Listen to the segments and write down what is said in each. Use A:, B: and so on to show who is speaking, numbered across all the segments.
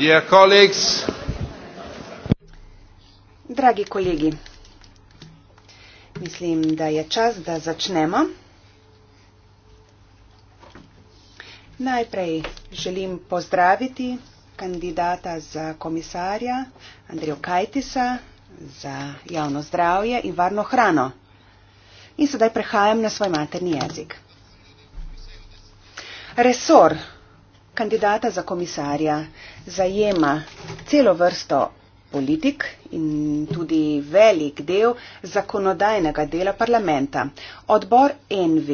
A: Dear colleagues,
B: Dragi kolegi, mislim, da je čas, da začnemo. Najprej želim pozdraviti kandidata za komisarja Andrejo Kajtisa za javno zdravje in varno hrano. In sedaj prehajam na svoj materni jezik. Resor kandidata za komisarja zajema celo vrsto politik in tudi velik del zakonodajnega dela parlamenta. Odbor NV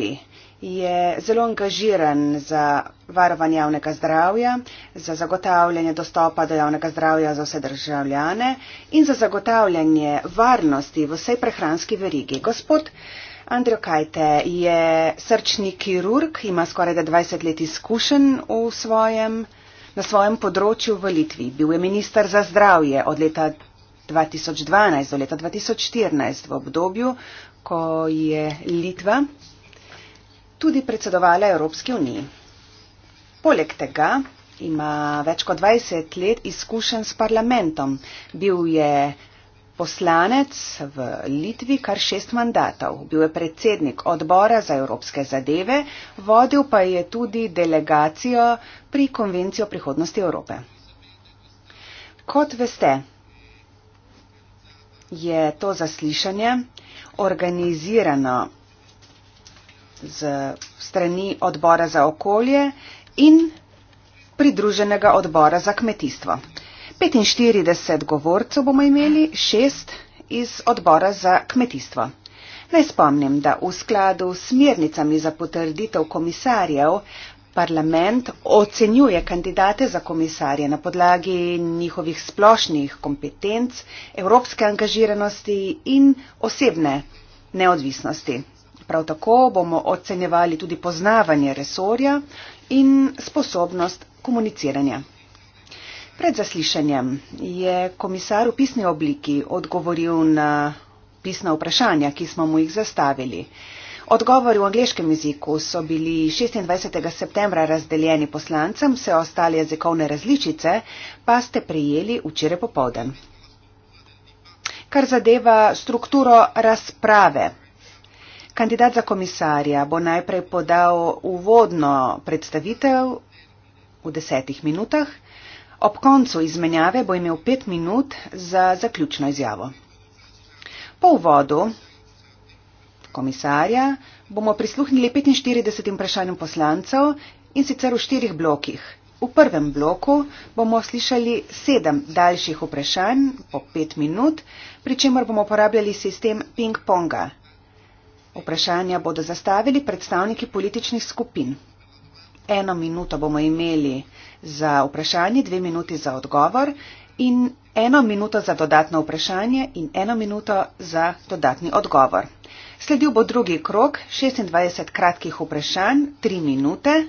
B: je zelo angažiran za varovanje javnega zdravja, za zagotavljanje dostopa do javnega zdravja za vse državljane in za zagotavljanje varnosti v vsej prehranski verigi. Gospod Andrej Kajte je srčni kirurg, ima skoraj 20 let izkušenj na svojem področju v Litvi. Bil je minister za zdravje od leta 2012 do leta 2014 v obdobju, ko je Litva tudi predsedovala Evropski uniji. Poleg tega ima več kot 20 let izkušenj s parlamentom. Bil je poslanec v Litvi kar šest mandatov. Bil je predsednik odbora za evropske zadeve, vodil pa je tudi delegacijo pri Konvenciji o prihodnosti Evrope. Kot veste, je to zaslišanje organizirano z strani odbora za okolje in pridruženega odbora za kmetijstvo. 45 govorcev bomo imeli, šest iz odbora za kmetijstvo. Naj spomnim, da v skladu s smernicami za potrditev komisarjev parlament ocenjuje kandidate za komisarje na podlagi njihovih splošnih kompetenc, evropske angažiranosti in osebne neodvisnosti. Prav tako bomo ocenjevali tudi poznavanje resorja in sposobnost komuniciranja. Pred zaslišanjem je komisar v pisni obliki odgovoril na pisna vprašanja, ki smo mu jih zastavili. Odgovori v angliškem jeziku so bili 26. septembra razdeljeni poslancem, vse ostale jezikovne različice pa ste prejeli včeraj popovdan. Kar zadeva strukturo razprave. Kandidat za komisarja bo najprej podal uvodno predstavitev v desetih minutah. Ob koncu izmenjave bo imel pet minut za zaključno izjavo. Po uvodu komisarja bomo prisluhnili 45 vprašanjem poslancev in sicer v štirih blokih. V prvem bloku bomo slišali sedem daljših vprašanj po pet minut, pri čemer bomo uporabljali sistem ping-ponga. Vprašanja bodo zastavili predstavniki političnih skupin. Eno minuto bomo imeli za vprašanje, dve minuti za odgovor in eno minuto za dodatno vprašanje in eno minuto za dodatni odgovor. Sledil bo drugi krok, 26 kratkih vprašanj, tri minute,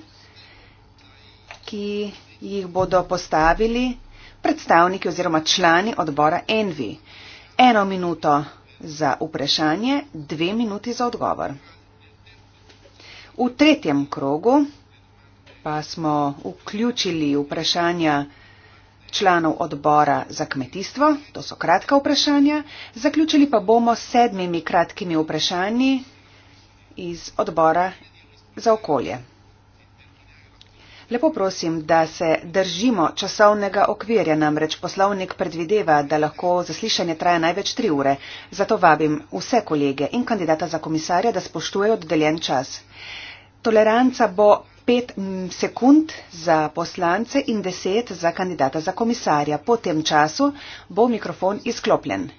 B: ki jih bodo postavili predstavniki oziroma člani odbora Envi. Eno minuto za vprašanje, dve minuti za odgovor. V tretjem krogu pa smo vključili vprašanja članov odbora za kmetijstvo. To so kratka vprašanja. Zaključili pa bomo s sedmimi kratkimi vprašanji iz odbora za okolje. Lepo prosim, da se držimo časovnega okvirja, namreč poslovnik predvideva, da lahko zaslišanje traja največ tri ure. Zato vabim vse kolege in kandidata za komisarja, da spoštujejo oddeljen čas. Toleranca bo pet mm, sekund za poslance in deset za kandidata za komisarja. Po tem času bo mikrofon izklopljen.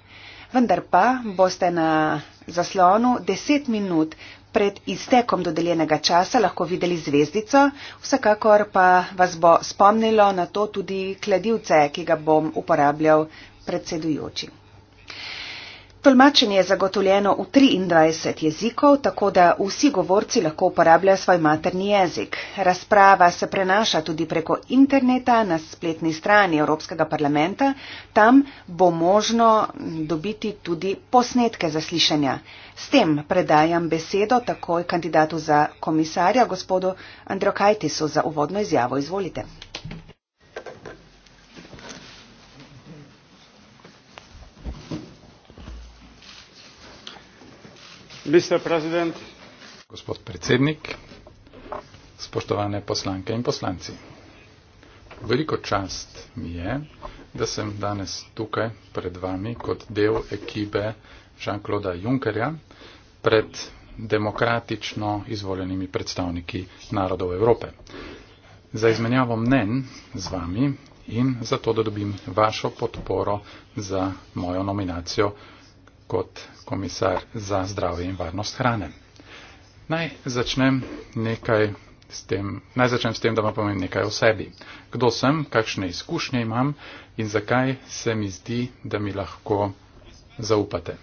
B: Vendar pa boste na zaslonu deset minut pred iztekom dodeljenega časa lahko videli zvezdico, vsekakor pa vas bo spomnilo na to tudi kladivce, ki ga bom uporabljal predsedujočim. Tolmačenje je zagotovljeno v 23 jezikov, tako da vsi govorci lahko uporabljajo svoj materni jezik. Razprava se prenaša tudi preko interneta na spletni strani Evropskega parlamenta. Tam bo možno dobiti tudi posnetke zaslišanja. S tem predajam besedo takoj kandidatu za komisarja, gospodu Androkajtisu, za uvodno izjavo. Izvolite.
C: gospod
D: predsednik, spoštovane poslanke in poslanci. Veliko čast mi je, da sem danes tukaj pred vami kot del ekipe Jean-Claude Junckerja pred demokratično izvoljenimi predstavniki narodov Evrope. Za izmenjavo mnen z vami in zato, da dobim vašo podporo za mojo nominacijo kot komisar za zdravje in varnost hrane. Naj začnem, s tem, naj začnem s tem, da vam povem nekaj o sebi. Kdo sem, kakšne izkušnje imam in zakaj se mi zdi, da mi lahko zaupate.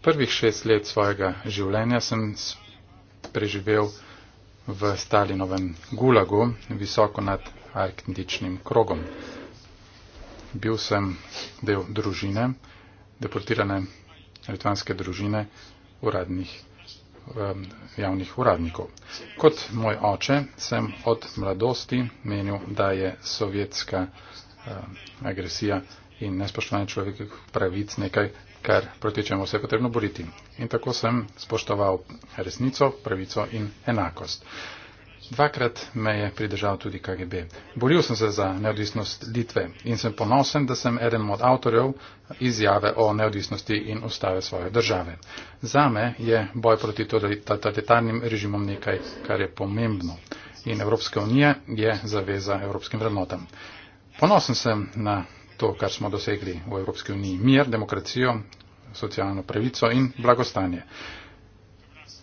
D: Prvih šest let svojega življenja sem preživel v Stalinovem gulagu, visoko nad arktičnim krogom. Bil sem del družine, deportirane litvanske družine uradnih, javnih uradnikov. Kot moj oče sem od mladosti menil, da je sovjetska agresija in nespoštovanje človekovih pravic nekaj, kar proti čemu se je potrebno boriti. In tako sem spoštoval resnico, pravico in enakost. Dvakrat me je pridržal tudi KGB. Boril sem se za neodvisnost Litve in sem ponosen, da sem eden od avtorjev izjave o neodvisnosti in ustave svoje države. Za me je boj proti totalitarnim režimom nekaj, kar je pomembno. In Evropska unija je zaveza evropskim vrednotam. Ponosen sem na to, kar smo dosegli v Evropski uniji. Mir, demokracijo, socialno pravico in blagostanje.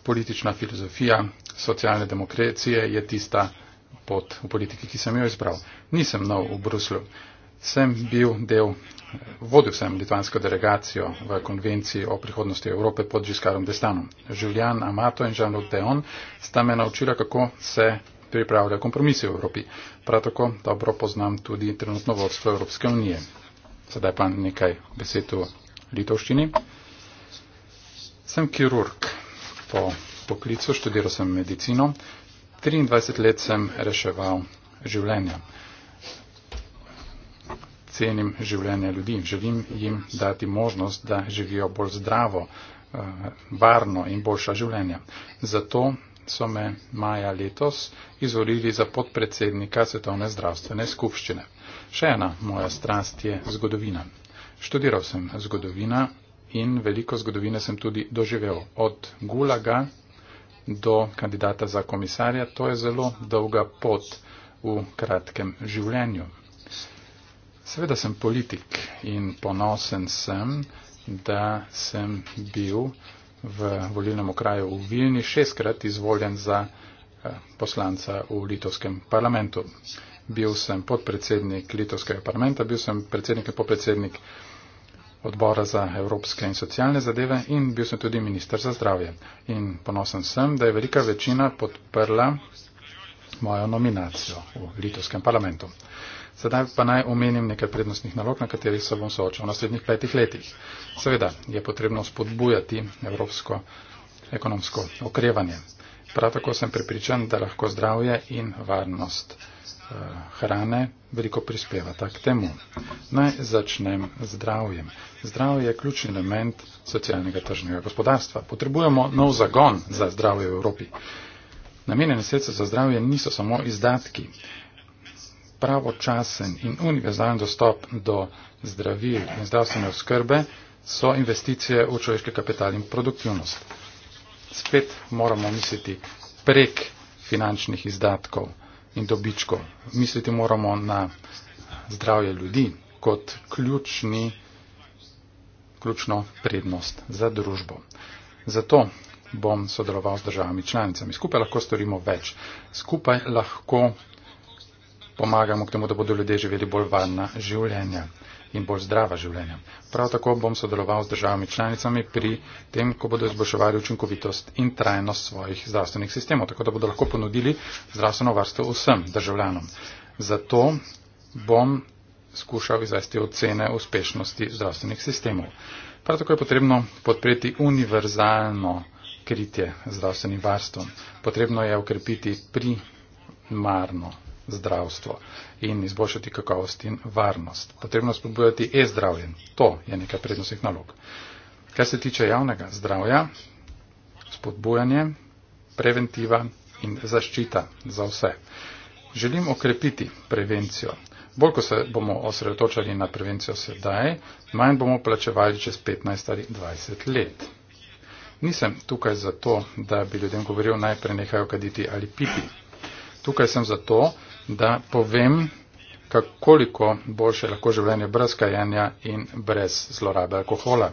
D: Politična filozofija, socialne demokracije je tista pot v politiki, ki sem jo izbral. Nisem nov v Bruslju. Sem bil del, vodil sem litvansko delegacijo v konvenciji o prihodnosti Evrope pod Žiskarom Destanom. Julian Amato in Jean-Luc Deon sta me naučila, kako se pripravlja kompromisi v Evropi. Prav tako dobro poznam tudi trenutno vodstvo Evropske unije. Sedaj pa nekaj besed v litovščini. Sem kirurg po poklicu, študiral sem medicino, 23 let sem reševal življenja. Cenim življenje ljudi in želim jim dati možnost, da živijo bolj zdravo, eh, varno in boljša življenja. Zato so me maja letos izvolili za podpredsednika Svetovne zdravstvene skupščine. Še ena moja strast je zgodovina. Študiral sem zgodovina in veliko zgodovine sem tudi doživel od Gulaga do kandidata za komisarja, to je zelo dolga pot v kratkem življenju. Seveda sem politik in ponosen sem, da sem bil v volilnem okraju v Vilni šestkrat izvoljen za eh, poslanca v litovskem parlamentu. Bil sem podpredsednik litovskega parlamenta, bil sem predsednik in podpredsednik odbora za evropske in socialne zadeve in bil sem tudi minister za zdravje. In ponosen sem, da je velika večina podprla mojo nominacijo v litovskem parlamentu. Sedaj pa naj omenim nekaj prednostnih nalog, na katerih se bom soočal v naslednjih petih letih. Seveda je potrebno spodbujati evropsko ekonomsko okrevanje. Prav tako sem pripričan, da lahko zdravje in varnost hrane veliko prispeva tak temu. Naj začnem z zdravjem. Zdravje je ključni element socialnega tržnega gospodarstva. Potrebujemo nov zagon za zdravje v Evropi. Namenjene sredstva za zdravje niso samo izdatki. Pravočasen in univerzalen dostop do zdravil in zdravstvene oskrbe so investicije v človeški kapital in produktivnost. Spet moramo misliti prek finančnih izdatkov in dobičkov. Misliti moramo na zdravje ljudi kot ključni, ključno prednost za družbo. Zato bom sodeloval s državami članicami. Skupaj lahko storimo več. Skupaj lahko pomagamo k temu, da bodo ljudje živeli bolj varna življenja in bolj zdrava življenja. Prav tako bom sodeloval z državami članicami pri tem, ko bodo izboljševali učinkovitost in trajnost svojih zdravstvenih sistemov, tako da bodo lahko ponudili zdravstveno varstvo vsem državljanom. Zato bom skušal izvesti ocene uspešnosti zdravstvenih sistemov. Prav tako je potrebno podpreti univerzalno kritje zdravstvenim varstvom. Potrebno je ukrepiti primarno zdravstvo in izboljšati kakovost in varnost. Potrebno je spodbujati e-zdravje. To je nekaj prednostnih nalog. Kar se tiče javnega zdravja, spodbujanje, preventiva in zaščita za vse. Želim okrepiti prevencijo. Bolj, ko se bomo osredotočali na prevencijo sedaj, manj bomo plačevali čez 15 ali 20 let. Nisem tukaj zato, da bi ljudem govoril naj prenehajo kaditi ali piti. Tukaj sem zato, da povem, kakoliko boljše lahko življenje brez kajenja in brez zlorabe alkohola.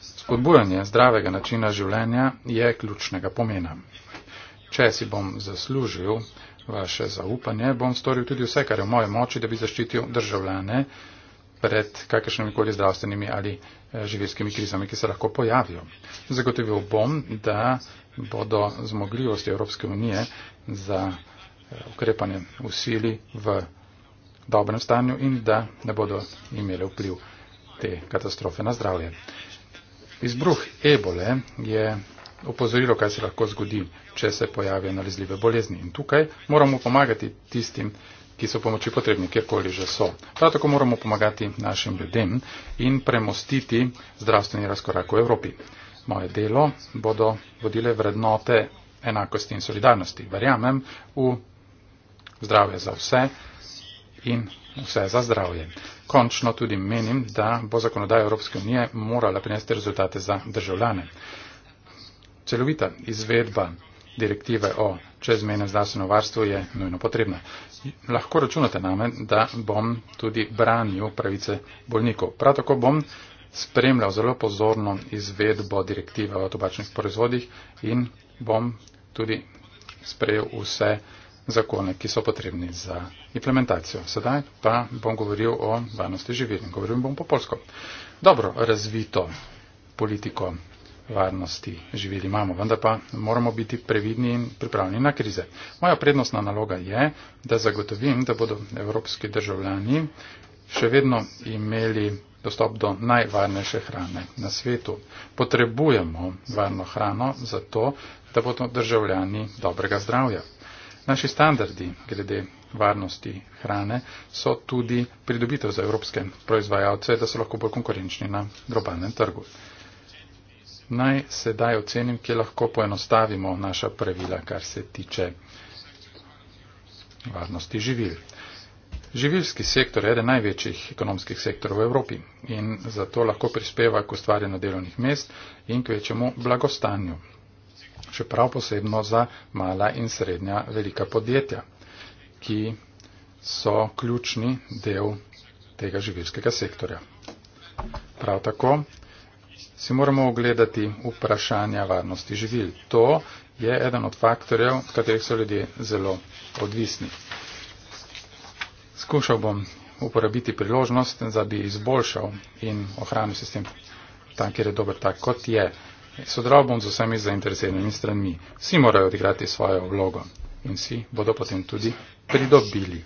D: Spodbujanje zdravega načina življenja je ključnega pomena. Če si bom zaslužil vaše zaupanje, bom storil tudi vse, kar je v moje moči, da bi zaščitil državljane pred kakršnimi koli zdravstvenimi ali eh, živilskimi krizami, ki se lahko pojavijo. Zagotovil bom, da bodo zmogljivosti Evropske unije za ukrepanje v sili v dobrem stanju in da ne bodo imele vpliv te katastrofe na zdravje. Izbruh ebole je opozorilo, kaj se lahko zgodi, če se pojavijo nalezljive bolezni. In tukaj moramo pomagati tistim, ki so pomoči potrebni, kjerkoli že so. Prav tako moramo pomagati našim ljudem in premostiti zdravstveni razkorak v Evropi. Moje delo bodo vodile vrednote enakosti in solidarnosti. Verjamem v zdravje za vse in vse za zdravje. Končno tudi menim, da bo zakonodaja Evropske unije morala prinesti rezultate za državljane. Celovita izvedba direktive o čezmenem zdravstvenem varstvu je nujno potrebna. Lahko računate name, da bom tudi branil pravice bolnikov. Prav tako bom spremljal zelo pozorno izvedbo direktive o tobačnih proizvodih in bom tudi sprejel vse zakone, ki so potrebni za implementacijo. Sedaj pa bom govoril o varnosti živil. Govorim bom po polsko. Dobro, razvito politiko varnosti živeli imamo, vendar pa moramo biti previdni in pripravljeni na krize. Moja prednostna naloga je, da zagotovim, da bodo evropski državljani še vedno imeli dostop do najvarnejše hrane na svetu. Potrebujemo varno hrano zato, da bodo državljani dobrega zdravja. Naši standardi glede varnosti hrane so tudi pridobitev za evropske proizvajalce, da so lahko bolj konkurenčni na globalnem trgu. Naj sedaj ocenim, kje lahko poenostavimo naša pravila, kar se tiče varnosti živil. Živilski sektor je eden največjih ekonomskih sektorov v Evropi in zato lahko prispeva k ustvarjanju delovnih mest in k večjemu blagostanju še prav posebno za mala in srednja velika podjetja, ki so ključni del tega živilskega sektorja. Prav tako si moramo ogledati vprašanja varnosti živil. To je eden od faktorjev, od katerih so ljudje zelo odvisni. Skušal bom uporabiti priložnost, da bi izboljšal in ohranil sistem tam, kjer je dober tak, kot je. Sodeloval bom z vsemi zainteresiranimi stranmi. Vsi morajo odigrati svojo vlogo in vsi bodo potem tudi pridobili.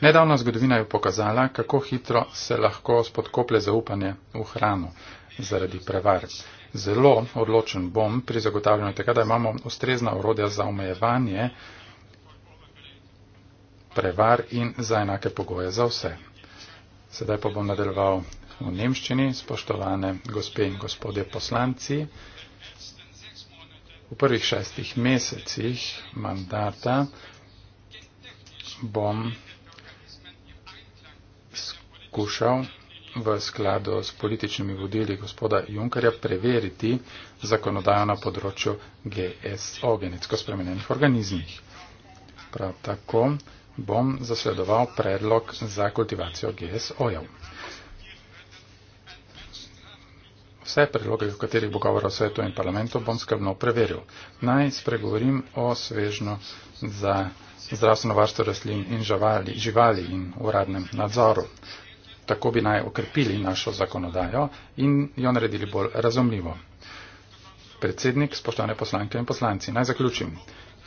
D: Nedavna zgodovina je pokazala, kako hitro se lahko spodkople zaupanje v hrano zaradi prevar. Zelo odločen bom pri zagotavljanju tega, da imamo ustrezna urodja za omejevanje prevar in za enake pogoje za vse. Sedaj pa bom nadaljeval v nemščini, spoštovane gospe in gospodje poslanci. V prvih šestih mesecih mandata bom skušal v skladu s političnimi vodili gospoda Junkarja preveriti zakonodajo na področju GSO, genetsko spremenjenih organizmih. Prav tako bom zasledoval predlog za kultivacijo GSO-jev. Vse predloge, o katerih bo govoril svetu in parlamentu, bom skrbno preveril. Naj spregovorim o svežnju za zdravstveno varstvo rastlin in živali, živali in uradnem nadzoru. Tako bi naj okrepili našo zakonodajo in jo naredili bolj razumljivo. Predsednik, spoštovane poslanke in poslanci, naj zaključim.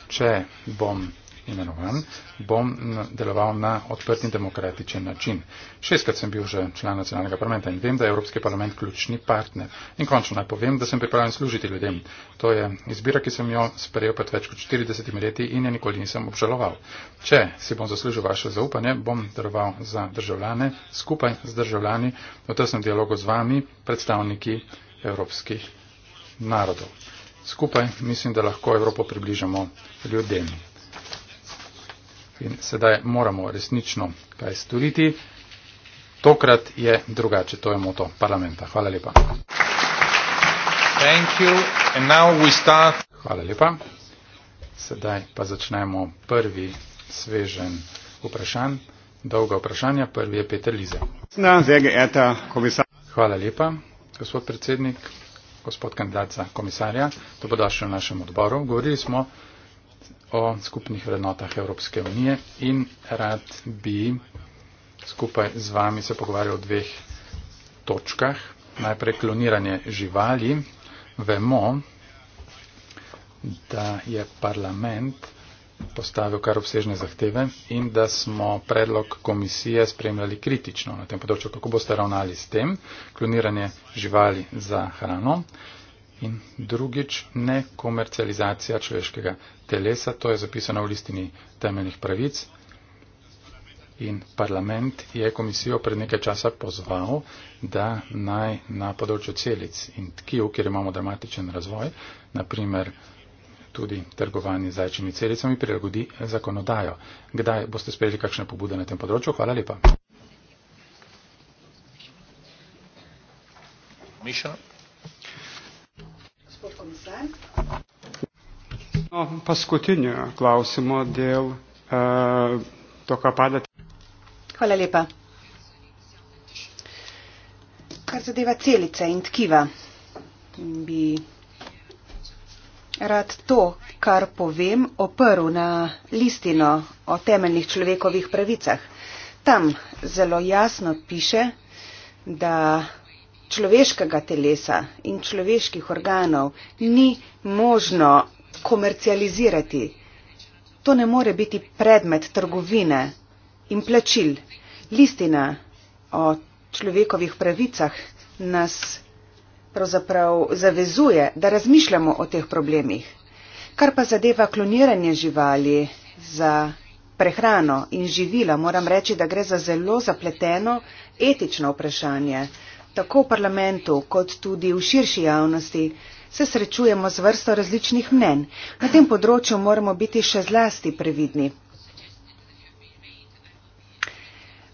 D: Če bom imenovan, bom deloval na odprt in demokratičen način. Šestkrat sem bil že član nacionalnega parlamenta in vem, da je Evropski parlament ključni partner. In končno naj povem, da sem pripravljen služiti ljudem. To je izbira, ki sem jo sprejel pred več kot 40 leti in je nikoli nisem obžaloval. Če si bom zaslužil vaše zaupanje, bom deloval za državljane, skupaj z državljani, v tesnem dialogu z vami, predstavniki evropskih narodov. Skupaj mislim, da lahko Evropo približamo ljudem. In sedaj moramo resnično kaj storiti. Tokrat je drugače, to je moto parlamenta. Hvala lepa. Hvala lepa. Sedaj pa začnemo prvi svežen vprašanj, dolga vprašanja. Prvi je Peter Lize. Hvala lepa, gospod predsednik, gospod kandidat za komisarja. Dobrodošli v našem odboru. Govorili smo o skupnih vrednotah Evropske unije in rad bi skupaj z vami se pogovarjal o dveh točkah. Najprej kloniranje živali. Vemo, da je parlament postavil kar obsežne zahteve in da smo predlog komisije spremljali kritično na tem področju, kako boste ravnali s tem, kloniranje živali za hrano in drugič ne komercializacija človeškega telesa, to je zapisano v listini temeljnih pravic. In parlament je komisijo pred nekaj časa pozval, da naj na področju celic in tkiv, kjer imamo dramatičen razvoj, naprimer tudi trgovanje z zajčimi celicami, prilagodi zakonodajo. Kdaj boste sprejeli kakšne pobude na tem področju? Hvala lepa.
A: Mišljeno.
C: Nu, no, paskutinio klausimo dėl uh, to, ką padate.
B: Hvala lepa. Kar zadeva celice in tkiva, bi rad to, kar povem, oprl na listino o temeljnih človekovih pravicah. Tam zelo jasno piše, da človeškega telesa in človeških organov ni možno komercializirati. To ne more biti predmet trgovine in plačil. Listina o človekovih pravicah nas pravzaprav zavezuje, da razmišljamo o teh problemih. Kar pa zadeva kloniranje živali za prehrano in živila, moram reči, da gre za zelo zapleteno etično vprašanje tako v parlamentu kot tudi v širši javnosti se srečujemo z vrsto različnih mnen. Na tem področju moramo biti še zlasti previdni.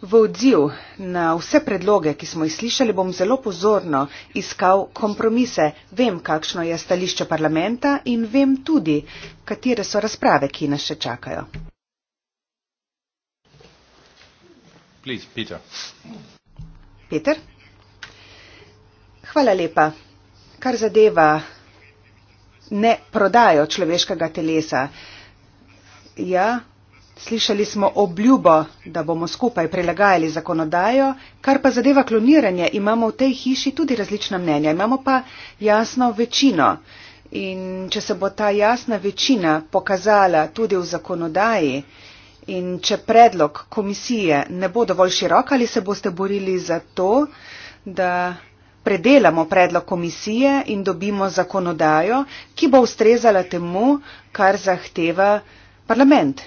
B: V odziv na vse predloge, ki smo jih slišali, bom zelo pozorno iskal kompromise. Vem, kakšno je stališče parlamenta in vem tudi, katere so razprave, ki nas še čakajo. Please, Peter. Peter? Hvala lepa. Kar zadeva ne prodajo človeškega telesa. Ja, slišali smo obljubo, da bomo skupaj prilagajali zakonodajo, kar pa zadeva kloniranje, imamo v tej hiši tudi različna mnenja, imamo pa jasno večino. In če se bo ta jasna večina pokazala tudi v zakonodaji in če predlog komisije ne bo dovolj širok, ali se boste borili za to, da predelamo predlog komisije in dobimo zakonodajo, ki bo ustrezala temu, kar zahteva parlament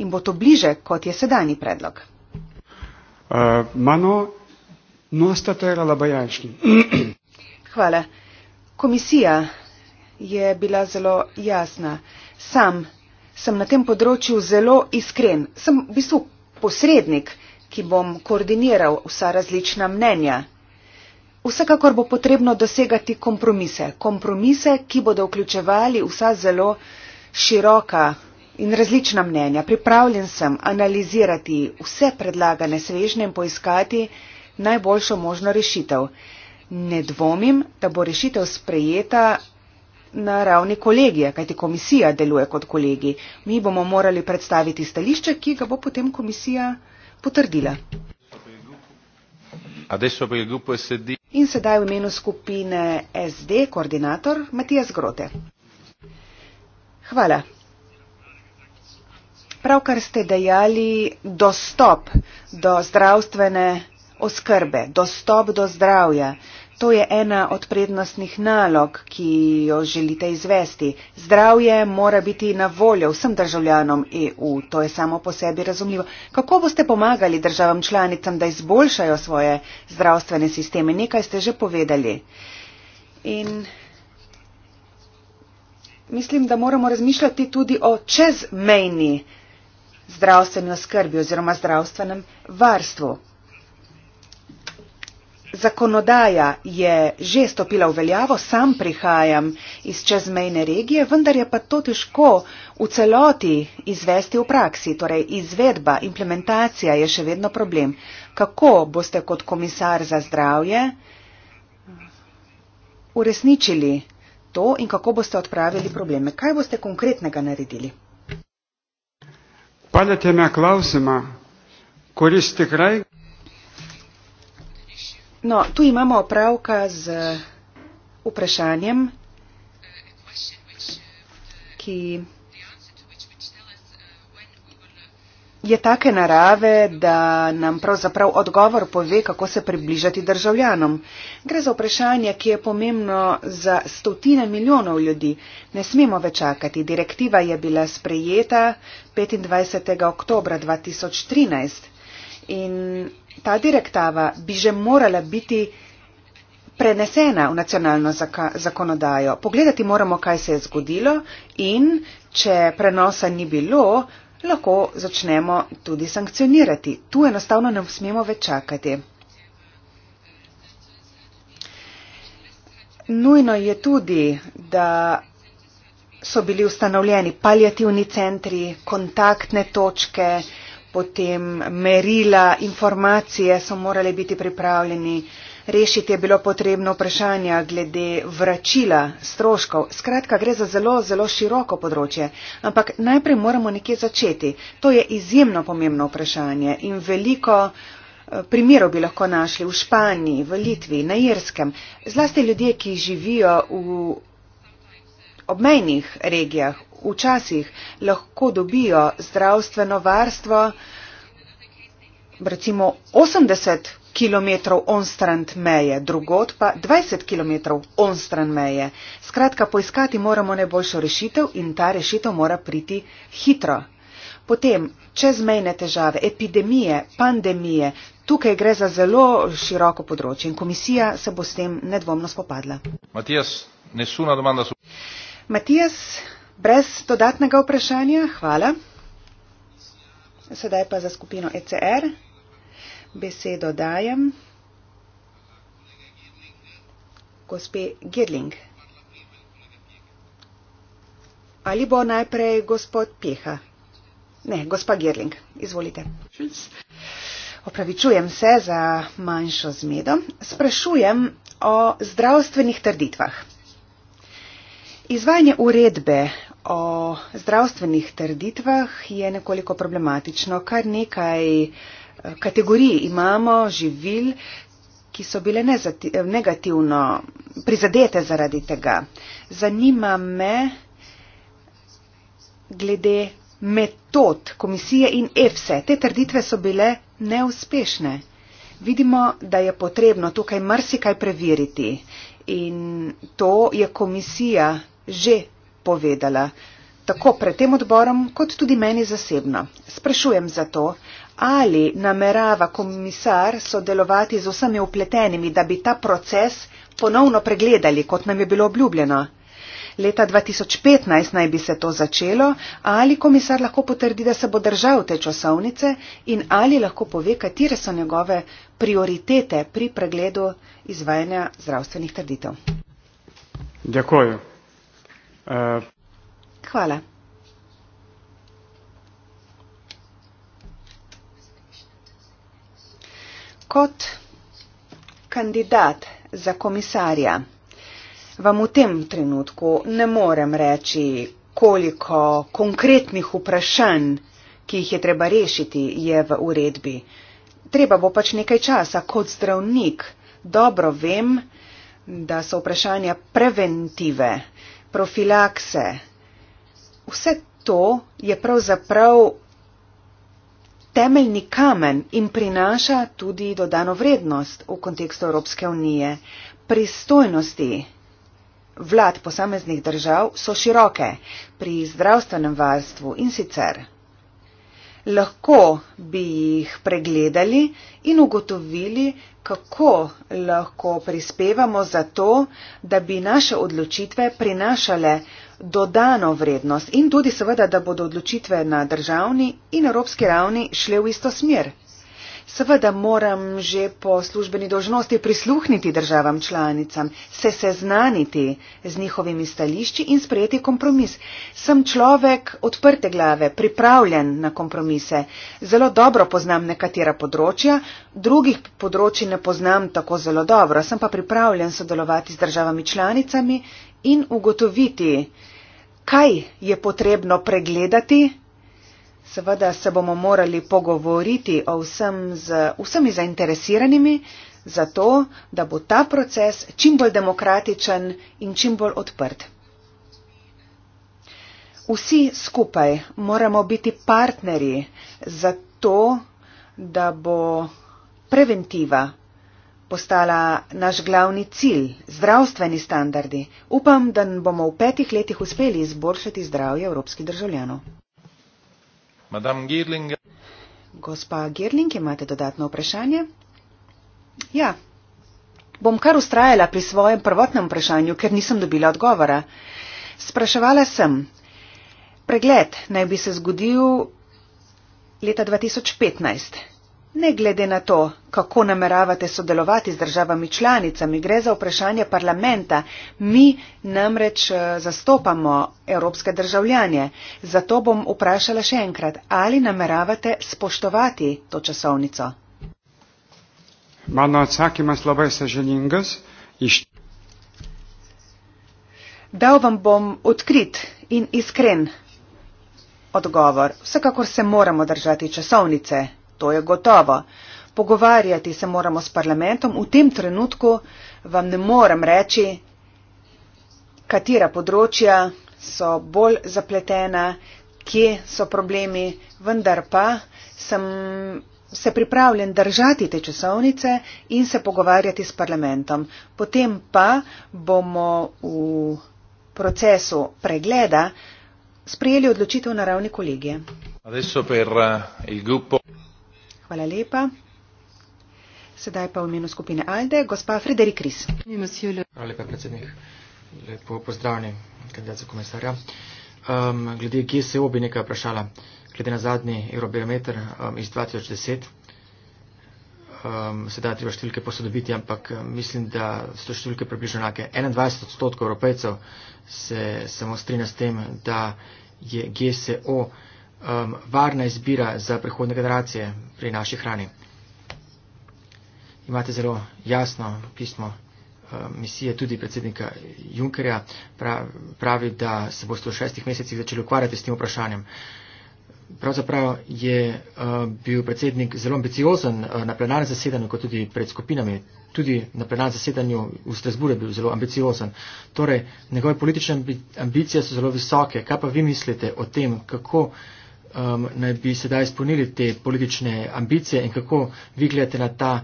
B: in bo to bliže, kot je sedajni predlog.
C: Uh,
B: Hvala. Komisija je bila zelo jasna. Sam sem na tem področju zelo iskren. Sem v bistvu posrednik, ki bom koordiniral vsa različna mnenja. Vsekakor bo potrebno dosegati kompromise. Kompromise, ki bodo vključevali vsa zelo široka in različna mnenja. Pripravljen sem analizirati vse predlagane svežne in poiskati najboljšo možno rešitev. Ne dvomim, da bo rešitev sprejeta na ravni kolegije, kajti komisija deluje kot kolegi. Mi bomo morali predstaviti stališče, ki ga bo potem komisija potrdila.
A: In
B: sedaj v imenu skupine SD, koordinator Matijas Grote. Hvala. Pravkar ste dejali dostop do zdravstvene oskrbe, dostop do zdravja. To je ena od prednostnih nalog, ki jo želite izvesti. Zdravje mora biti na voljo vsem državljanom EU, to je samo po sebi razumljivo. Kako boste pomagali državam članicam, da izboljšajo svoje zdravstvene sisteme? Nekaj ste že povedali. In mislim, da moramo razmišljati tudi o čezmejni zdravstveni oskrbi oziroma zdravstvenem varstvu. Zakonodaja je že stopila v veljavo, sam prihajam iz čezmejne regije, vendar je pa to težko v celoti izvesti v praksi. Torej, izvedba, implementacija je še vedno problem. Kako boste kot komisar za zdravje uresničili to in kako boste odpravili probleme? Kaj boste konkretnega naredili?
C: Palete me klausima, koristi kraj.
B: No, tu imamo opravka z vprašanjem, ki je take narave, da nam pravzaprav odgovor pove, kako se približati državljanom. Gre za vprašanje, ki je pomembno za stotine milijonov ljudi. Ne smemo več čakati. Direktiva je bila sprejeta 25. oktober 2013 in Ta direktava bi že morala biti prenesena v nacionalno zakonodajo. Pogledati moramo, kaj se je zgodilo in če prenosa ni bilo, lahko začnemo tudi sankcionirati. Tu enostavno ne smemo več čakati. Nujno je tudi, da so bili ustanovljeni paljativni centri, kontaktne točke, potem merila, informacije so morali biti pripravljeni, rešiti je bilo potrebno vprašanja glede vračila, stroškov. Skratka, gre za zelo, zelo široko področje, ampak najprej moramo nekje začeti. To je izjemno pomembno vprašanje in veliko. Eh, primerov bi lahko našli v Španiji, v Litvi, na Irskem. Zlasti ljudje, ki živijo v obmejnih regijah včasih lahko dobijo zdravstveno varstvo recimo 80 km onstran meje, drugot pa 20 km onstran meje. Skratka, poiskati moramo najboljšo rešitev in ta rešitev mora priti hitro. Potem, čezmejne težave, epidemije, pandemije, tukaj gre za zelo široko področje in komisija se bo s tem nedvomno spopadla.
A: Matijas, ne su na domanda su.
B: Matijas, brez dodatnega vprašanja, hvala. Sedaj pa za skupino ECR besedo dajem gospe Girling. Ali bo najprej gospod Pieha? Ne, gospa Girling, izvolite. Opravičujem se za manjšo zmedo. Sprašujem o zdravstvenih trditvah. Izvajanje uredbe o zdravstvenih trditvah je nekoliko problematično. Kar nekaj eh, kategorij imamo živil, ki so bile eh, negativno prizadete zaradi tega. Zanima me glede metod komisije in EFSE. Te trditve so bile neuspešne. Vidimo, da je potrebno tukaj marsikaj preveriti. In to je komisija že povedala, tako pred tem odborom, kot tudi meni zasebno. Sprašujem zato, ali namerava komisar sodelovati z vsemi upletenimi, da bi ta proces ponovno pregledali, kot nam je bilo obljubljeno. Leta 2015 naj bi se to začelo, ali komisar lahko potrdi, da se bo držal te časovnice in ali lahko pove, katere so njegove prioritete pri pregledu izvajanja zdravstvenih trditev.
C: Dekujem. Uh,
B: Hvala. Kot kandidat za komisarja vam v tem trenutku ne morem reči, koliko konkretnih vprašanj, ki jih je treba rešiti, je v uredbi. Treba bo pač nekaj časa kot zdravnik. Dobro vem, da so vprašanja preventive profilakse. Vse to je pravzaprav temeljni kamen in prinaša tudi dodano vrednost v kontekstu Evropske unije. Pristojnosti vlad posameznih držav so široke pri zdravstvenem varstvu in sicer. Lahko bi jih pregledali in ugotovili, kako lahko prispevamo za to, da bi naše odločitve prinašale dodano vrednost in tudi seveda, da bodo odločitve na državni in evropski ravni šle v isto smer. Seveda moram že po službeni dožnosti prisluhniti državam članicam, se seznaniti z njihovimi stališči in sprejeti kompromis. Sem človek odprte glave, pripravljen na kompromise. Zelo dobro poznam nekatera področja, drugih področji ne poznam tako zelo dobro. Sem pa pripravljen sodelovati z državami članicami in ugotoviti, kaj je potrebno pregledati Seveda se bomo morali pogovoriti o vsem z vsemi zainteresiranimi, zato da bo ta proces čim bolj demokratičen in čim bolj odprt. Vsi skupaj moramo biti partnerji za to, da bo preventiva postala naš glavni cilj, zdravstveni standardi. Upam, da bomo v petih letih uspeli izboljšati zdravje evropskih državljanov.
A: Madame Girling.
B: Gospa Girling, imate dodatno vprašanje? Ja. Bom kar ustrajala pri svojem prvotnem vprašanju, ker nisem dobila odgovora. Spraševala sem. Pregled naj bi se zgodil leta 2015. Ne glede na to, kako nameravate sodelovati z državami članicami, gre za vprašanje parlamenta. Mi namreč eh, zastopamo evropske državljanje. Zato bom vprašala še enkrat, ali nameravate spoštovati to časovnico. Dal vam bom odkrit in iskren odgovor. Vsekakor se moramo držati časovnice. To je gotovo. Pogovarjati se moramo s parlamentom. V tem trenutku vam ne morem reči, katera področja so bolj zapletena, kje so problemi, vendar pa sem se pripravljen držati te časovnice in se pogovarjati s parlamentom. Potem pa bomo v procesu pregleda sprejeli odločitev na ravni kolegije. Hvala lepa. Sedaj pa v imenu skupine Alde, gospa Frederik Ris. Hvala
E: lepa, predsednik. Lepo pozdravljeni, kandidat za komisarja. Um, glede GSO bi nekaj vprašala. Glede na zadnji eurobiometer um, iz 2010, um, sedaj treba številke posodobiti, ampak um, mislim, da so številke približno enake. 21 odstotkov evropejcev se samo strinja s tem, da je GSO um, varna izbira za prihodne generacije pri naši hrani. Imate zelo jasno pismo um, misije tudi predsednika Junkerja, pravi, da se boste v šestih mesecih začeli ukvarjati s tem vprašanjem. Pravzaprav je uh, bil predsednik zelo ambiciozen uh, na plenarnem zasedanju, kot tudi pred skupinami. Tudi na plenarnem zasedanju v Strasburu je bil zelo ambiciozen. Torej, njegove politične ambicije so zelo visoke. Kaj pa vi mislite o tem, kako uh, um, naj bi sedaj izpolnili te politične ambicije in kako vi gledate na ta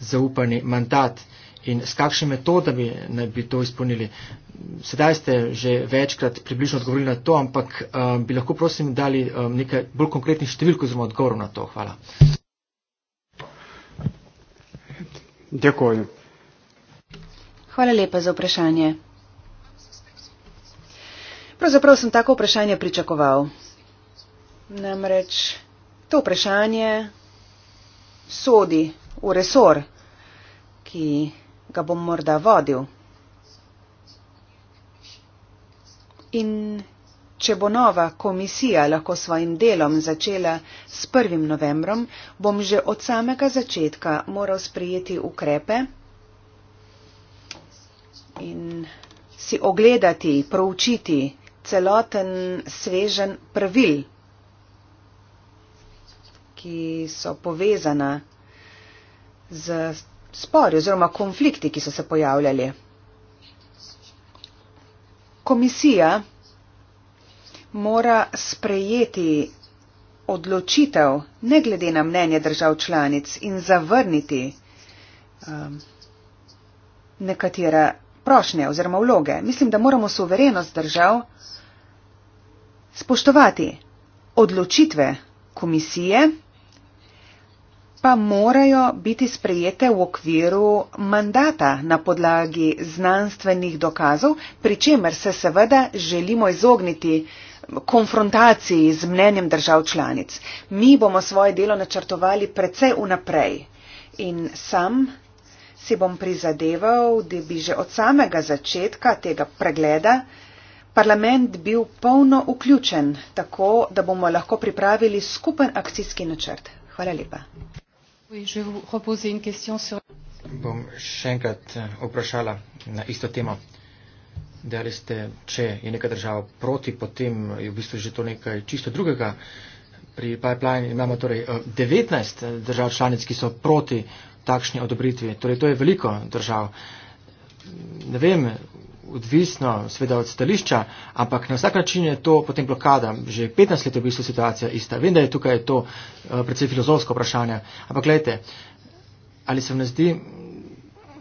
E: zaupani mandat in s kakšne metodami naj bi to izpolnili. Sedaj ste že večkrat približno odgovorili na to, ampak um, bi lahko prosim dali um, nekaj bolj konkretnih številk oziroma odgovorov na to. Hvala.
C: Dekoj.
B: Hvala lepa za vprašanje. Pravzaprav sem tako vprašanje pričakoval. Namreč to vprašanje sodi v resor, ki ga bom morda vodil. In če bo nova komisija lahko svojim delom začela s 1. novembrom, bom že od samega začetka moral sprijeti ukrepe in si ogledati, proučiti celoten svežen pravil ki so povezana z spori oziroma konflikti, ki so se pojavljali. Komisija mora sprejeti odločitev ne glede na mnenje držav članic in zavrniti um, nekatere prošnje oziroma vloge. Mislim, da moramo suverenost držav spoštovati odločitve komisije pa morajo biti sprejete v okviru mandata na podlagi znanstvenih dokazov, pri čemer se seveda želimo izogniti konfrontaciji z mnenjem držav članic. Mi bomo svoje delo načrtovali precej vnaprej in sam si bom prizadeval, da bi že od samega začetka tega pregleda parlament bil polno vključen, tako da bomo lahko pripravili skupen akcijski načrt. Hvala lepa. Bom
E: še enkrat eh, vprašala na isto temo. Dali ste, če je neka država proti, potem je v bistvu že to nekaj čisto drugega. Pri pipeline imamo torej 19 eh, eh, držav članic, ki so proti takšni odobritvi. Torej, to je veliko držav. Ne vem, odvisno seveda od stališča, ampak na vsak način je to potem blokada. Že 15 let je v bistvu situacija ista. Vem, da je tukaj to eh, predvsej filozofsko vprašanje. Ampak gledajte, ali se vam ne zdi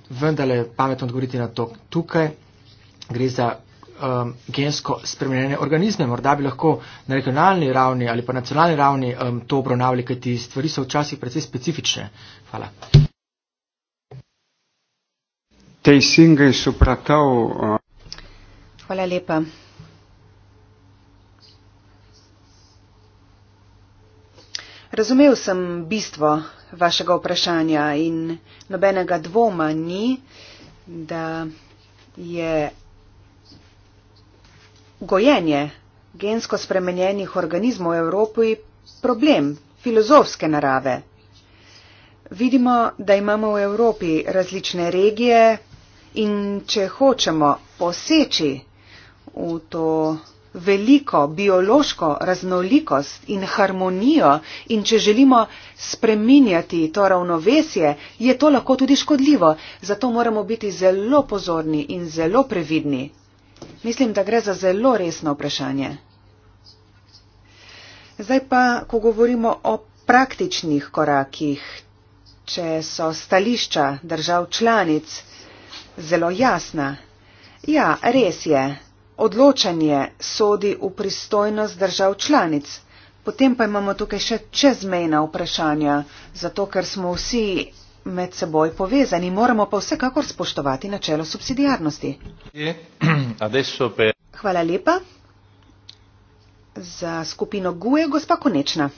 E: vendarle pametno odgovoriti na to, tukaj gre za um, gensko spremenjene organizme. Morda bi lahko na regionalni ravni ali pa nacionalni ravni um, to obravnavali, kajti stvari so včasih predvsej specifične.
C: Hvala teisingai supratau.
B: Hvala lepa. Razumev sem bistvo vašega vprašanja in nobenega dvoma ni, da je gojenje gensko spremenjenih organizmov v Evropi problem filozofske narave. Vidimo, da imamo v Evropi različne regije, In če hočemo poseči v to veliko biološko raznolikost in harmonijo in če želimo spreminjati to ravnovesje, je to lahko tudi škodljivo. Zato moramo biti zelo pozorni in zelo previdni. Mislim, da gre za zelo resno vprašanje. Zdaj pa, ko govorimo o praktičnih korakih, če so stališča držav članic, zelo jasna. Ja, res je, odločanje sodi v pristojnost držav članic. Potem pa imamo tukaj še čezmejna vprašanja, zato ker smo vsi med seboj povezani, moramo pa vsekakor spoštovati načelo subsidijarnosti. Hvala lepa. Za skupino GUE, gospa Konečna.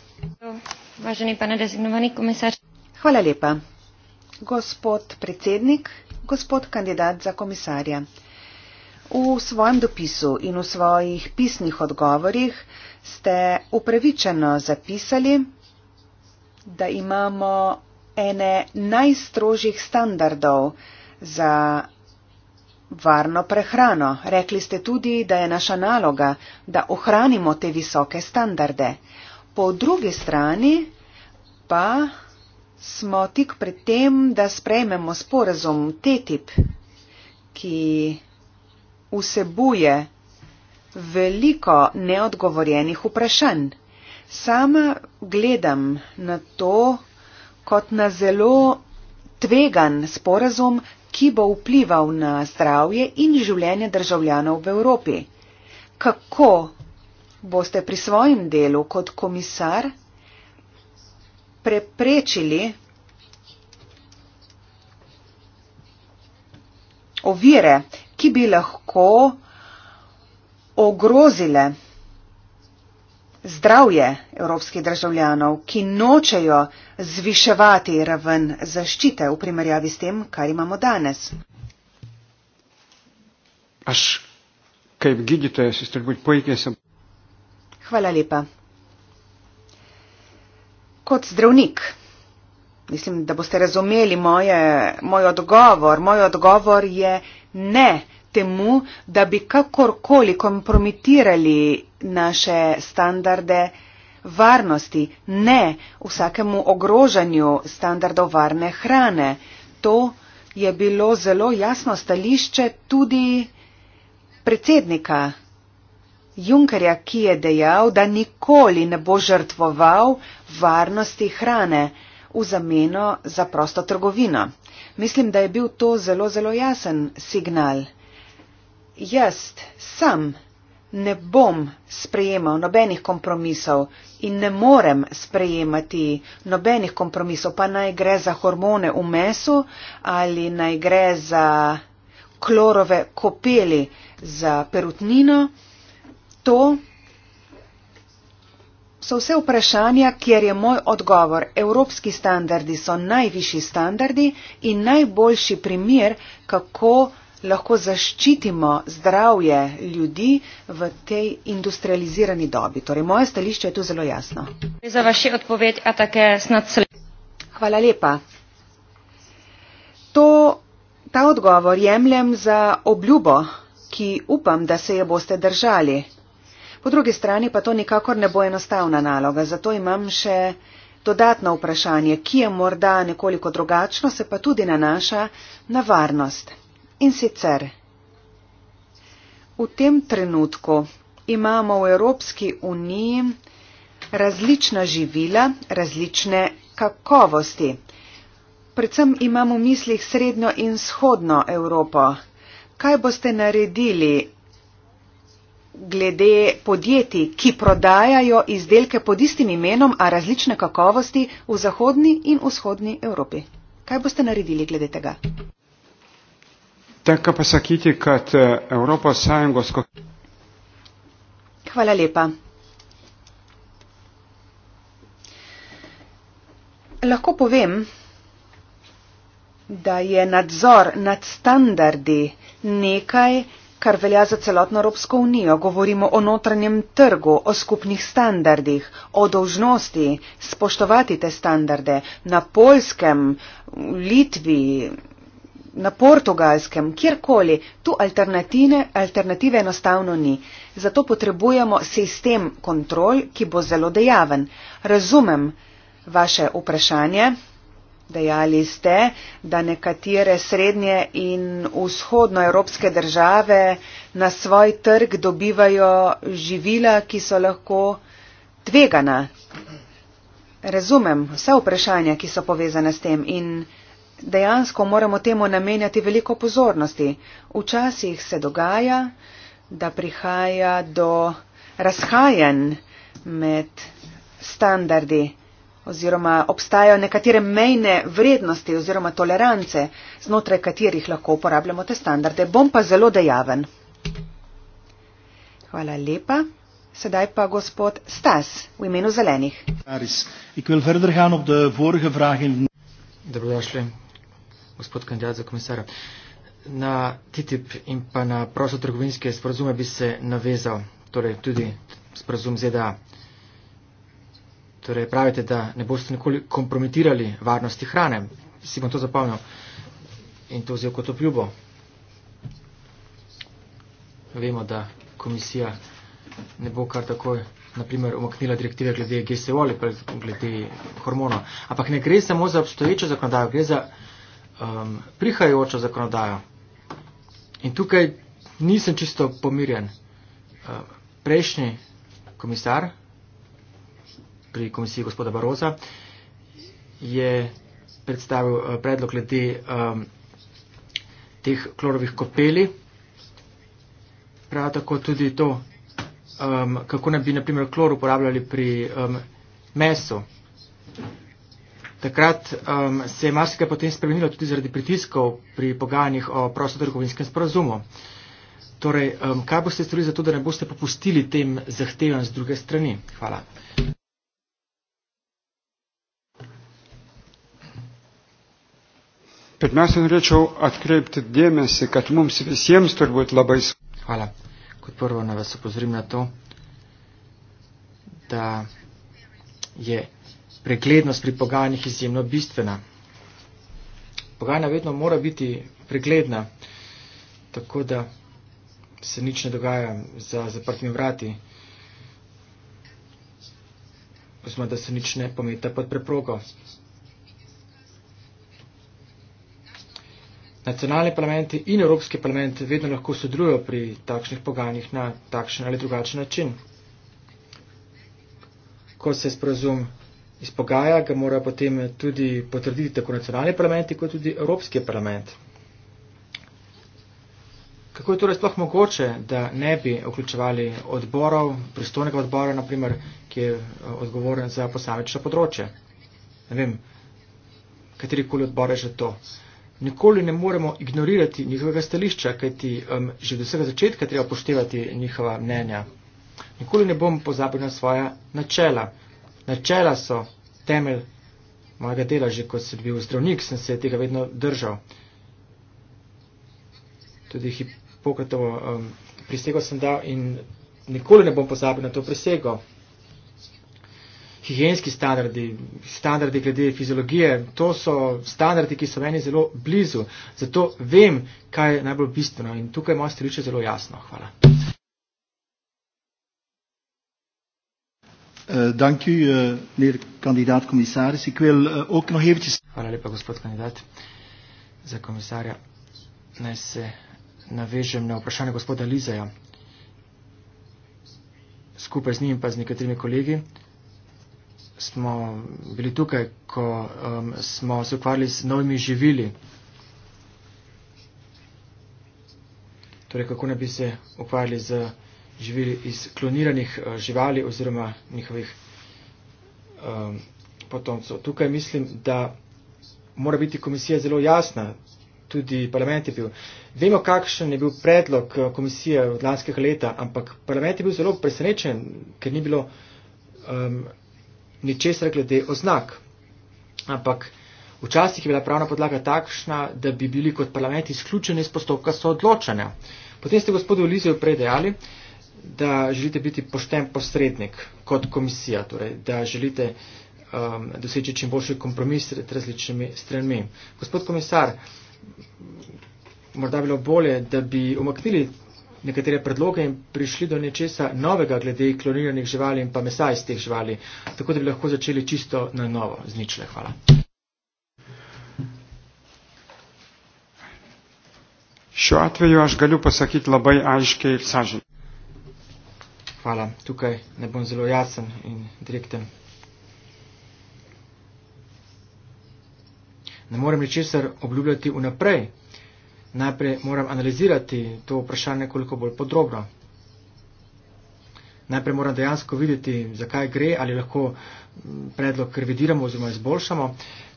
B: Hvala lepa. Gospod predsednik gospod kandidat za komisarja. V svojem dopisu in v svojih pisnih odgovorih ste upravičeno zapisali, da imamo ene najstrožjih standardov za varno prehrano. Rekli ste tudi, da je naša naloga, da ohranimo te visoke standarde. Po drugi strani pa smo tik pred tem, da sprejmemo sporazum TTIP, ki vsebuje veliko neodgovorjenih vprašanj. Sama gledam na to kot na zelo tvegan sporazum, ki bo vplival na zdravje in življenje državljanov v Evropi. Kako boste pri svojem delu kot komisar preprečili ovire, ki bi lahko ogrozile zdravje evropskih državljanov, ki nočejo zviševati raven zaščite v primerjavi s tem, kar imamo danes.
C: Až, kaj vidite, sestra, pojdite se.
B: Hvala lepa kot zdravnik. Mislim, da boste razumeli moje, moj odgovor. Moj odgovor je ne temu, da bi kakorkoli kompromitirali naše standarde varnosti, ne vsakemu ogrožanju standardov varne hrane. To je bilo zelo jasno stališče tudi predsednika Junkerja, ki je dejal, da nikoli ne bo žrtvoval varnosti hrane v zameno za prosto trgovino. Mislim, da je bil to zelo, zelo jasen signal. Jaz sam ne bom sprejemal nobenih kompromisov in ne morem sprejemati nobenih kompromisov, pa naj gre za hormone v mesu ali naj gre za klorove kopeli za perutnino to so vse vprašanja, kjer je moj odgovor. Evropski standardi so najvišji standardi in najboljši primer, kako lahko zaščitimo zdravje ljudi v tej industrializirani dobi. Torej, moje stališče je tu zelo jasno. Hvala lepa. To, ta odgovor jemljem za obljubo, ki upam, da se je boste držali. Po drugi strani pa to nikakor ne bo enostavna naloga, zato imam še dodatno vprašanje, ki je morda nekoliko drugačno, se pa tudi nanaša na varnost. In sicer, v tem trenutku imamo v Evropski uniji različna živila, različne kakovosti. Predvsem imamo v mislih srednjo in shodno Evropo. Kaj boste naredili glede podjetij, ki prodajajo izdelke pod istim imenom, a različne kakovosti v zahodni in vzhodni Evropi. Kaj boste naredili glede tega? Eh, Hvala lepa. Lahko povem, da je nadzor nad standardi nekaj, kar velja za celotno Evropsko unijo. Govorimo o notranjem trgu, o skupnih standardih, o dožnosti spoštovati te standarde na Poljskem, v Litvi, na Portugalskem, kjerkoli. Tu alternative enostavno ni. Zato potrebujemo sistem kontrol, ki bo zelo dejaven. Razumem vaše vprašanje. Dejali ste, da nekatere srednje in vzhodnoevropske države na svoj trg dobivajo živila, ki so lahko tvegana. Razumem vse vprašanja, ki so povezane s tem in dejansko moramo temu namenjati veliko pozornosti. Včasih se dogaja, da prihaja do razhajanj med standardi oziroma obstajajo nekatere mejne vrednosti oziroma tolerance, znotraj katerih lahko uporabljamo te standarde. Bom pa zelo dejaven. Hvala lepa. Sedaj pa gospod Stas v imenu zelenih.
E: Dobrodošli, gospod kandidat za komisara. Na TTIP in pa na prostotrgovinske sporozume bi se navezal, torej tudi sporozum ZDA. Torej, pravite, da ne boste nikoli kompromitirali varnosti hrane. Si bom to zapomnil in to vzel kot obljubo. Vemo, da komisija ne bo kar takoj, naprimer, omaknila direktive glede GSO ali glede hormonov. Ampak ne gre samo za obstoječo zakonodajo, gre za um, prihajajočo zakonodajo. In tukaj nisem čisto pomirjen. Uh, prejšnji komisar, pri komisiji gospoda Baroza, je predstavil eh, predlog glede um, teh klorovih kopeli. Prav tako tudi to, um, kako naj bi naprimer klor uporabljali pri um, mesu. Takrat um, se je marsikaj potem spremenilo tudi zaradi pritiskov pri pogajanjih o prostotrgovinskem sporazumu. Torej, um, kaj boste storili za to, da ne boste popustili tem zahtevam z druge strani?
C: Hvala. Pirmiausia, norėčiau atkreipti dėmesį, kad mums visiems turbūt labai. Hvala. Kot prvo, na vas upozorim na to,
E: da je preglednost pri pogajanjih izjemno bistvena. Pogajanja vedno mora biti pregledna, tako da se nič ne dogaja za zaprtimi vrati, oziroma da se nič ne pometa pod preprogo. nacionalni parlamenti in Evropski parlament vedno lahko sodelujo pri takšnih pogajanjih na takšen ali drugačen način. Ko se sporozum izpogaja, ga mora potem tudi potrditi tako nacionalni parlamenti, kot tudi Evropski parlament. Kako je torej sploh mogoče, da ne bi vključevali odborov, pristojnega odbora, naprimer, ki je eh, odgovoren za posamečno področje? Ne vem, katerikoli odbor je že to nikoli ne moremo ignorirati njihovega stališča, kajti um, že od vsega začetka treba poštevati njihova mnenja. Nikoli ne bom pozabil na svoja načela. Načela so temelj mojega dela, že kot sem bil zdravnik, sem se tega vedno držal. Tudi Hipokratovo um, prisego sem dal in nikoli ne bom pozabil na to prisego higijenski standardi, standardi glede fiziologije, to so standardi, ki so meni zelo blizu. Zato vem, kaj je najbolj bistveno in tukaj moja stališče zelo jasno. Hvala.
C: Uh, dank u, eh, meneer uh, kandidaat commissaris. Ik wil uh, ook nog eventjes...
E: Hvala lepa, gospod kandidaat, za komisarja. Naj se navežem na vprašanje gospoda Lizaja. Skupaj z njim pa z nekaterimi kolegi. Uh, smo bili tukaj, ko um, smo se ukvarjali z novimi živili. Torej, kako ne bi se ukvarjali z živili iz kloniranih uh, živali oziroma njihovih um, potomcev. Tukaj mislim, da mora biti komisija zelo jasna. Tudi parlament je bil. Vemo, kakšen je bil predlog uh, komisije od lanskega leta, ampak parlament je bil zelo presenečen, ker ni bilo um, ničesar glede oznak. Ampak včasih je bila pravna podlaga takšna, da bi bili kot parlament izključeni iz postopka soodločanja. Potem ste gospodu Lizijo prej dejali, da želite biti pošten posrednik kot komisija, torej, da želite um, doseči čim boljši kompromis s različnimi stranmi. Gospod komisar, morda bilo bolje, da bi omaknili nekatere predloge in prišli do nečesa novega glede kloniranih živali in pa mesa iz teh živali, tako da bi lahko začeli čisto na novo z ničle. Hvala.
C: Šiuo atveju aš galiu pasakyti labai aiškiai ir sąžiniai.
E: Hvala, tukaj nebom zelo jasen in direktem. Ne morem ničesar obljubljati vnaprej, Najprej moram analizirati to vprašanje nekoliko bolj podrobno. Najprej moram dejansko videti, zakaj gre, ali lahko predlog revidiramo oziroma izboljšamo,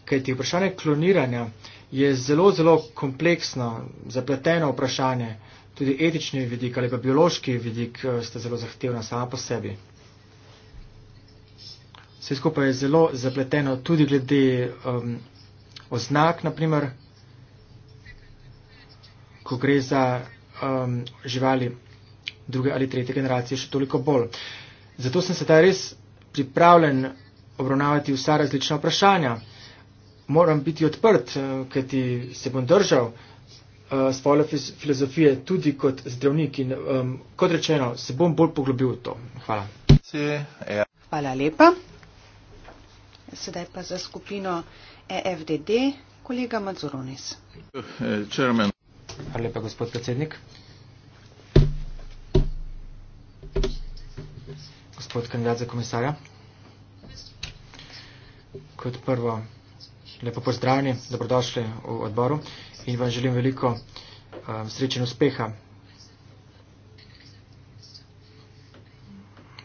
E: kajti vprašanje kloniranja je zelo, zelo kompleksno, zapleteno vprašanje, tudi etični vidik ali pa biološki vidik e, sta zelo zahtevna sama po sebi. Vse skupaj je zelo zapleteno tudi glede um, oznak, naprimer ko gre za um, živali druge ali tretje generacije, še toliko bolj. Zato sem sedaj res pripravljen obravnavati vsa različna vprašanja. Moram biti odprt, eh, ker ti se bom držal uh, svoje filozofije tudi kot zdravnik in um, kot rečeno, se bom bolj poglobil v to. Hvala.
B: Hvala lepa. Sedaj pa za skupino EFDD, kolega Mazuronis.
E: Črmen. Eh, Hvala lepa, gospod predsednik. Gospod kandidat za komisarja. Kot prvo, lepo pozdravljeni, dobrodošli v odboru in vam želim veliko um, srečen uspeha.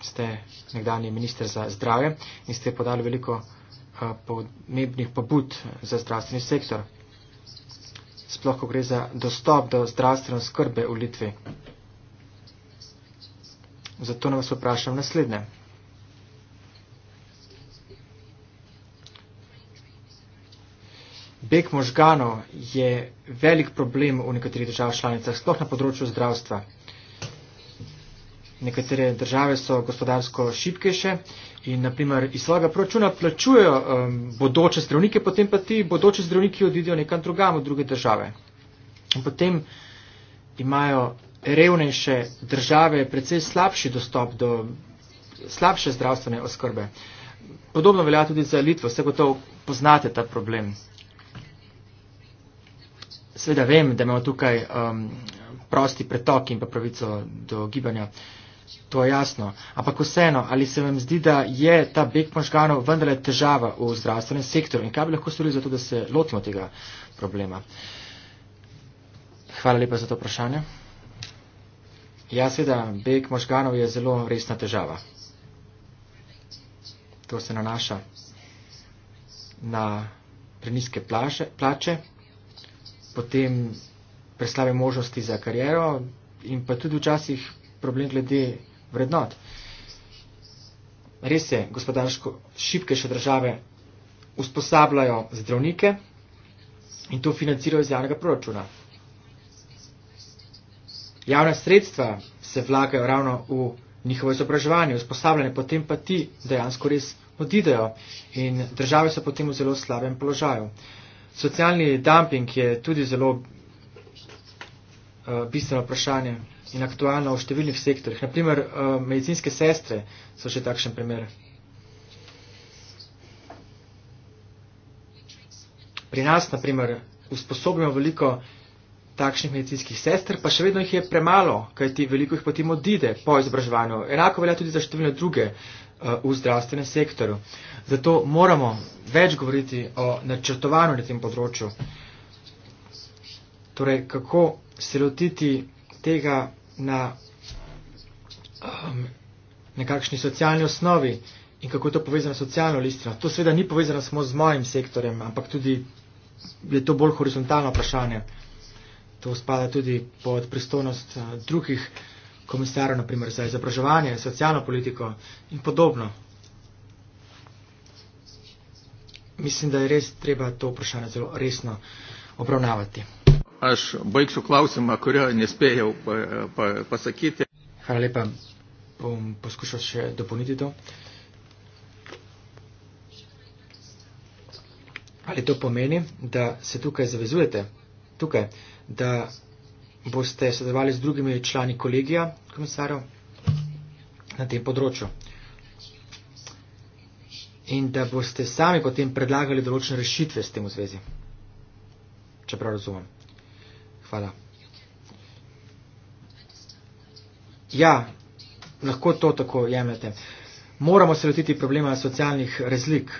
E: Ste nekdani minister za zdravje in ste podali veliko uh, pomembnih pobud za zdravstveni sektor sploh, ko gre za dostop do zdravstvene skrbe v Litvi. Zato nam vas vprašam naslednje. Beg možganov je velik problem v nekaterih državah članicah, sploh na področju zdravstva nekatere države so gospodarsko šipkejše in naprimer iz svojega proračuna plačujejo um, bodoče zdravnike, potem pa ti bodoče zdravniki odidijo nekam drugam v druge države. In potem imajo revnejše države precej slabši dostop do slabše zdravstvene oskrbe. Podobno velja tudi za Litvo, vse gotovo poznate ta problem. Sveda vem, da imamo tukaj um, prosti pretok in pa pravico do gibanja. Uh, To je jasno. Ampak vseeno, ali se vam zdi, da je ta beg možganov vendarle težava v zdravstvenem sektorju in kaj bi lahko storili za to, da se lotimo tega problema? Hvala lepa za to vprašanje. Ja, seveda, beg možganov je zelo resna težava. To se nanaša na preniske plaže, plače, potem preslave možnosti za kariero in pa tudi včasih problem glede vrednot. Res je, gospodarsko šibke še države usposabljajo zdravnike in to financirajo iz javnega proračuna. Javna sredstva se vlagajo ravno v njihovo izobraževanje, usposabljanje, potem pa ti dejansko res odidejo in države so potem v zelo slabem položaju. Socialni dumping je tudi zelo uh, bistveno vprašanje in aktualna v številnih sektorjih. Naprimer, eh, medicinske sestre so še takšen primer. Pri nas, naprimer, usposobimo veliko takšnih medicinskih sester, pa še vedno jih je premalo, kajti veliko jih potem odide po izobraževanju. Enako velja tudi za številne druge eh, v zdravstvenem sektoru. Zato moramo več govoriti o načrtovanju na tem področju. Torej, kako se lotiti tega na um, nekakšni socialni osnovi in kako je to povezano s socialno listino. To seveda ni povezano samo z mojim sektorjem, ampak tudi je to bolj horizontalno vprašanje. To spada tudi pod pristojnost uh, drugih komisarjev, naprimer za izobraževanje, socialno politiko in podobno. Mislim, da je res treba to vprašanje zelo resno obravnavati
D: aš baigsiu klausimą, kurio nespėjau
E: pa, pa, pasakyti. Hvala lepa. Bom poskušal še dopolniti to. Ali to pomeni, da se tukaj zavezujete, tukaj, da boste sodelovali z drugimi člani kolegija komisarov na tem področju in da boste sami potem predlagali določene rešitve s tem v zvezi, čeprav razumem. Hvala. Ja, lahko to tako jemljete. Moramo se lotiti problema socialnih razlik,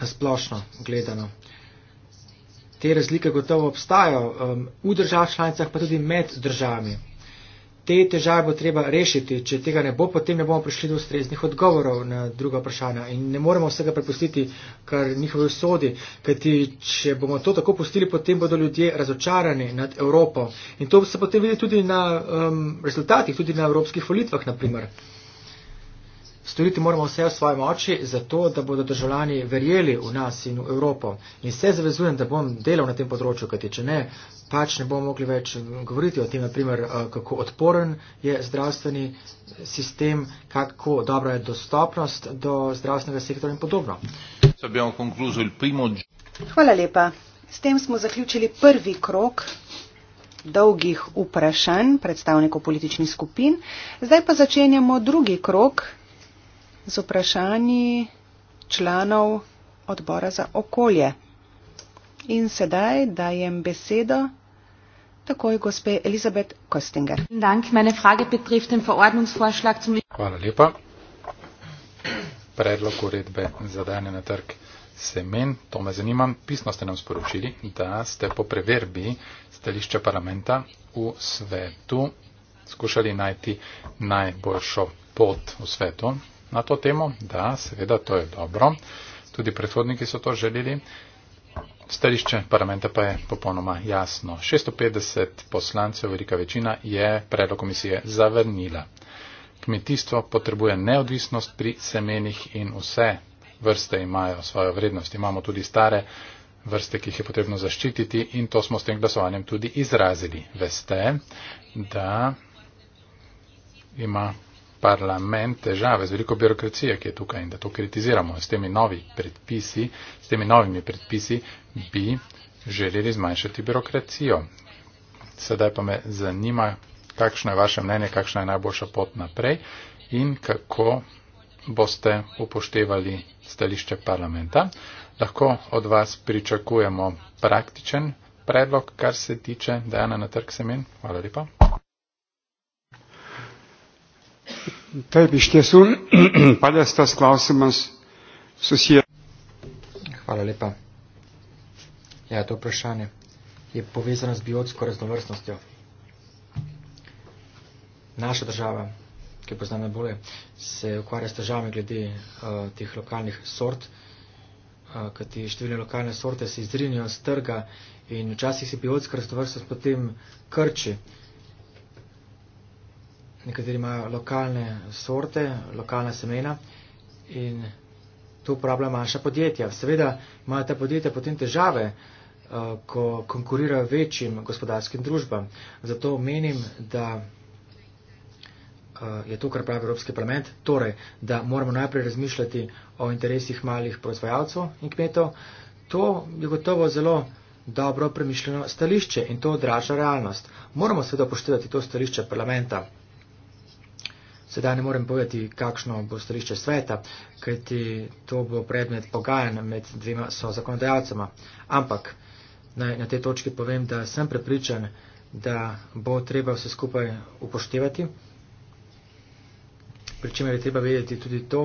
E: nasplošno gledano. Te razlike gotovo obstajajo um, v državah članicah, pa tudi med državami te težave bo treba rešiti. Če tega ne bo, potem ne bomo prišli do ustreznih odgovorov na druga vprašanja in ne moremo vsega prepustiti kar njihovi usodi, kajti če bomo to tako pustili, potem bodo ljudje razočarani nad Evropo. In to se potem vidi tudi na um, rezultatih, tudi na evropskih volitvah, naprimer. Storiti moramo vse v svoji moči, zato da bodo državljani verjeli v nas in v Evropo. In se zavezujem, da bom delal na tem področju, kajti če ne, pač ne bomo mogli več govoriti o tem, naprimer, eh, kako odporen je zdravstveni sistem, kako dobra je dostopnost do zdravstvenega sektorja in podobno.
B: Hvala lepa. S tem smo zaključili prvi krok dolgih vprašanj predstavnikov političnih skupin. Zdaj pa začenjamo drugi krok z vprašanji članov odbora za okolje. In sedaj dajem besedo takoj gospe Elizabet Kostinger. Hvala
D: lepa. Predlog uredbe za dajanje na trg semen, to me zanima, pisno ste nam sporočili, da ste po preverbi stališča parlamenta v svetu skušali najti najboljšo pot v svetu, na to temo? Da, seveda, to je dobro. Tudi predhodniki so to želeli. Stališče parlamenta pa je popolnoma jasno. 650 poslancev, velika večina, je predlog komisije zavrnila. Kmetijstvo potrebuje neodvisnost pri semenih in vse vrste imajo svojo vrednost. Imamo tudi stare vrste, ki jih je potrebno zaščititi in to smo s tem glasovanjem tudi izrazili. Veste, da ima parlament težave z veliko birokracije, ki je tukaj in da to kritiziramo s temi, novi predpisi, s temi novimi predpisi, bi želeli zmanjšati birokracijo. Sedaj pa me zanima, kakšno je vaše mnenje, kakšna je najboljša pot naprej in kako boste upoštevali stališče parlamenta. Lahko od vas pričakujemo praktičen predlog, kar se tiče dajana na trg
C: semen. Hvala lepa. Taip, iš tiesų, paliestas klausimas susijęs. Hvala lepa.
E: Ja, to vprašanje je povezano z biotsko raznovrstnostjo. Naša država, ki pozna najbolje, se ukvarja s težavami glede uh, teh lokalnih sort, uh, kajti številne lokalne sorte se izrinijo z trga in včasih se biotska raznovrstnost potem krči. Uh, nekateri imajo lokalne sorte, lokalna semena in to uporabljajo manjša podjetja. Seveda imajo ta podjetja potem težave, eh, ko konkurirajo večjim gospodarskim družbam. Zato menim, da eh, je to, kar pravi Evropski parlament, torej, da moramo najprej razmišljati o interesih malih proizvajalcev in kmetov. To je gotovo zelo dobro premišljeno stališče in to odraža realnost. Moramo seveda upoštevati to stališče parlamenta. Sedaj ne morem povedati, kakšno bo stališče sveta, kajti to bo predmet pogajanj med dvema so zakonodajalcema. Ampak naj na tej točki povem, da sem prepričan, da bo treba vse skupaj upoštevati. Pričemer je treba vedeti tudi to,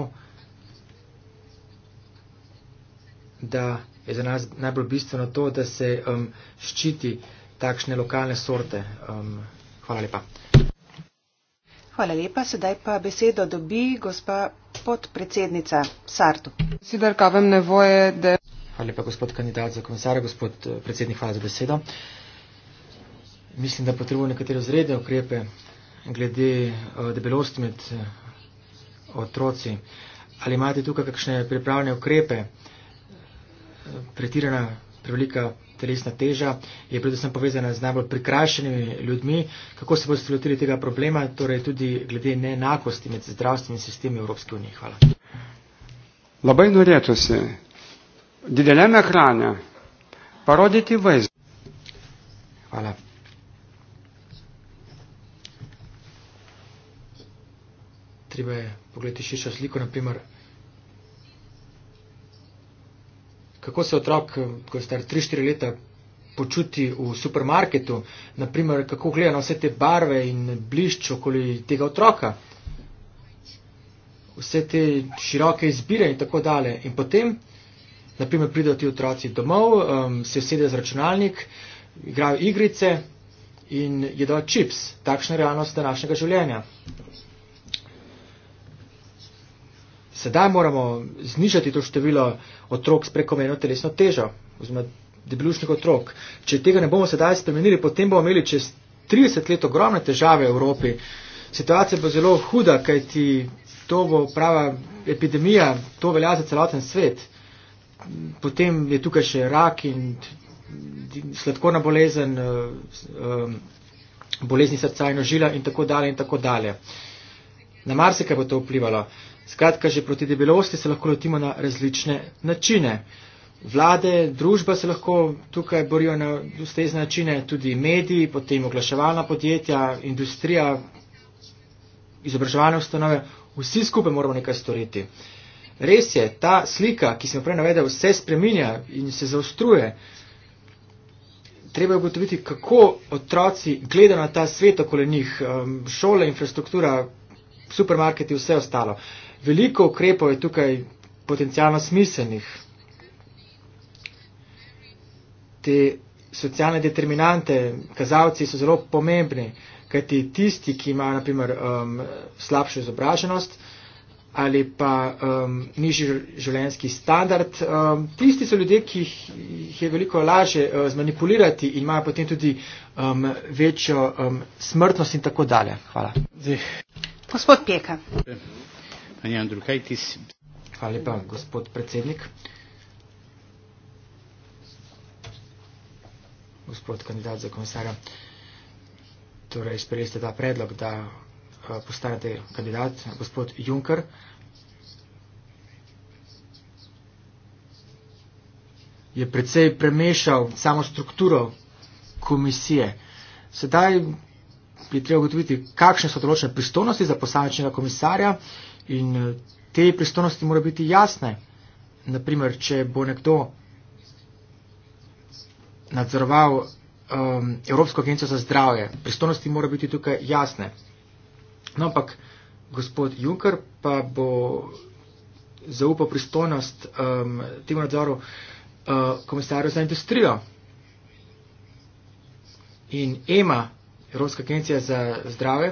E: da je za nas najbolj bistveno to, da se um, ščiti takšne lokalne sorte. Um, hvala lepa.
B: Hvala lepa. Sedaj pa besedo dobi gospa podpredsednica Sartu. Sidar Kavem Nevoje, da.
E: Hvala lepa, gospod kandidat za komisarja, gospod eh, predsednik, hvala za besedo. Mislim, da potrebujemo nekatere vzrede ukrepe glede eh, debelosti med eh, otroci. Ali imate tukaj kakšne pripravljene ukrepe? Pretirana prevelika telesna teža je predvsem povezana z najbolj prikrajšenimi ljudmi. Kako se boste lotili tega problema, torej tudi glede neenakosti med zdravstvenimi sistemi Evropske unije? Hvala.
C: Labai norėtųsi dideliame ekrane parodyti vaizdą. Hvala. Treba je
E: pogledati širšo sliko, naprimer. kako se otrok, ko je star 3-4 leta, počuti v supermarketu, naprimer, kako gleda na vse te barve in blišč okoli tega otroka, vse te široke izbire in tako dalje. In potem, naprimer, pridejo ti otroci domov, um, se sede z računalnik, igrajo igrice in jedo čips. Takšna je realnost današnjega življenja sedaj moramo znižati to število otrok s prekomerno telesno težo, oziroma debelušnih otrok. Če tega ne bomo sedaj spremenili, potem bomo imeli čez 30 let ogromne težave v Evropi. Situacija bo zelo huda, kajti to bo prava epidemija, to velja za celoten svet. Potem je tukaj še rak in sladkorna bolezen, eh, eh, bolezni srca in ožila in tako dalje in tako dalje. Na marsikaj bo to vplivalo. Skratka, že proti debelosti se lahko lotimo na različne načine. Vlade, družba se lahko tukaj borijo na ustezne načine, tudi mediji, potem oglaševalna podjetja, industrija, izobraževalne ustanove, vsi skupaj moramo nekaj storiti. Res je, ta slika, ki sem prej navedel, vse spreminja in se zaostruje. Treba je ugotoviti, kako otroci gledajo na ta svet okoli njih, um, šole, infrastruktura, supermarketi, vse ostalo veliko ukrepov je tukaj potencijalno smiselnih. Te socialne determinante, kazalci so zelo pomembni, kajti tisti, ki imajo naprimer um, slabšo izobraženost ali pa um, nižji življenski standard, um, tisti so ljudje, ki jih, jih je veliko laže uh, zmanipulirati in imajo potem tudi um, večjo um, smrtnost in tako dalje. Hvala.
B: Gospod Pjeka. Okay.
E: Hvala lepa, gospod predsednik. Gospod kandidat za komisarja, torej sprejeli ste ta predlog, da eh, postanete kandidat, gospod Juncker. je precej premešal samo strukturo komisije. Sedaj je treba ugotoviti, kakšne so določene pristojnosti za posamečnega komisarja In eh, te pristojnosti mora biti jasne. Naprimer, če bo nekdo nadzorval um, ehm, Evropsko agencijo za zdravje, pristojnosti mora biti tukaj jasne. No, ampak gospod Juncker pa bo zaupal pristojnost um, temu nadzoru uh, komisarju za industrijo. In EMA, Evropska agencija za zdravje,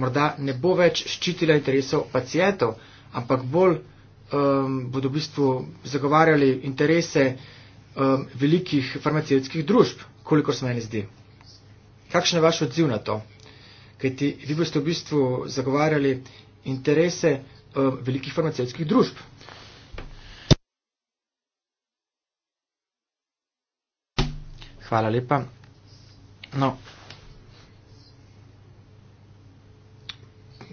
E: morda ne bo več ščitila interesov pacijentov, ampak bolj um, bodo v bistvu zagovarjali interese um, velikih farmacijskih družb, kolikor se meni zdi. Kakšen je vaš odziv na to? Ker ti vi boste v bistvu zagovarjali interese um, velikih farmacijskih družb. Hvala lepa. No,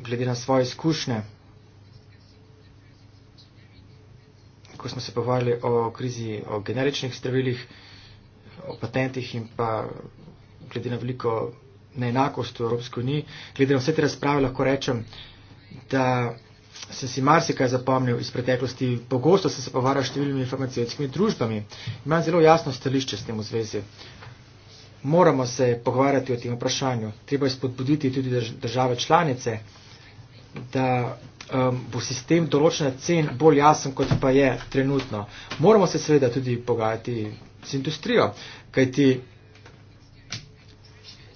E: glede na svoje izkušnje, ko smo se povali o krizi, o generičnih zdravilih, o patentih in pa glede na veliko neenakost v Evropski uniji, glede na vse te razprave lahko rečem, da sem si marsikaj zapomnil iz preteklosti, pogosto sem se povaral s številnimi farmacijskimi družbami. Imam zelo jasno stališče s tem v zvezi. Moramo se pogovarjati o tem vprašanju. Treba je spodbuditi tudi države članice, da um, bo sistem določene cen bolj jasen, kot pa je trenutno. Moramo se seveda tudi pogajati z industrijo, kajti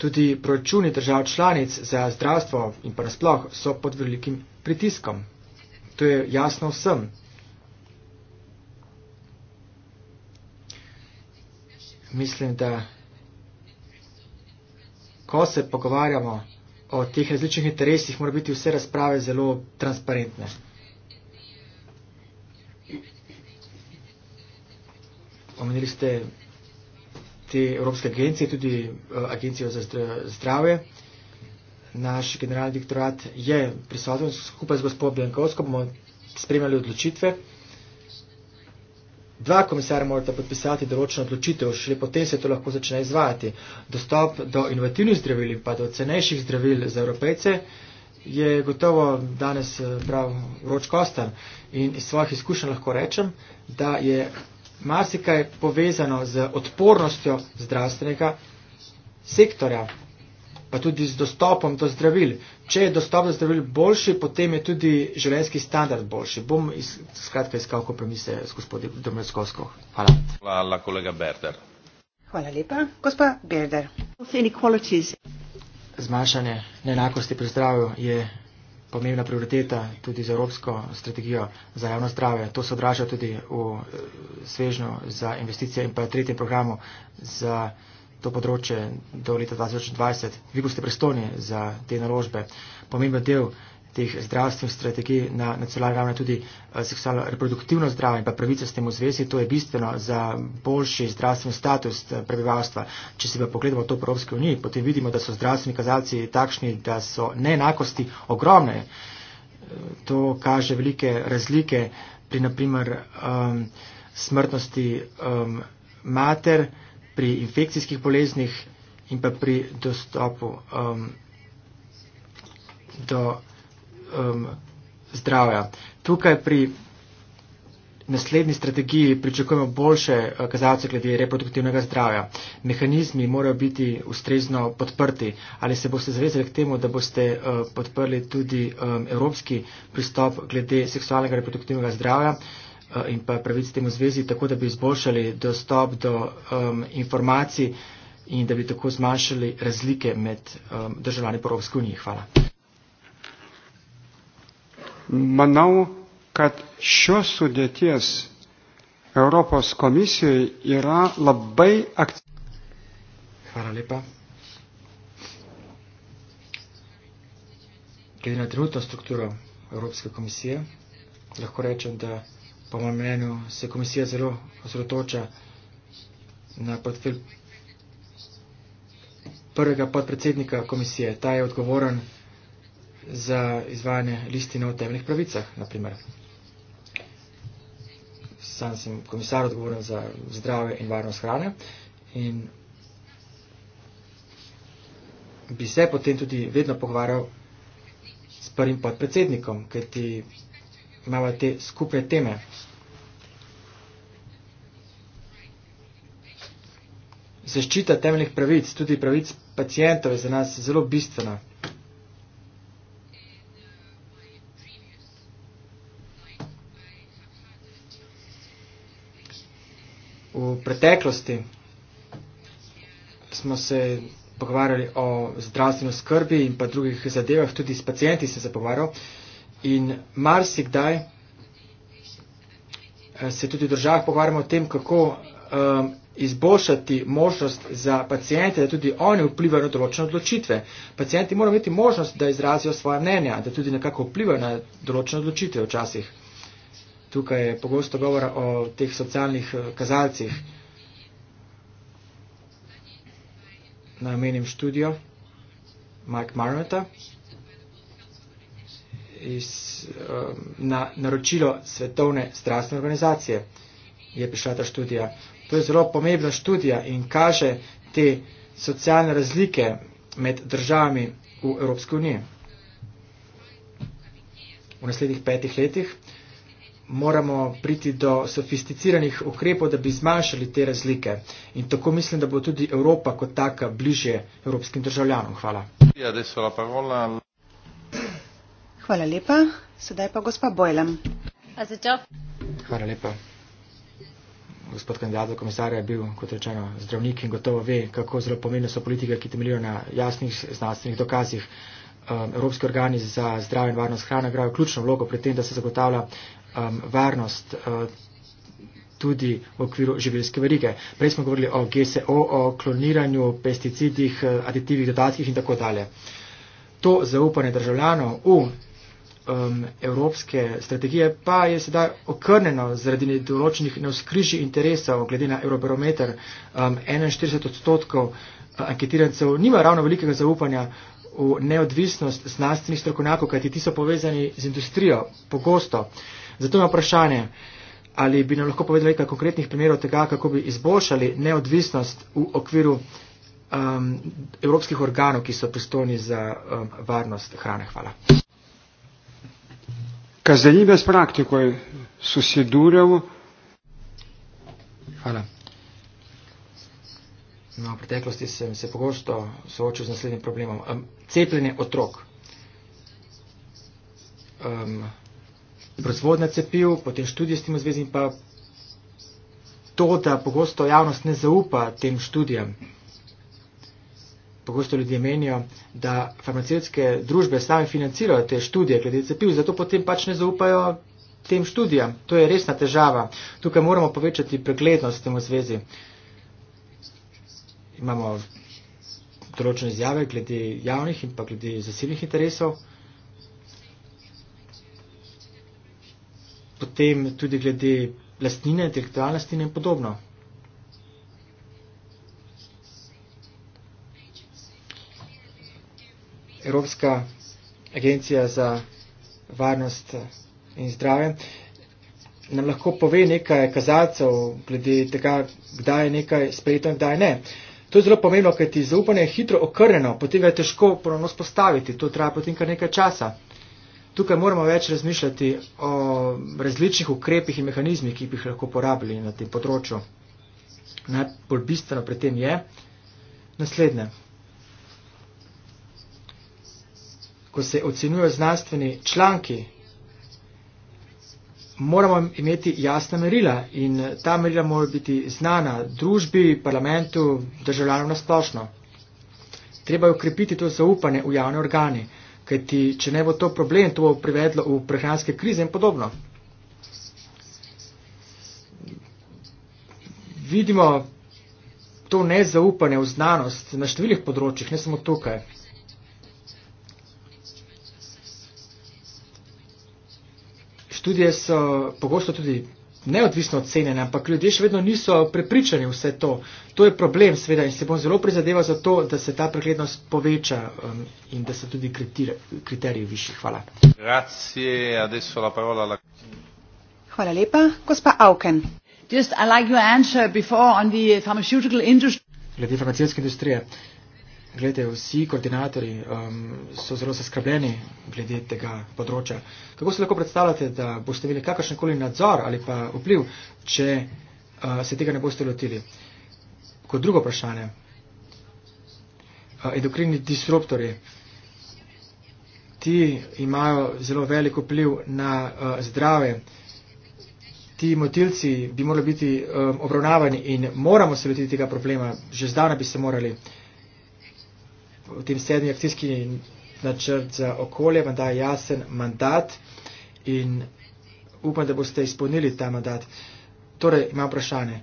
E: tudi proračuni držav članic za zdravstvo in pa nasploh so pod velikim pritiskom. To je jasno vsem. Mislim, da ko se pogovarjamo o teh različnih interesih mora biti vse razprave zelo transparentne. Omenili ste te Evropske agencije, tudi eh, Agencijo za zdravje. Naš generalni direktorat je prisoten skupaj z gospodom Bjankovsko, bomo spremljali odločitve. Dva komisarja morata podpisati določeno odločitev, šele potem se to lahko začne izvajati. Dostop do inovativnih zdravil in pa do cenejših zdravil za evropejce je gotovo danes eh, prav vroč kostan in iz svojih izkušenj lahko rečem, da je marsikaj povezano z odpornostjo zdravstvenega sektorja, pa tudi z dostopom do zdravil če je dostop do zdravil boljši, potem je tudi življenjski standard boljši. Bom iz, skratka iskal kompromise s gospodom Domenskovskom.
A: Hvala. Hvala, kolega Berder.
B: Hvala lepa, gospod Berder.
E: Zmanjšanje neenakosti pri zdravju je pomembna prioriteta tudi za evropsko strategijo za javno zdravje. To se odraža tudi v eh, svežnju za investicije in pa tretjem programu za to področje do leta 2020. Vi boste prestoni za te naložbe. Pomemben del teh zdravstvenih strategij na nacionalni ravni tudi eh, seksualno reproduktivno zdravje in pa pravice s tem v zvezi, to je bistveno za boljši zdravstveni status eh, prebivalstva. Če si pa pogledamo to v Evropski uniji, potem vidimo, da so zdravstveni kazalci takšni, da so neenakosti ogromne. Eh, to kaže velike razlike pri naprimer um, smrtnosti um, mater pri infekcijskih boleznih in pa pri dostopu um, do um, zdravja. Tukaj pri naslednji strategiji pričakujemo boljše uh, kazalce glede reproduktivnega zdravja. Mehanizmi morajo biti ustrezno podprti. Ali se boste zavezali k temu, da boste uh, podprli tudi um, evropski pristop glede seksualnega reproduktivnega zdravja? Uh, Eh, in pa pravic s tem v zvezi, tako da bi izboljšali dostop do um, informacij in da bi tako zmanjšali razlike med um, državljani po Evropski uniji. Hvala.
C: Manau, kad šios sudėties Europos komisijoje yra labai aktyvi. Glede na trenutno strukturo
E: Evropske komisije, lahko rečem, da po mojem mnenju se komisija zelo osredotoča na portfelj prvega podpredsednika komisije. Ta je odgovoren za izvajanje listine o temeljnih pravicah, naprimer. Sam sem komisar odgovoren za zdrave in varnost hrane in bi se potem tudi vedno pogovarjal s prvim podpredsednikom, ker ti imava te skupe teme. Zaščita temeljnih pravic, tudi pravic pacijentov, je za nas zelo bistvena. V preteklosti smo se pogovarjali o zdravstveno skrbi in pa drugih zadevah, tudi s pacijenti se zapogovarjal. Uh, In marsikdaj eh, se tudi v državah pogovarjamo o tem, kako um, izboljšati možnost za pacijente, da tudi oni vplivajo na določene odločitve. Pacijenti morajo imeti možnost, da izrazijo svoje mnenja, da tudi nekako vplivajo na določene odločitve včasih. Tukaj je pogosto govora o teh socialnih eh, kazalcih. Namenim študijo Mike Marmeta iz, um, na naročilo Svetovne zdravstvene organizacije je prišla ta študija. To je zelo pomembna študija in kaže te socialne razlike med državami v Evropski uniji. V naslednjih petih letih moramo priti do sofisticiranih ukrepov, da bi zmanjšali te razlike. In tako mislim, da bo tudi Evropa kot taka bližje evropskim državljanom. Hvala.
B: Ja, Hvala lepa. Sedaj pa gospa Bojlem.
E: Hvala lepa. Gospod kandidat za komisarja je bil, kot rečeno, zdravnik in gotovo ve, kako zelo pomembne so politike, ki temeljijo na jasnih znanstvenih dokazih. Um, evropski organi za zdrav in varnost hrana igrajo ključno vlogo pri tem, da se zagotavlja um, varnost uh, tudi v okviru živilske verige. Prej smo govorili o GSO, o kloniranju, pesticidih, uh, aditivih, dodatkih in tako dalje. To zaupanje državljanov v um, evropske strategije, pa je sedaj okrnjeno zaradi določenih neuskrižij interesov, glede na eurobarometer, um, 41 odstotkov uh, anketirancev nima ravno velikega zaupanja v neodvisnost znanstvenih strokovnjakov, kajti ti so povezani z industrijo, pogosto. Zato je vprašanje, ali bi nam lahko povedali nekaj konkretnih primerov tega, kako bi izboljšali neodvisnost v okviru um, evropskih organov, ki so pristojni za um, varnost hrane. Hvala
C: kasdienybės praktikoje susidūriau. Hvala.
E: Na no, preteklosti sem se pogosto soočil z naslednjim problemom. Um, cepljenje otrok. Um, proizvodna cepiv, potem študije s tem zvezim, pa to, da pogosto javnost ne zaupa tem študijam pogosto ljudje menijo, da farmacijske družbe same financirajo te študije glede cepiv, zato potem pač ne zaupajo tem študijam. To je resna težava. Tukaj moramo povečati preglednost temu zvezi. Imamo določene izjave glede javnih in pa glede zasebnih interesov. Potem tudi glede lastnine, intelektualne lastnine in podobno. Evropska agencija za varnost eh, in zdrave, nam lahko pove nekaj kazalcev glede tega, kdaj je nekaj sprejeto in kdaj ne. To je zelo pomembno, kajti zaupanje je hitro okrnjeno, potem ga je težko ponovno spostaviti, to traja potem kar nekaj časa. Tukaj moramo več razmišljati o različnih ukrepih in mehanizmih, ki bi jih lahko porabili na tem področju. Najbolj bistveno pri tem je naslednje. ko se ocenjujejo znanstveni članki, moramo imeti jasna merila in ta merila mora biti znana družbi, parlamentu, državljanom na splošno. Treba je ukrepiti to zaupanje v javne organe, kajti če ne bo to problem, to bo privedlo v prehranske krize in podobno. Vidimo to nezaupanje v znanost na številnih področjih, ne samo tukaj. študije so pogosto tudi neodvisno ocenjene, ampak ljudje še vedno niso prepričani vse to. To je problem, seveda, in se bom zelo prizadeval za to, da se ta preglednost poveča um, in da se tudi kriteriji višji. Hvala.
A: Grazie, adesso la parola alla...
B: Hvala lepa. Gospa Auken. Just, like
E: Glede farmacijske industrije. Glede, vsi koordinatorji um, so zelo zaskrbljeni glede tega področja. Kako se lahko predstavljate, da boste imeli kakršenkoli nadzor ali pa vpliv, če uh, se tega ne boste lotili? Kot drugo vprašanje, uh, endokrini disruptori. Ti imajo zelo velik vpliv na uh, zdrave. Ti motilci bi morali biti um, obravnavani in moramo se lotiti tega problema, že zdavna bi se morali. Uh, v tem sedmi akcijski načrt za okolje vam daje jasen mandat in upam, da boste izpolnili ta mandat. Torej, imam vprašanje.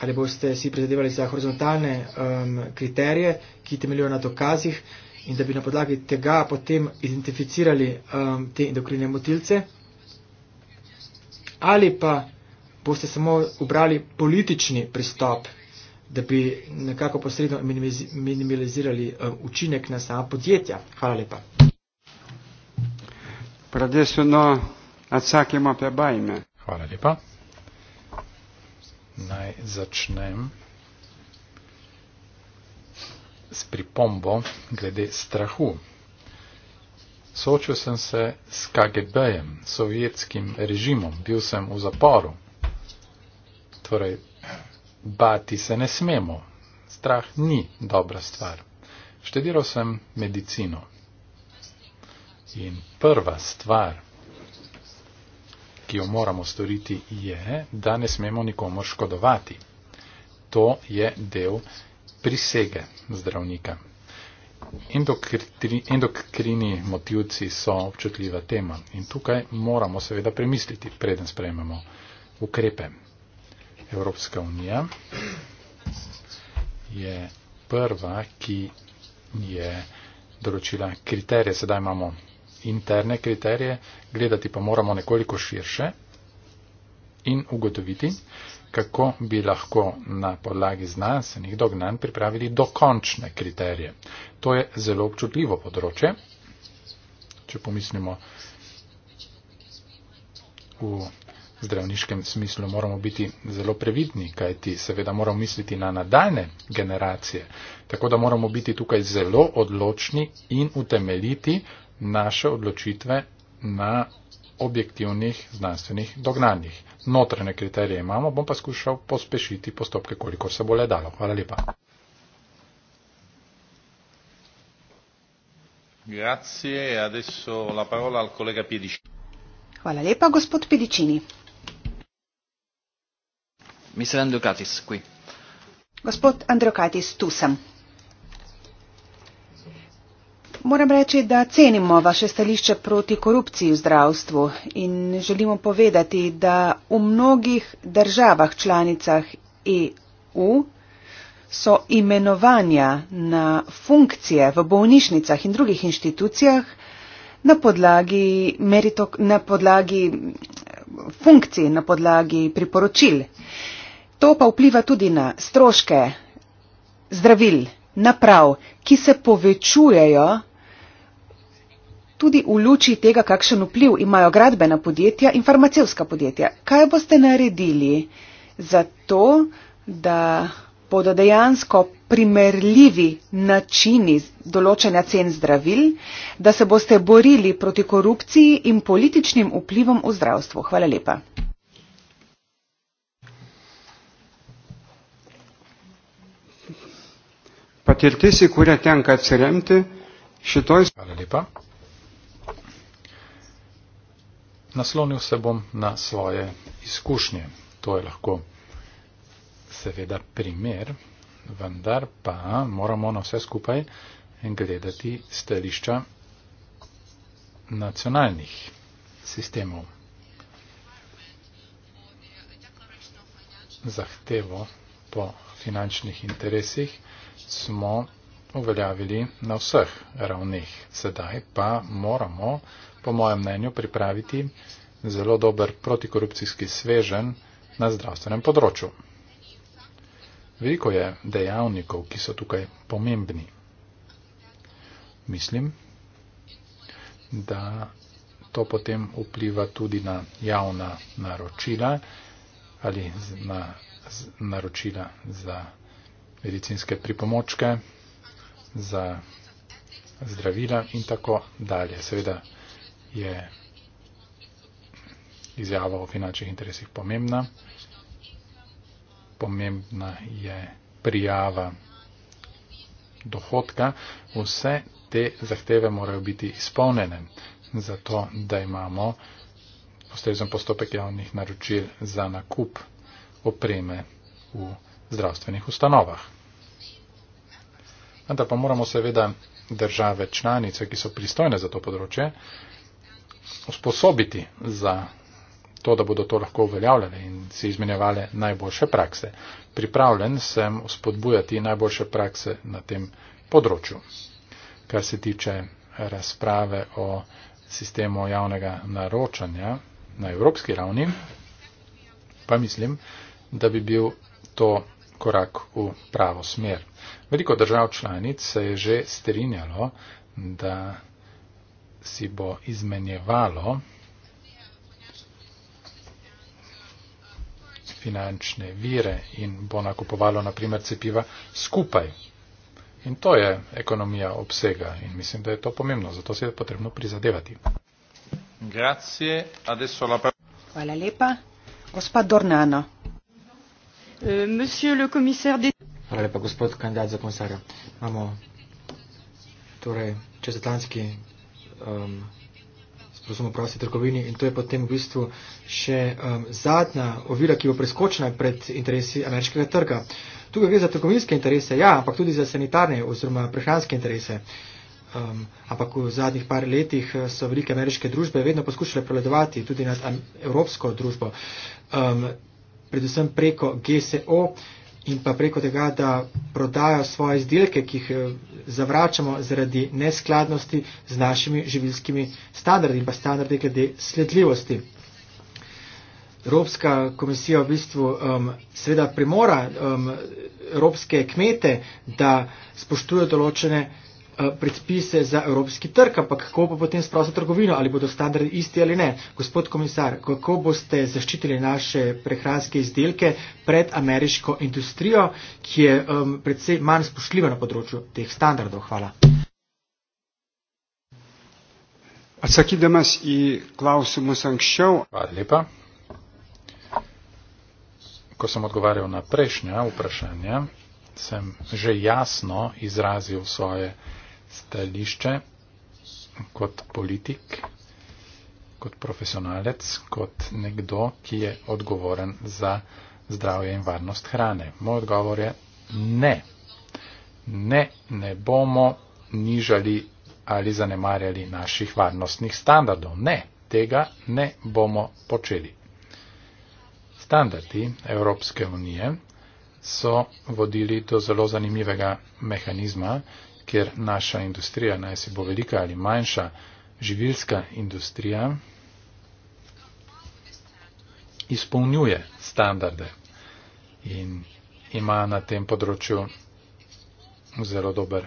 E: Ali boste si prizadevali za horizontalne um, kriterije, ki temeljijo na dokazih in da bi na podlagi tega potem identificirali um, te endokrine motilce? Ali pa boste samo ubrali politični pristop da bi nekako posredno minimalizirali
C: eh, učinek na sama podjetja. Hvala lepa. Pradesuno atsakimo pe bajme. Hvala lepa.
D: Naj začnem s pripombo glede strahu. Soočil sem se s KGB-jem, sovjetskim režimom, bil sem v zaporu. Torej, Bati se ne smemo. Strah ni dobra stvar. Študiral sem medicino. In prva stvar, ki jo moramo storiti, je, da ne smemo nikomu škodovati. To je del prisege zdravnika. Endokrini motivci so občutljiva tema in tukaj moramo seveda premisliti, preden sprejmemo ukrepe. Evropska unija je prva, ki je določila kriterije. Sedaj imamo interne kriterije, gledati pa moramo nekoliko širše in ugotoviti, kako bi lahko na podlagi znanstvenih dognanj pripravili dokončne kriterije. To je zelo občutljivo področje. Če pomislimo v zdravniškem smislu moramo biti zelo previdni, kajti seveda moramo misliti na nadaljne generacije. Tako da moramo biti tukaj zelo odločni in utemeljiti naše odločitve na objektivnih znanstvenih dognanjih. Notrene kriterije imamo, bom pa skušal pospešiti postopke, koliko se bo le dalo. Hvala lepa.
A: Grazie, e adesso la parola al collega
E: Piedicini.
B: Hvala lepa, gospod Piedicini.
E: Mr. Andriukatis, qui.
B: Gospod Andriukatis, tu sem. Moram reči, da cenimo vaše stališče proti korupciji v zdravstvu in želimo povedati, da v mnogih državah članicah EU so imenovanja na funkcije v bolnišnicah in drugih inštitucijah na podlagi, meritok, na podlagi eh, funkcij, na podlagi priporočil. To pa vpliva tudi na stroške zdravil, naprav, ki se povečujejo tudi v luči tega, kakšen vpliv imajo gradbena podjetja in farmacevska podjetja. Kaj boste naredili za to, da bodo dejansko primerljivi načini določanja cen zdravil, da se boste borili proti korupciji in političnim vplivom v zdravstvu. Hvala lepa.
C: patirtis, į kurią tenka atsiremti šitoj. Hvala
D: lepa. Naslonil se bom na svoje izkušnje. To je lahko seveda primer, vendar pa moramo na vse skupaj gledati stališča nacionalnih sistemov. Zahtevo po finančnih interesih smo uveljavili na vseh ravneh. Sedaj pa moramo, po mojem mnenju, pripraviti zelo dober protikorupcijski svežen na zdravstvenem področju. Veliko je dejavnikov, ki so tukaj pomembni. Mislim, da to potem vpliva tudi na javna naročila ali na naročila za medicinske pripomočke, za zdravila in tako dalje. Seveda je izjava o finančnih interesih pomembna. Pomembna je prijava dohodka. Vse te zahteve morajo biti izpolnjene, zato da imamo ustrezen postopek javnih naročil za nakup opreme v zdravstvenih ustanovah. Vendar pa moramo seveda države članice, ki so pristojne za to področje, usposobiti za to, da bodo to lahko uveljavljali in si izmenjevali najboljše prakse. Pripravljen sem spodbujati najboljše prakse na tem področju. Kar se tiče razprave o sistemu javnega naročanja na evropski ravni, pa mislim, da bi bil to korak v pravo smer. Veliko držav članic se je že strinjalo, da si bo izmenjevalo finančne vire in bo nakupovalo naprimer cepiva skupaj. In to je ekonomija obsega in mislim, da je to pomembno, zato se je potrebno prizadevati.
B: Hvala lepa. Gospa Dornano. Euh, monsieur le commissaire des
E: Hvala lepa, gospod kandidat za komisarja. Imamo torej čezatlantski um, sporozum o prosti trgovini in to je potem v bistvu še um, zadnja ovira, ki bo preskočena pred interesi ameriškega trga. Tukaj gre za trgovinske interese, ja, ampak tudi za sanitarne oziroma prehranske interese. Um, ampak v zadnjih par letih eh, so velike ameriške družbe vedno poskušale prevladovati tudi nad evropsko družbo. Um, predvsem preko GSO in pa preko tega, da prodajo svoje izdelke, ki jih eh, zavračamo zaradi neskladnosti z našimi življskimi standardi in pa standardi glede sledljivosti. Evropska komisija v bistvu um, seveda primora um, evropske kmete, da spoštujejo določene Eh, predpise za evropski trg, ampak kako pa potem sprosto trgovino, ali bodo standardi isti ali ne. Gospod komisar, kako boste zaščitili naše prehranske izdelke pred ameriško industrijo, ki je um, predvsej manj spoštljiva na področju teh standardov?
C: Hvala. Hvala lepa. Ko sem
D: odgovarjal na prejšnja vprašanja, sem že jasno izrazil svoje stališče kot politik, kot profesionalec, kot nekdo, ki je odgovoren za zdravje in varnost hrane. Moj odgovor je ne. Ne, ne bomo nižali ali zanemarjali naših varnostnih standardov. Ne, tega ne bomo počeli. Standardi Evropske unije so vodili do zelo zanimivega mehanizma, kjer naša industrija, naj si bo velika ali manjša, živilska industrija, izpolnjuje standarde in ima na tem področju zelo dober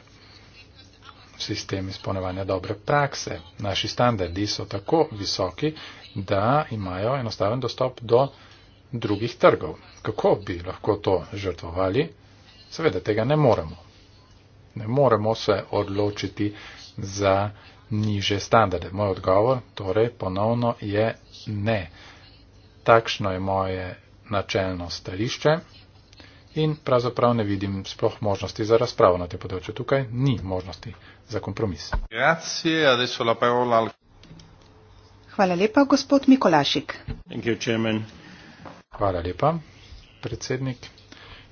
D: sistem izpolnevanja dobre prakse. Naši standardi so tako visoki, da imajo enostaven dostop do drugih trgov. Kako bi lahko to žrtvovali? Seveda tega ne moremo. Ne moremo se odločiti za niže standarde. Moj odgovor, torej, ponovno je ne. Takšno je moje načelno stališče in pravzaprav ne vidim sploh možnosti za razpravo na te področje. Tukaj ni možnosti za kompromis.
A: Grazie, adesso la parola al...
B: Hvala lepa, gospod Mikolašik.
D: Thank you, chairman. Hvala lepa, predsednik,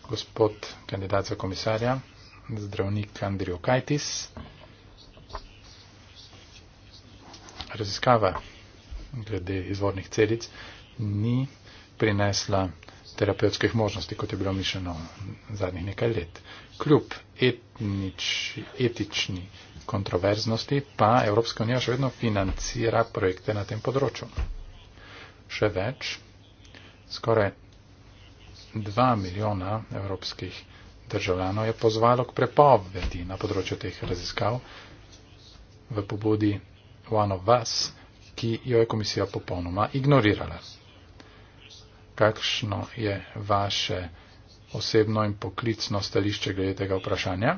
D: gospod kandidat za komisarja zdravnik Andrijo Kajtis. Raziskava glede izvornih celic ni prinesla terapevtskih možnosti, kot je bilo mišljeno zadnjih nekaj let. Kljub etnič, etični kontroverznosti pa Evropska unija še vedno financira projekte na tem področju. Še več, skoraj 2 milijona evropskih državljanov je pozvalo k prepovedi na področju teh raziskav v pobudi One of Us, ki jo je komisija popolnoma ignorirala. Kakšno je vaše osebno in poklicno stališče glede tega vprašanja?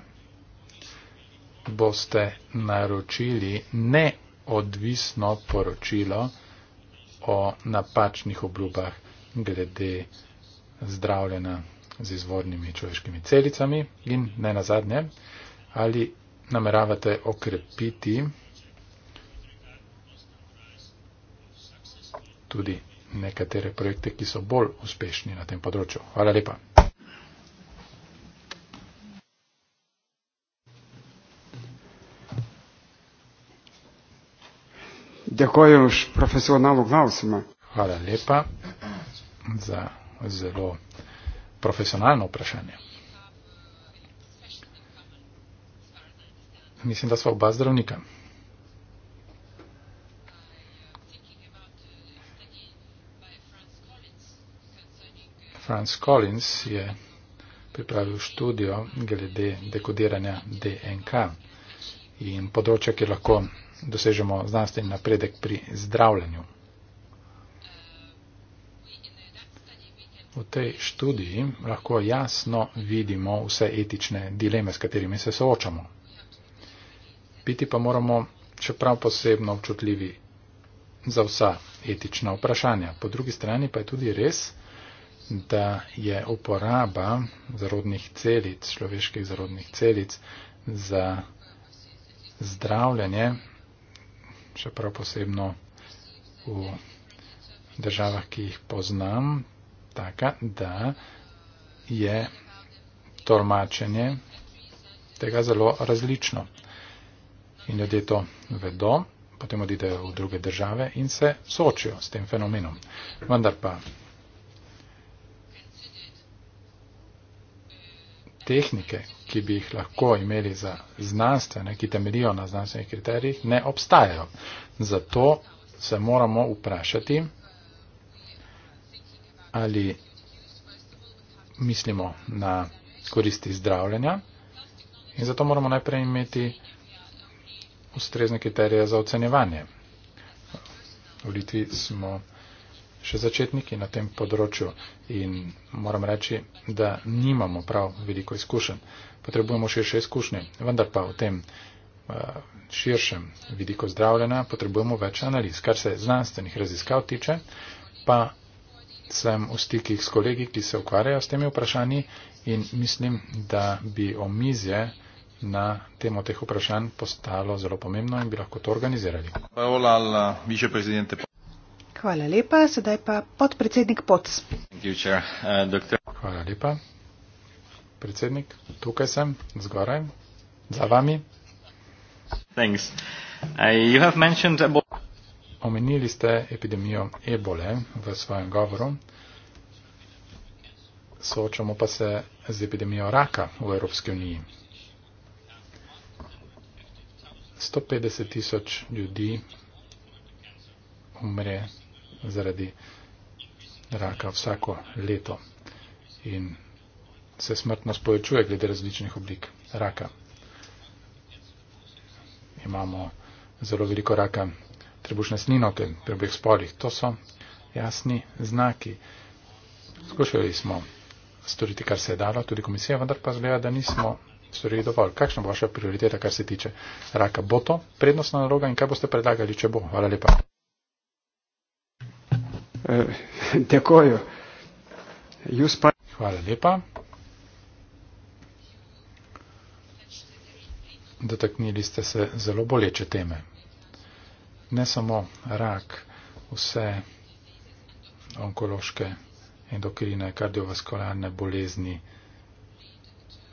D: Boste naročili neodvisno poročilo o napačnih obljubah glede zdravljena z izvornimi človeškimi celicami in ne nazadnje, ali nameravate okrepiti tudi nekatere projekte, ki so bolj uspešni na tem področju. Hvala
C: lepa. Hvala lepa za zelo
D: profesionalno vprašanje. Mislim, da smo oba zdravnika. Franz Collins je pripravil študijo glede dekodiranja DNK in področja, kjer lahko dosežemo znanstveni napredek pri zdravljenju. V tej študiji lahko jasno vidimo vse etične dileme, s katerimi se soočamo. Biti pa moramo čeprav posebno občutljivi za vsa etična vprašanja. Po drugi strani pa je tudi res, da je uporaba zarodnih celic, človeških zarodnih celic za zdravljanje, čeprav posebno v državah, ki jih poznam, taka, da je tolmačenje tega zelo različno. In ljudje to vedo, potem odidejo v druge države in se soočijo s tem fenomenom. Vendar pa tehnike, ki bi jih lahko imeli za znanstvene, ki temelijo na znanstvenih kriterijih, ne obstajajo. Zato se moramo vprašati, ali mislimo na koristi zdravljenja. In zato moramo najprej imeti ustrezne kriterije za ocenjevanje. V Litvi smo še začetniki na tem področju in moram reči, da nimamo prav veliko izkušenj. Potrebujemo širše izkušnje, vendar pa v tem eh, širšem vidiku zdravljena potrebujemo več analiz. Kar se znanstvenih raziskav tiče, pa sem v stikih s kolegi, ki se ukvarjajo s temi vprašanji in mislim, da bi omizje na temo teh vprašanj postalo zelo pomembno in bi lahko to organizirali.
A: Hvala, la,
B: Hvala lepa, sedaj pa podpredsednik Poc.
D: Uh, Hvala lepa, predsednik, tukaj sem, zgoraj, za vami. Thanks. Uh, you have mentioned about omenili ste epidemijo ebole v svojem govoru. Soočamo pa se z epidemijo raka v Evropski uniji. 150 tisoč ljudi umre zaradi raka vsako leto in se smrtnost povečuje glede različnih oblik raka. Imamo zelo veliko raka trebušnostnino pri obeh spolih. To so jasni znaki. Skušali smo storiti, kar se je dalo, tudi komisija, vendar pa zgleda, da nismo storili dovolj. Kakšna bo vaša prioriteta, kar se tiče raka? Bo to prednostna naloga in kaj boste predlagali, če bo? Hvala lepa.
C: Eh, Hvala lepa.
D: Dotaknili ste se zelo boleče teme ne samo rak, vse onkološke, endokrine, kardiovaskularne bolezni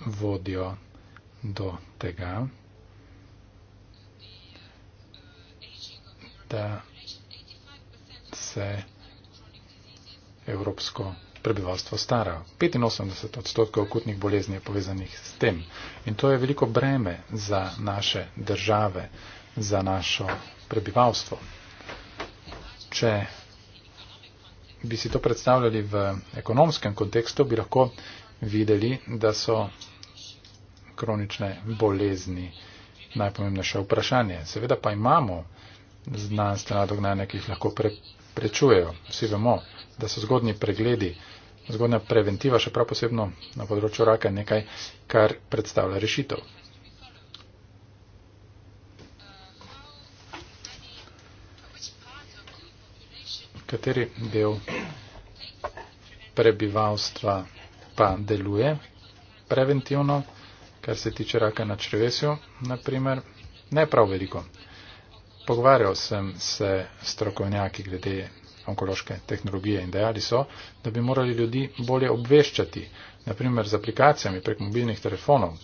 D: vodijo do tega, da se evropsko prebivalstvo stara. 85 odstotkov okutnih bolezni je povezanih s tem. In to je veliko breme za naše države, za našo prebivalstvo. Če bi si to predstavljali v ekonomskem kontekstu, bi lahko videli, da so kronične bolezni najpomembnejše vprašanje. Seveda pa imamo znanstvena dognanja, ki jih lahko pre, prečujejo. Vsi vemo, da so zgodni pregledi, zgodna preventiva, še prav posebno na področju raka, nekaj, kar predstavlja rešitev. kateri del prebivalstva pa deluje preventivno, kar se tiče raka na črvesju, naprimer, ne prav veliko. Pogovarjal sem se s strokovnjaki glede onkološke tehnologije in dejali so, da bi morali ljudi bolje obveščati, naprimer z aplikacijami prek mobilnih telefonov.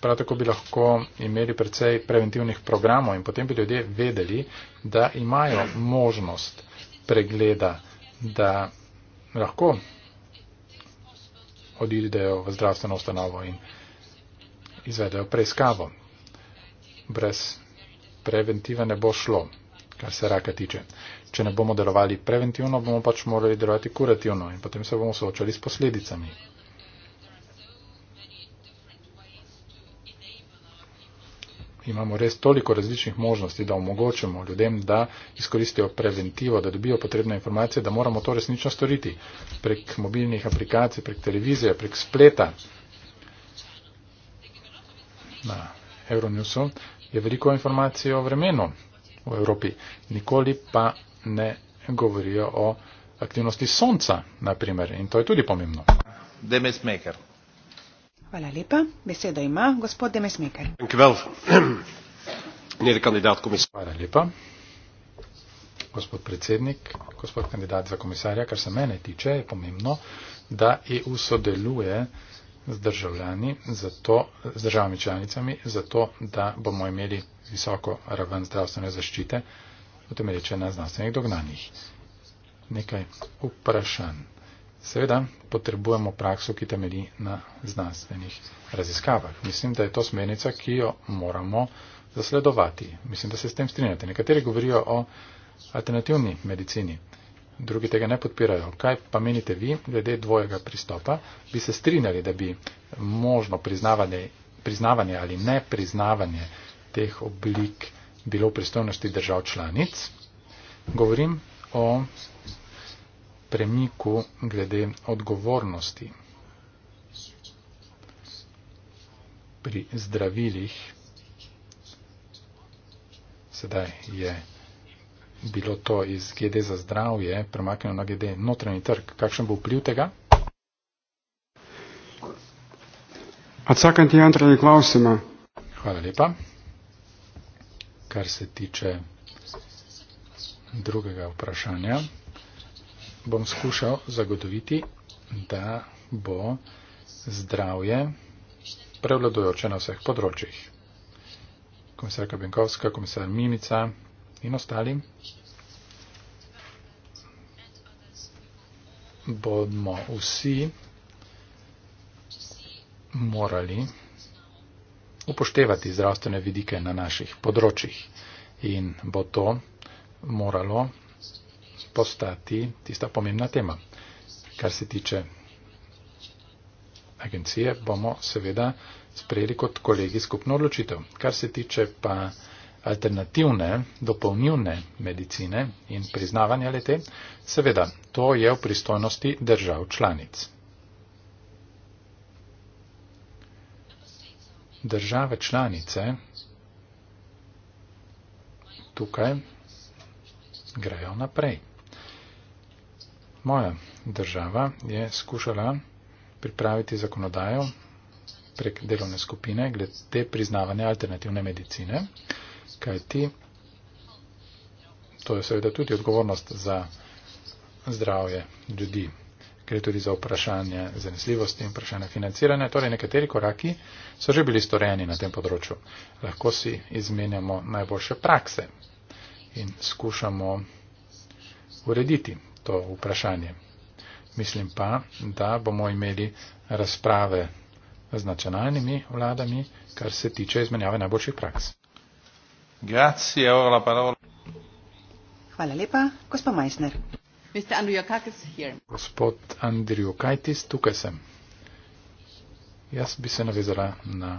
D: Prav tako bi lahko imeli precej preventivnih programov in potem bi ljudje vedeli, da imajo možnost pregleda, da lahko odidejo v zdravstveno ustanovo in izvedejo preiskavo. Brez preventiva ne bo šlo, kar se raka tiče. Če ne bomo delovali preventivno, bomo pač morali delovati kurativno in potem se bomo soočali s posledicami. imamo res toliko različnih možnosti, da omogočimo ljudem, da izkoristijo preventivo, da dobijo potrebne informacije, da moramo to resnično storiti prek mobilnih aplikacij, prek televizije, prek spleta. Na Euronewsu je veliko informacij o vremenu v Evropi, nikoli pa ne govorijo o aktivnosti sonca, naprimer, in to je tudi pomembno. Demes Maker. Hvala lepa. Gospod predsednik, gospod kandidat za komisarja, kar se mene tiče, je pomembno, da EU sodeluje z državljani, zato, z državami članicami, zato da bomo imeli visoko raven zdravstvene zaščite, potem reče na znanstvenih dognanjih. Nekaj vprašanj. Seveda potrebujemo prakso, ki temelji na znanstvenih raziskavah. Mislim, da je to smernica, ki jo moramo zasledovati. Mislim, da se s tem strinjate. Nekateri govorijo o alternativni medicini, drugi tega ne podpirajo. Kaj pa menite vi glede dvojega pristopa? Bi se strinjali, da bi možno priznavanje, priznavanje ali ne priznavanje teh oblik bilo v pristojnosti držav članic? Govorim o premiku glede odgovornosti pri zdravilih. Sedaj je bilo to iz GD za zdravje premaknjeno na GD notranji trg. Kakšen bo vpliv tega? Hvala lepa. Kar se tiče drugega vprašanja bom skušal zagotoviti, da bo zdravje prevladujoče na vseh področjih. Komisarka Benkovska, komisar Mimica in ostali bomo vsi morali upoštevati zdravstvene vidike na naših področjih in bo to moralo postati tista pomembna tema. Kar se tiče agencije, bomo seveda sprejeli kot kolegi skupno odločitev. Kar se tiče pa alternativne, dopolnilne medicine in priznavanja lete, seveda to je v pristojnosti držav članic. Države članice tukaj grejo naprej moja država je skušala pripraviti zakonodajo prek delovne skupine glede priznavanja alternativne medicine, kajti to je seveda tudi odgovornost za zdravje ljudi. Gre tudi za vprašanje zanesljivosti in vprašanje financiranja. Torej, nekateri koraki so že bili storjeni na tem področju. Lahko si izmenjamo najboljše prakse in skušamo urediti to vprašanje. Mislim pa, da bomo imeli razprave z nacionalnimi vladami, kar se tiče izmenjave najboljših praks.
A: Grazie,
B: Hvala lepa, gospod Meissner.
D: Gospod Andrijo Kajtis, tukaj sem. Jaz bi se navezala na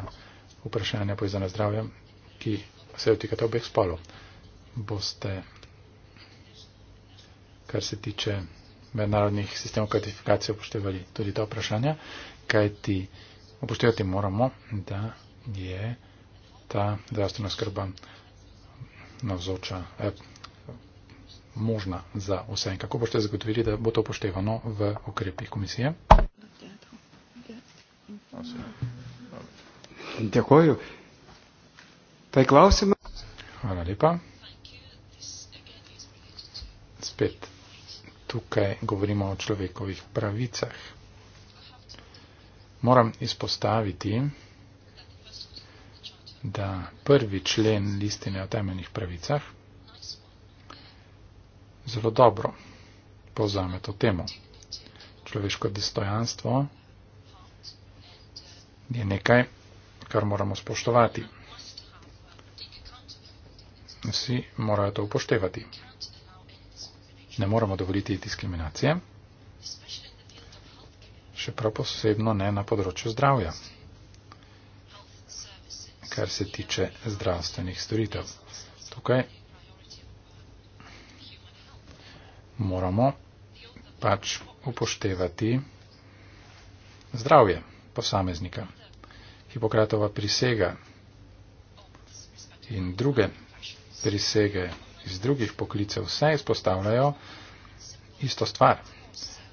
D: vprašanja povezana zdravja, ki se dotikate obeh spolov. Boste kar se tiče mednarodnih sistemov kvalifikacije, upoštevali tudi ta vprašanja, kajti upoštevati moramo, da je ta zdravstvena skrba navzoča, eh, možna za vse. In kako boste zagotovili, da bo to upoštevano v okrepih komisije? Hvala lepa. Spet tukaj govorimo o človekovih pravicah. Moram izpostaviti, da prvi člen listine o temeljnih pravicah zelo dobro povzame to temo. Človeško dostojanstvo je nekaj, kar moramo spoštovati. Vsi morajo to upoštevati ne moremo dovoliti diskriminacije, še prav posebno ne na področju zdravja, kar se tiče zdravstvenih storitev. Tukaj moramo pač upoštevati zdravje posameznika. Hipokratova prisega in druge prisege iz drugih poklicev vse izpostavljajo isto stvar.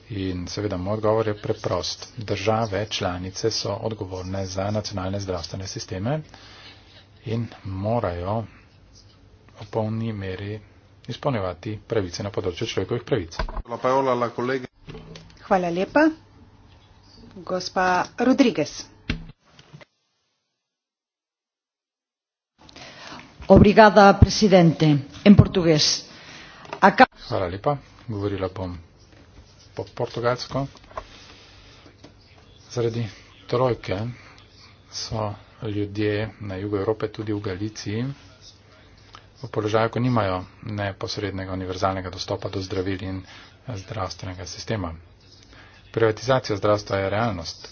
D: In seveda moj odgovor je preprost. Države, članice so odgovorne za nacionalne zdravstvene sisteme in morajo v polni meri izpolnjevati pravice na področju človekovih pravic.
B: Hvala lepa. Gospa Rodriguez. Obrigada, presidente in portugues. Ka...
D: Hvala lepa. Govorila bom po portugalsko. Zaradi trojke so ljudje na jugu Evrope, tudi v Galiciji, v položaju, ko nimajo neposrednega univerzalnega dostopa do zdravil in zdravstvenega sistema. Privatizacija zdravstva je realnost.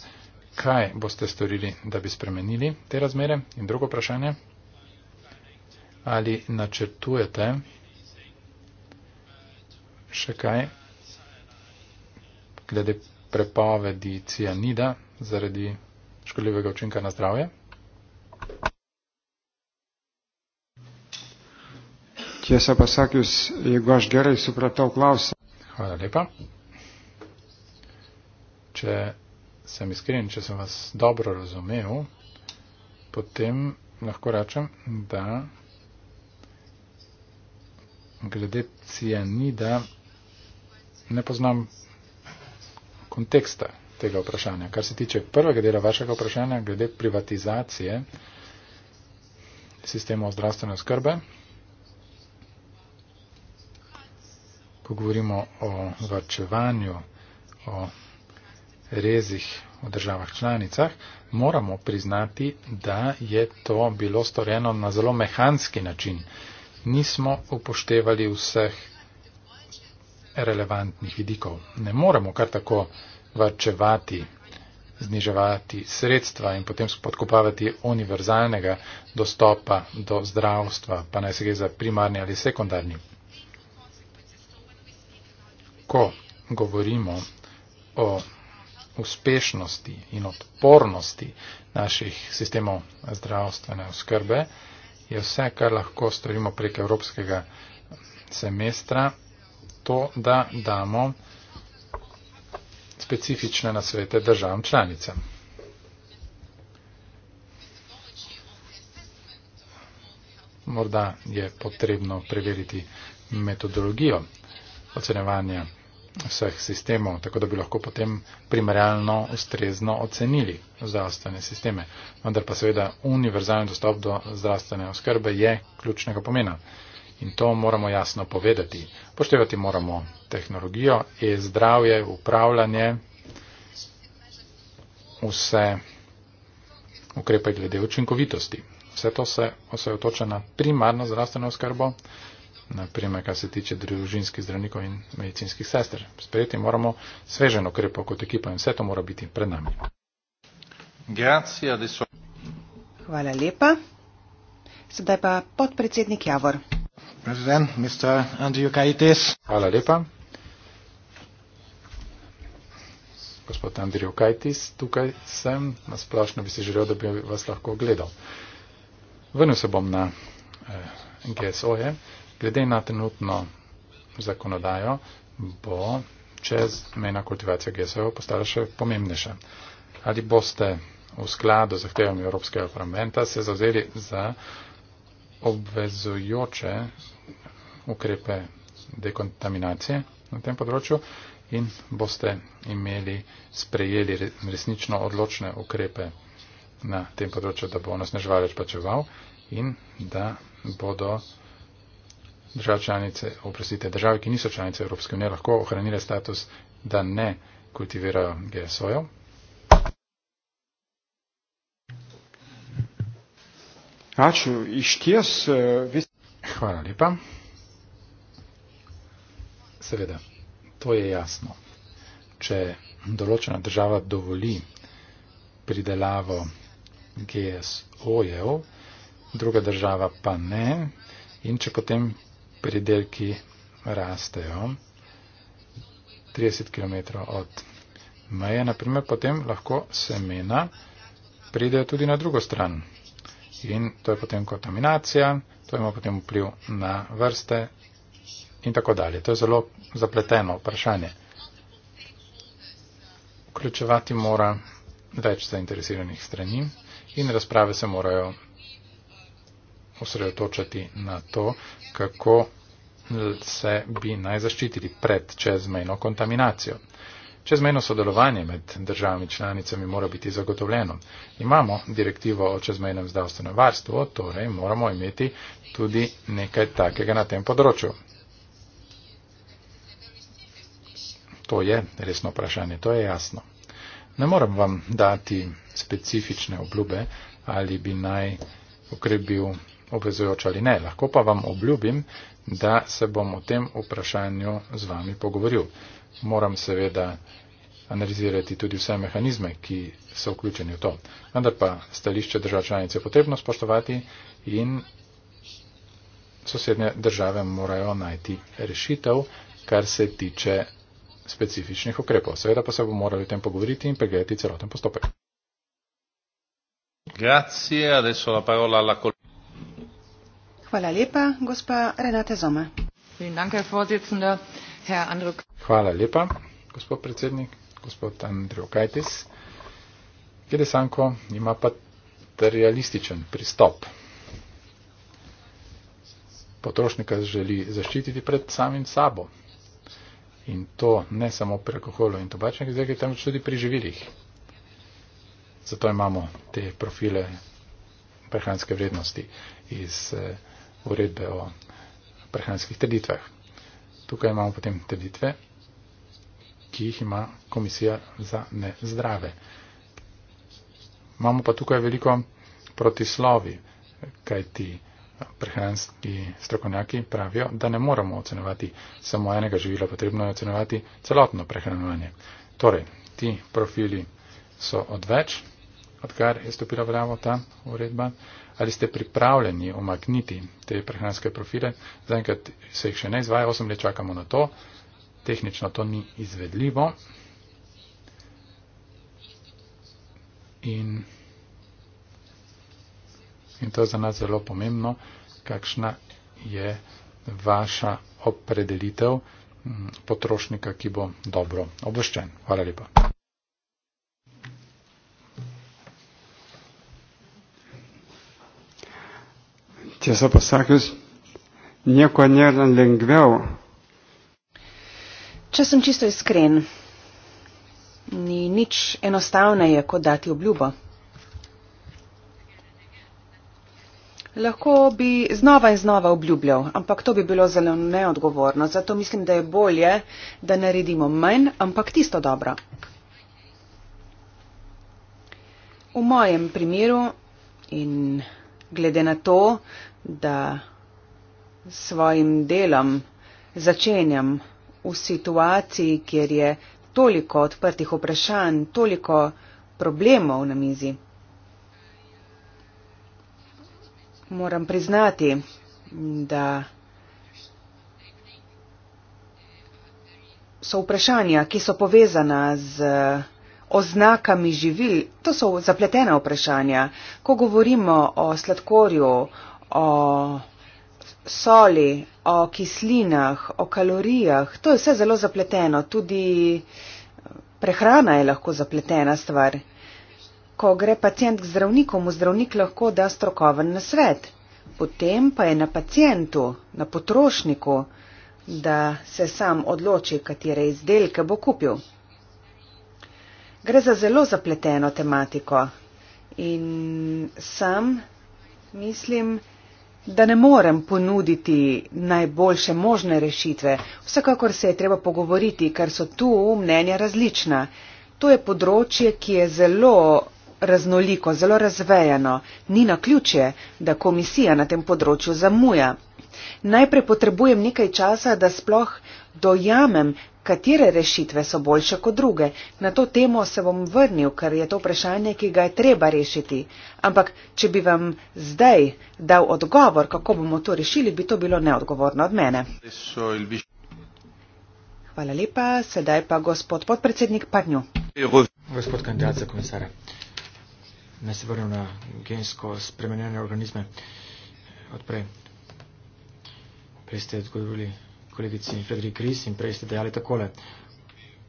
D: Kaj boste storili, da bi spremenili te razmere? In drugo vprašanje ali načrtujete še kaj glede prepovedi cianida zaradi škodljivega učinka na zdravje?
C: Tiesa pasakius, jeigu aš gerai supratau klausimą. Hvala lepa. Če
D: sem iskren, če sem vas dobro razumel, potem lahko rečem, da glede cijanida ne poznam konteksta tega vprašanja. Kar se tiče prvega dela vašega vprašanja, glede privatizacije sistemov zdravstvene skrbe, ko govorimo o varčevanju, o rezih v državah članicah, moramo priznati, da je to bilo storjeno na zelo mehanski način. Uh, nismo upoštevali vseh relevantnih vidikov. Ne moremo kar tako varčevati, zniževati sredstva in potem podkopavati univerzalnega dostopa do zdravstva, pa naj se gre za primarni ali sekundarni. Ko govorimo o uspešnosti in odpornosti naših sistemov zdravstvene oskrbe, je vse, kar lahko storimo prek evropskega semestra, to, da damo specifične nasvete državam članicam. Morda je potrebno preveriti metodologijo ocenevanja vseh sistemov, tako da bi lahko potem primerjalno ustrezno ocenili zdravstvene sisteme. Vendar pa seveda univerzalni dostop do zdravstvene oskrbe je ključnega pomena. In to moramo jasno povedati. Poštevati moramo tehnologijo, e-zdravje, upravljanje, vse ukrepe glede učinkovitosti. Vse to se osredotoča na primarno zdravstveno oskrbo, naprimer, kar se tiče družinskih zdravnikov in medicinskih sester. Sprejeti moramo sveženo krepo kot ekipa in vse to mora biti pred nami.
B: Hvala lepa. Sedaj pa podpredsednik Javor.
D: Hvala lepa. Gospod Andrijo Kajtis, tukaj sem. Na splošno bi si želel, da bi vas lahko gledal. Vrnil se bom na eh, GSO-je. Glede na trenutno zakonodajo bo čez mena kultivacija GSO postala še pomembnejša. Ali boste v skladu z zahtevami Evropskega parlamenta se zavzeli za obvezujoče ukrepe dekontaminacije na tem področju in boste imeli sprejeli resnično odločne ukrepe na tem področju, da bo nas neživalec pačeval in da bodo držav članice, oprostite, države, ki niso članice Evropske unije, lahko ohranile status, da ne kultivirajo GSO-jo.
C: Ačiū, iš ties eh, vis... Hvala lepa.
D: Seveda, to je jasno. Če določena država dovoli pridelavo GSO-jev, druga država pa ne, in če potem pridelki rastejo 30 km od meje, naprimer potem lahko semena pridejo tudi na drugo stran. In to je potem kontaminacija, to ima potem vpliv na vrste in tako dalje. To je zelo zapleteno vprašanje. Vključevati mora več zainteresiranih strani in razprave se morajo osredotočati na to, kako se bi naj zaščitili pred čezmejno kontaminacijo. Čezmejno sodelovanje med državami članicami mora biti zagotovljeno. Imamo direktivo o čezmejnem zdravstvenem varstvu, torej moramo imeti tudi nekaj takega na tem področju. To je resno vprašanje, to je jasno. Ne moram vam dati specifične obljube, ali bi naj okrepil obvezujoč ali ne. Lahko pa vam obljubim, da se bom o tem vprašanju z vami pogovoril. Moram seveda analizirati tudi vse mehanizme, ki so vključeni v to. Vendar pa stališče držav članice je potrebno spoštovati in sosednje države morajo najti rešitev, kar se tiče specifičnih ukrepov. Seveda pa se bomo morali o tem pogovoriti in pregledati celoten postopek.
A: Grazie, adesso la parola alla collega.
B: Hvala lepa, gospa Renate Zoma.
D: Hvala lepa, gospod predsednik, gospod Andrej Kajtis. Gede Sanko ima pa materialističen pristop. Potrošnika želi zaščititi pred samim sabo. In to ne samo pri alkoholu in tobačnih izdelkih, temveč tudi pri živilih. Zato imamo te profile prehranske vrednosti iz eh, uredbe o prehranskih trditvah. Tukaj imamo potem trditve, ki jih ima komisija za nezdrave. Imamo pa tukaj veliko protislovi, kaj ti prehranski strokovnjaki pravijo, da ne moramo ocenovati samo enega živila, potrebno je ocenovati celotno prehranovanje. Torej, ti profili so odveč odkar je stopila veljavo ta uredba, ali ste pripravljeni omakniti te prehranske profile, zaenkrat se jih še ne izvaja, 8 let čakamo na to, tehnično to ni izvedljivo. In, in to je za nas zelo pomembno, kakšna je vaša opredelitev mm, potrošnika, ki bo dobro obveščen. Hvala lepa.
C: Tiesą pasakius, nieko nėra lengviau.
B: Čia sem čisto iskren. Ni nič enostavneje, kot dati obljubo. Lahko bi znova in znova obljubljal, ampak to bi bilo zelo neodgovorno. Zato mislim, da je bolje, da naredimo manj, ampak tisto dobro. V mojem primeru in glede na to, da svojim delom začenjam v situaciji, kjer je toliko odprtih vprašanj, toliko problemov na mizi. Moram priznati, da so vprašanja, ki so povezana z oznakami živil, to so zapletena vprašanja. Ko govorimo o sladkorju, o soli, o kislinah, o kalorijah. To je vse zelo zapleteno. Tudi eh, prehrana je lahko zapletena stvar. Ko gre pacijent k zdravniku, mu zdravnik lahko da strokoven nasvet. Potem pa je na pacijentu, na potrošniku, da se sam odloči, katere izdelke bo kupil. Gre za zelo zapleteno tematiko in sam mislim, da da ne morem ponuditi najboljše možne rešitve. Vsekakor se je treba pogovoriti, ker so tu mnenja različna. To je področje, ki je zelo raznoliko, zelo razvejano. Ni na ključje, da komisija na tem področju zamuja. Najprej potrebujem nekaj časa, da sploh dojamem, katere rešitve so boljše kot druge. Na to temo se bom vrnil, ker je to vprašanje, ki ga je treba rešiti. Ampak, če bi vam zdaj dal odgovor, kako bomo to rešili, bi to bilo neodgovorno od mene. Hvala lepa. Sedaj pa gospod podpredsednik Padnju.
C: Gospod kandidat za komisare,
E: naj se vrnem na gensko spremenjene organizme. Odprej. Prej ste odgovorili kolegici Frederik Ries in prej ste dejali takole,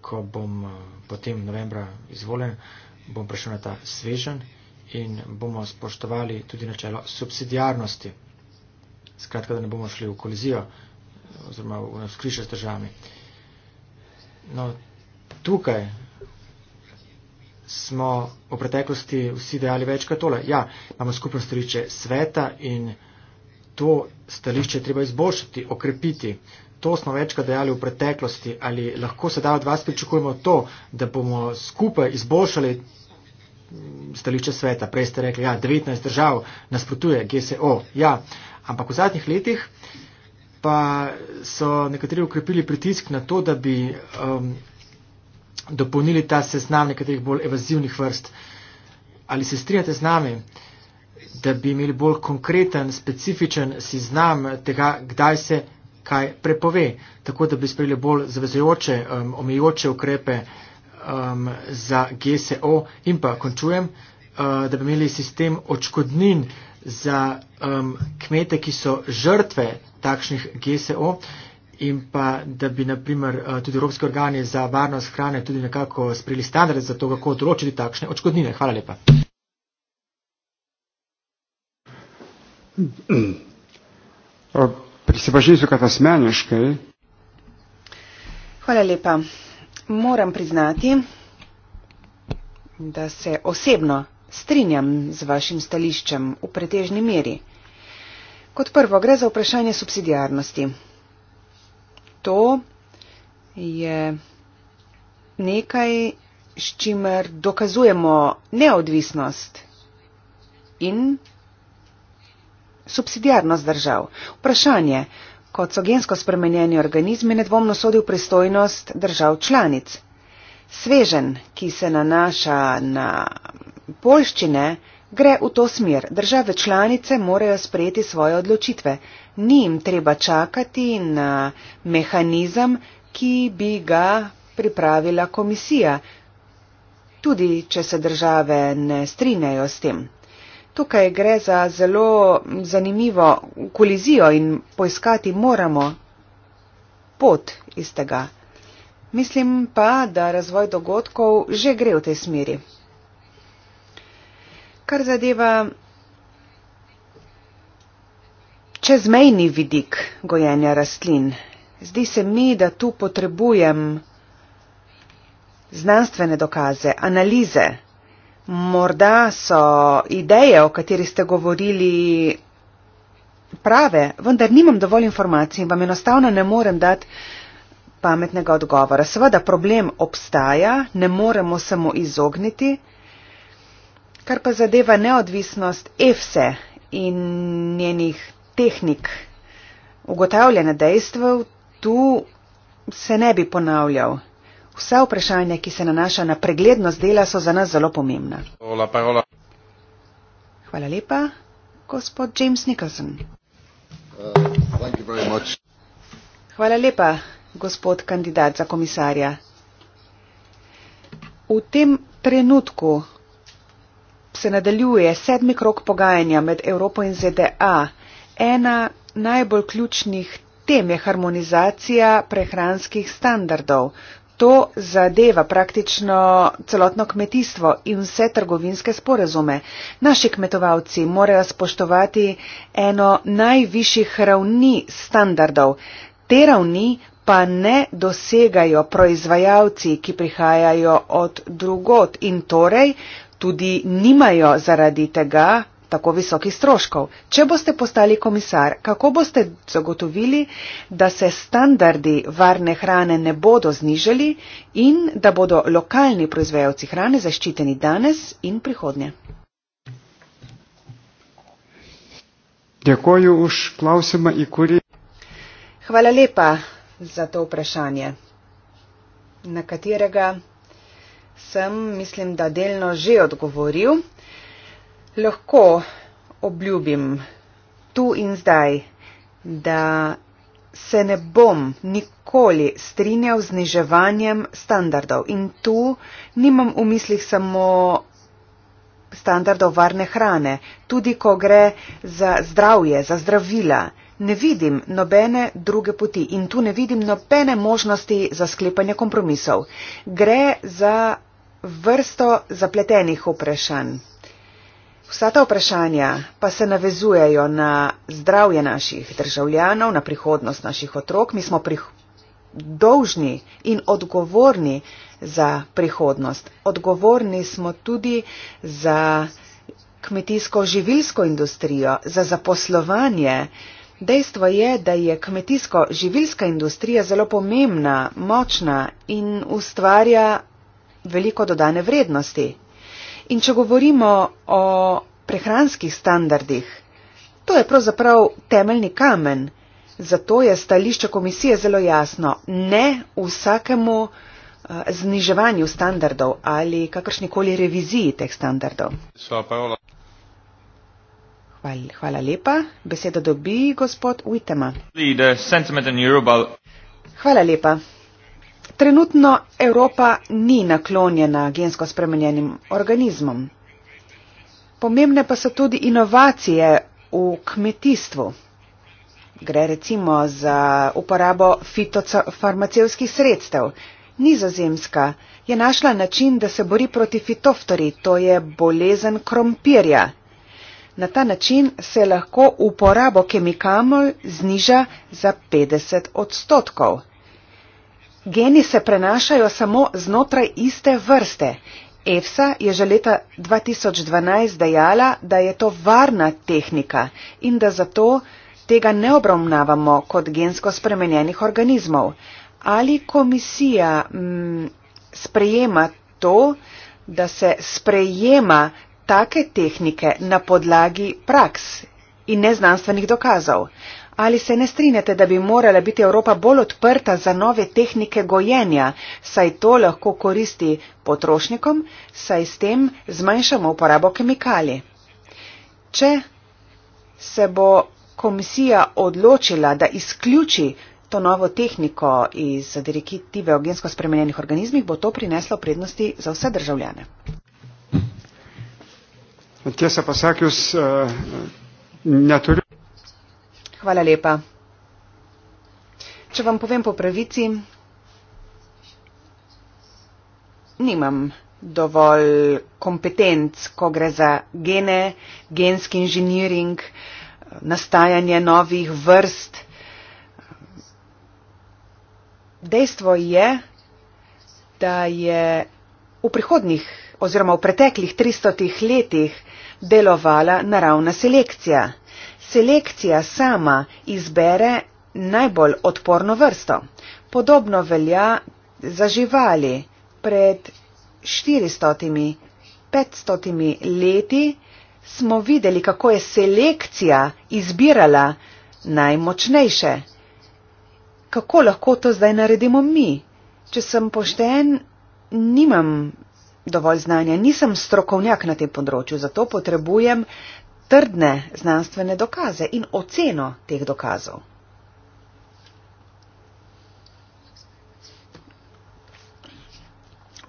E: ko bom eh, potem novembra izvolen, bom prišel na ta svežen in bomo spoštovali tudi načelo subsidijarnosti. Skratka, da ne bomo šli v kolizijo eh, oziroma v skriše s državami. No, tukaj smo v preteklosti vsi dejali večkrat tole. Ja, imamo skupno stališče sveta in to stališče treba izboljšati, okrepiti to smo večkrat dejali v preteklosti, ali lahko sedaj od vas pričakujemo to, da bomo skupaj izboljšali mm, stališče sveta. Prej ste rekli, da ja, 19 držav nasprotuje GSO. Ja, ampak v zadnjih letih pa so nekateri ukrepili pritisk na to, da bi um, dopolnili ta seznam nekaterih bolj evazivnih vrst. Ali se strinjate z nami, da bi imeli bolj konkreten, specifičen seznam tega, kdaj se kaj prepove, tako da bi sprejeli bolj zavezujoče, um, omejujoče ukrepe um, za GSO in pa končujem, uh, da bi imeli sistem očkodnin za um, kmete, ki so žrtve takšnih GSO in pa da bi naprimer uh, tudi Evropske organe za varnost hrane tudi nekako sprejeli standard za to, kako odločiti takšne očkodnine. Hvala lepa.
C: Mm. Uh prisipažinsiu, kad asmeniškai.
B: Hvala lepa. Moram priznati, da se osebno strinjam z vašim stališčem v pretežni meri. Kot prvo, gre za vprašanje subsidijarnosti. To je nekaj, s čimer dokazujemo neodvisnost in subsidijarnost držav. Vprašanje, kot so gensko spremenjeni organizmi, nedvomno sodi v pristojnost držav članic. Svežen, ki se nanaša na polščine, gre v to smer. Države članice morajo sprejeti svoje odločitve. Nim treba čakati na mehanizem, ki bi ga pripravila komisija, tudi če se države ne strinjajo s tem. Tukaj gre za zelo zanimivo kolizijo in poiskati moramo pot iz tega. Mislim pa, da razvoj dogodkov že gre v tej smeri. Kar zadeva čezmejni vidik gojenja rastlin, zdi se mi, da tu potrebujem znanstvene dokaze, analize Morda so ideje, o kateri ste govorili, prave, vendar nimam dovolj informacij in vam enostavno ne morem dati pametnega odgovora. Seveda problem obstaja, ne moremo se mu izogniti, kar pa zadeva neodvisnost EFSE in njenih tehnik ugotavljanja dejstev, tu se ne bi ponavljal. Vsa vprašanja, ki se nanaša na preglednost dela, so za nas zelo pomembna.
A: Hvala,
B: Hvala lepa, gospod James Nicholson. Uh, Hvala lepa, gospod kandidat za komisarja. V tem trenutku se nadaljuje sedmi krok pogajanja med Evropo in ZDA. Ena najbolj ključnih tem je harmonizacija prehranskih standardov to zadeva praktično celotno kmetijstvo in vse trgovinske sporazume. Naši kmetovalci morajo spoštovati eno najvišjih ravni standardov. Te ravni pa ne dosegajo proizvajalci, ki prihajajo od drugot in torej tudi nimajo zaradi tega tako visokih stroškov. Če boste postali komisar, kako boste zagotovili, da se standardi varne hrane ne bodo znižali in da bodo lokalni proizvajalci hrane zaščiteni danes in prihodnje? Hvala lepa za to vprašanje, na katerega sem, mislim, da delno že odgovoril lahko obljubim tu in zdaj, da se ne bom nikoli strinjal z niževanjem standardov. In tu nimam v mislih samo standardov varne hrane, tudi ko gre za zdravje, za zdravila. Ne vidim nobene druge poti in tu ne vidim nobene možnosti za sklepanje kompromisov. Gre za vrsto zapletenih vprašanj. Vsa ta vprašanja pa se navezujejo na zdravje naših državljanov, na prihodnost naših otrok. Mi smo dolžni in odgovorni za prihodnost. Odgovorni smo tudi za kmetijsko-živilsko industrijo, za zaposlovanje. Dejstvo je, da je kmetijsko-živilska industrija zelo pomembna, močna in ustvarja veliko dodane vrednosti. In če govorimo o prehranskih standardih, to je pravzaprav temeljni kamen. Zato je stališče komisije zelo jasno. Ne vsakemu eh, zniževanju standardov ali kakršnikoli reviziji teh standardov. Hvala, hvala lepa. Besedo dobi gospod Uitema.
A: Eh,
B: hvala lepa. Trenutno Evropa ni naklonjena gensko spremenjenim organizmom. Pomembne pa so tudi inovacije v kmetijstvu. Gre recimo za uporabo fitofarmacevskih sredstev. Nizozemska je našla način, da se bori proti fitoftori, to je bolezen krompirja. Na ta način se lahko uporabo kemikamol zniža za 50 odstotkov. Geni se prenašajo samo znotraj iste vrste. EFSA je že leta 2012 dejala, da je to varna tehnika in da zato tega ne obravnavamo kot gensko spremenjenih organizmov. Ali komisija m, mm, sprejema to, da se sprejema take tehnike na podlagi praks in neznanstvenih dokazov? Ali se ne strinjate, da bi morala biti Evropa bolj odprta za nove tehnike gojenja, saj to lahko koristi potrošnikom, saj s tem zmanjšamo uporabo kemikalij? Če se bo komisija odločila, da izključi to novo tehniko iz direktive o gensko spremenjenih organizmih, bo to prineslo prednosti za vse državljane.
C: Matija Pasakius, uh, e, neturi.
B: Hvala lepa. Če vam povem po pravici, nimam dovolj kompetenc, ko gre za gene, genski inženiring, nastajanje novih vrst. Dejstvo je, da je v prihodnih oziroma v preteklih 300 letih delovala naravna selekcija selekcija sama izbere najbolj odporno vrsto. Podobno velja za živali. Pred 400-500 leti smo videli, kako je selekcija izbirala najmočnejše. Kako lahko to zdaj naredimo mi? Če sem pošten, nimam dovolj znanja, nisem strokovnjak na tem področju, zato potrebujem trdne znanstvene dokaze in oceno teh dokazov.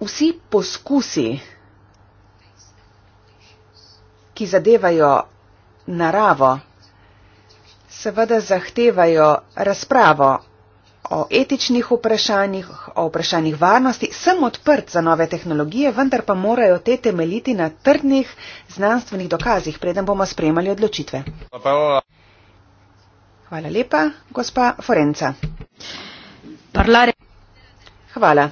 B: Vsi poskusi, ki zadevajo naravo, seveda zahtevajo razpravo o etičnih vprašanjih, o vprašanjih varnosti, sem odprt za nove tehnologije, vendar pa morajo te temeljiti na trdnih znanstvenih dokazih, preden bomo sprejemali odločitve. Hvala lepa, gospa Forenca. Hvala.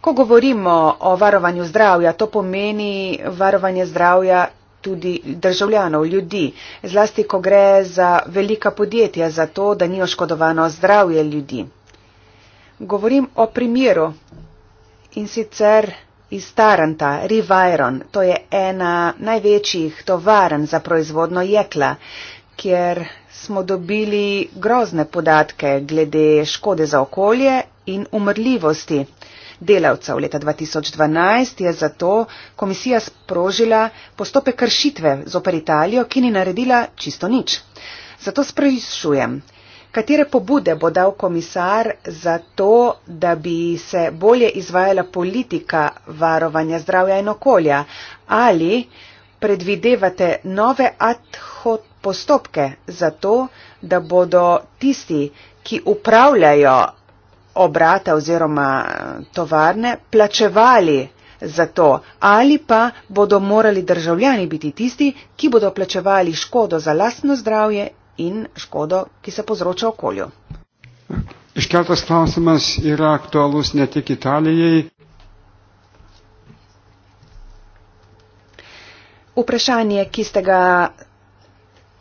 B: Ko govorimo o varovanju zdravja, to pomeni varovanje zdravja tudi državljanov, ljudi, zlasti, ko gre za velika podjetja, za to, da ni oškodovano zdravje ljudi. Govorim o primeru in sicer iz Taranta, Riviron, to je ena največjih tovaren za proizvodno jekla, kjer smo dobili grozne podatke glede škode za okolje in umrljivosti delavcev. Leta 2012 je zato komisija sprožila postopek kršitve z oper Italijo, ki ni naredila čisto nič. Zato sprašujem, katere pobude bo dal komisar za to, da bi se bolje izvajala politika varovanja zdravja in okolja ali predvidevate nove ad hoc postopke za to, da bodo tisti, ki upravljajo obrata oziroma eh, tovarne plačevali za to ali pa bodo morali državljani biti tisti, ki bodo plačevali škodo za lastno zdravje in škodo, ki se povzroča okolju.
C: Iškeltas klausimas yra aktualus ne tik Italijai.
B: Vprašanje, ki ste ga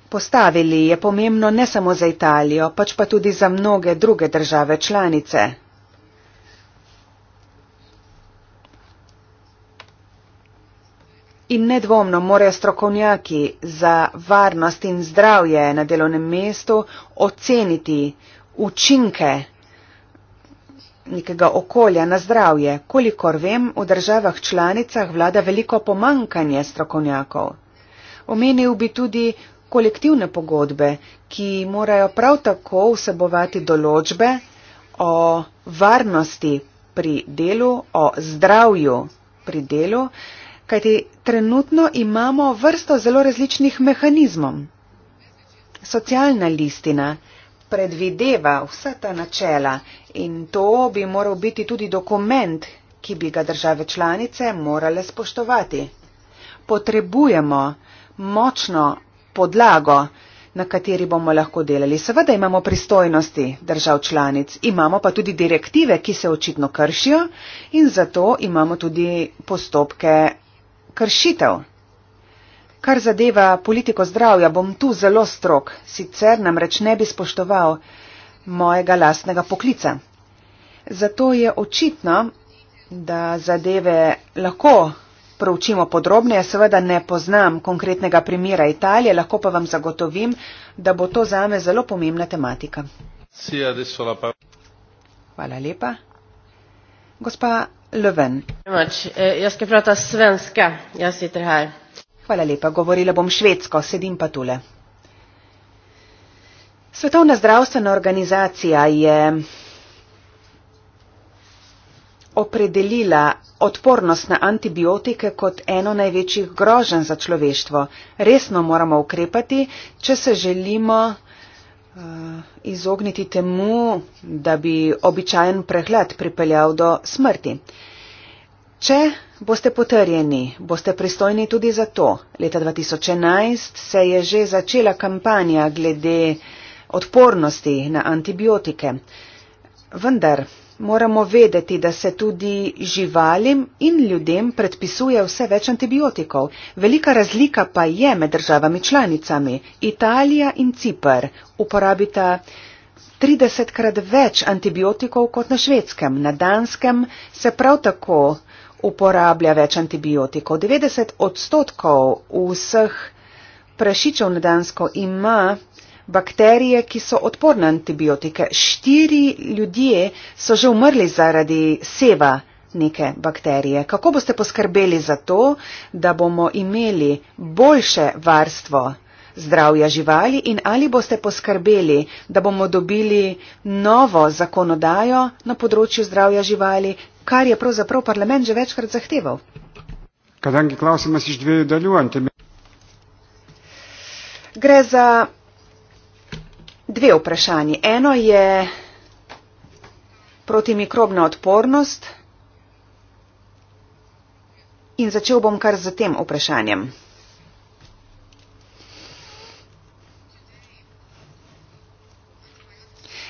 B: Postavili je pomembno ne samo za Italijo, pač pa tudi za mnoge druge države članice. In nedvomno morajo strokovnjaki za varnost in zdravje na delovnem mestu oceniti učinke nekega okolja na zdravje. Kolikor vem, v državah članicah vlada veliko pomankanje strokovnjakov. Omenil bi tudi kolektivne pogodbe, ki morajo prav tako vsebovati določbe o varnosti pri delu, o zdravju pri delu, kajti trenutno imamo vrsto zelo različnih mehanizmov. Socialna listina predvideva vsa ta načela in to bi moral biti tudi dokument, ki bi ga države članice morale spoštovati. Potrebujemo močno podlago, na kateri bomo lahko delali. Seveda imamo pristojnosti držav članic, imamo pa tudi direktive, ki se očitno kršijo in zato imamo tudi postopke kršitev. Kar zadeva politiko zdravja, bom tu zelo strok, sicer namreč ne bi spoštoval mojega lastnega poklica. Zato je očitno, da zadeve lahko proučimo podrobneje. Seveda ne poznam konkretnega primera Italije, lahko pa vam zagotovim, da bo to zame zelo pomembna tematika. Hvala lepa. Gospa Löwen. Eh, Hvala lepa. Govorila bom švedsko, sedim pa tule. Svetovna zdravstvena organizacija je opredelila odpornost na antibiotike kot eno največjih groženj za človeštvo. Resno moramo ukrepati, če se želimo uh, izogniti temu, da bi običajen prehlad pripeljal do smrti. Če boste potrjeni, boste pristojni tudi za to. Leta 2011 se je že začela kampanja glede odpornosti na antibiotike. Vendar moramo vedeti, da se tudi živalim in ljudem predpisuje vse več antibiotikov. Velika razlika pa je med državami članicami. Italija in Cipr uporabita 30 krat več antibiotikov kot na švedskem. Na danskem se prav tako uporablja več antibiotikov. 90 odstotkov vseh prašičev na dansko ima bakterije, ki so odporne na antibiotike. Štiri ljudje so že umrli zaradi seba neke bakterije. Kako boste poskrbeli za to, da bomo imeli boljše varstvo zdravja živali in ali boste poskrbeli, da bomo dobili novo zakonodajo na področju zdravja živali, kar je pravzaprav parlament že večkrat zahteval? Gre za dve vprašanji. Eno je protimikrobna odpornost in začel bom kar z tem vprašanjem.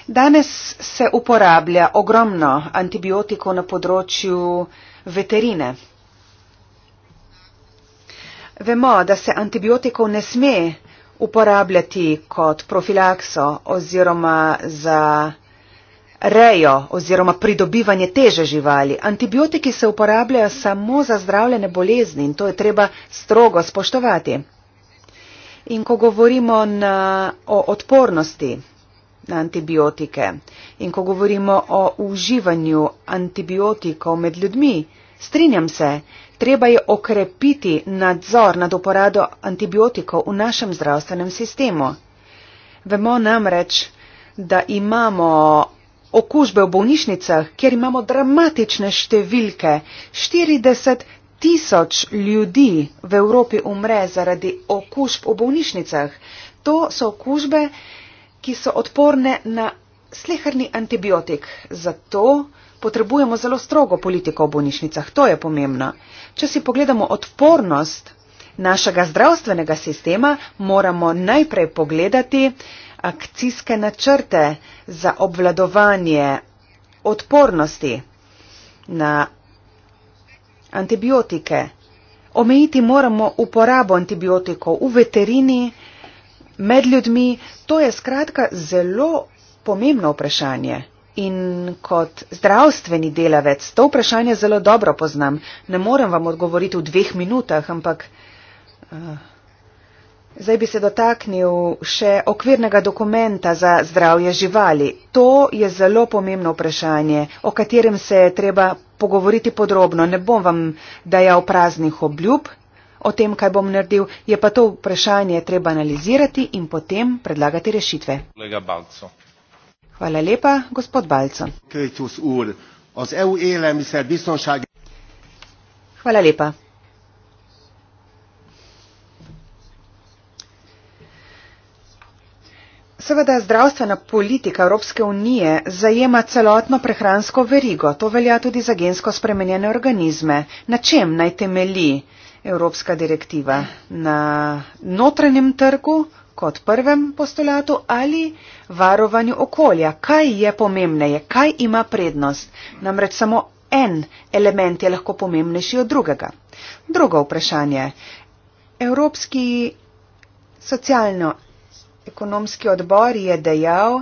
B: Danes se uporablja ogromno antibiotikov na področju veterine. Vemo, da se antibiotikov ne sme uporabljati kot profilakso oziroma za rejo oziroma pridobivanje teže živali. Antibiotiki se uporabljajo samo za zdravljene bolezni in to je treba strogo spoštovati. In ko govorimo na, o odpornosti na antibiotike in ko govorimo o uživanju antibiotikov med ljudmi, strinjam se, Treba je okrepiti nadzor nad uporado antibiotikov v našem zdravstvenem sistemu. Vemo namreč, da imamo okužbe v bolnišnicah, kjer imamo dramatične številke. 40 tisoč ljudi v Evropi umre zaradi okužb v bolnišnicah. To so okužbe, ki so odporne na sleherni antibiotik. Zato potrebujemo zelo strogo politiko v bolnišnicah, to je pomembno. Če si pogledamo odpornost našega zdravstvenega sistema, moramo najprej pogledati akcijske načrte za obvladovanje odpornosti na antibiotike. Omejiti moramo uporabo antibiotikov v veterini, med ljudmi. To je skratka zelo pomembno vprašanje. In kot zdravstveni delavec to vprašanje zelo dobro poznam. Ne morem vam odgovoriti v dveh minutah, ampak uh, zdaj bi se dotaknil še okvirnega dokumenta za zdravje živali. To je zelo pomembno vprašanje, o katerem se je treba pogovoriti podrobno. Ne bom vam dajal praznih obljub o tem, kaj bom naredil, je pa to vprašanje treba analizirati in potem predlagati rešitve. Hvala lepa, gospod Balco. E Hvala lepa. Seveda zdravstvena politika Evropske unije zajema celotno prehransko verigo. To velja tudi za gensko spremenjene organizme. Na čem naj temeli Evropska direktiva? Na notranjem trgu? kot prvem postulatu ali varovanju okolja. Kaj je pomembneje, kaj ima prednost? Namreč samo en element je lahko pomembnejši od drugega. Drugo vprašanje. Evropski socialno-ekonomski odbor je dejal,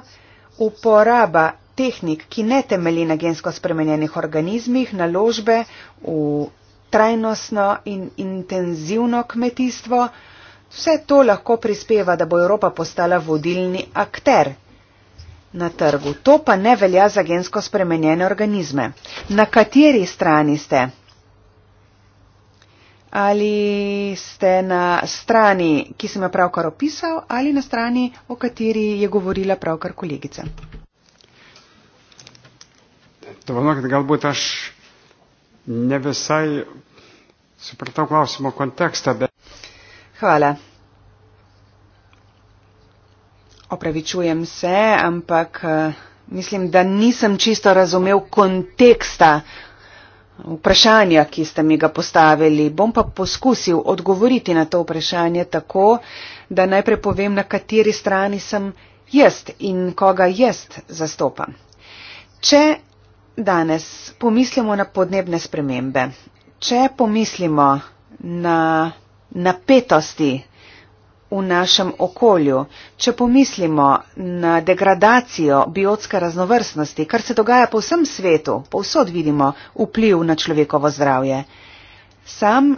B: uporaba tehnik, ki ne temeli na gensko spremenjenih organizmih, naložbe v trajnostno in intenzivno kmetijstvo, Vse to lahko prispeva, da bo Evropa postala vodilni akter na trgu. To pa ne velja za gensko spremenjene organizme. Na kateri strani ste? Ali ste na strani, ki sem jo pravkar opisal, ali na strani, o kateri je govorila pravkar kolegica?
C: To je ono, kad galbūt aš ne visai supratau klausimo
B: konteksta, bet. Hvala. Opravičujem se, ampak eh, mislim, da nisem čisto razumel konteksta vprašanja, ki ste mi ga postavili. Bom pa poskusil odgovoriti na to vprašanje tako, da najprej povem, na kateri strani sem jaz in koga jaz zastopam. Če danes pomislimo na podnebne spremembe, če pomislimo na napetosti v našem okolju. Če pomislimo na degradacijo biotske raznovrstnosti, kar se dogaja po vsem svetu, povsod vidimo vpliv na človekovo zdravje. Sam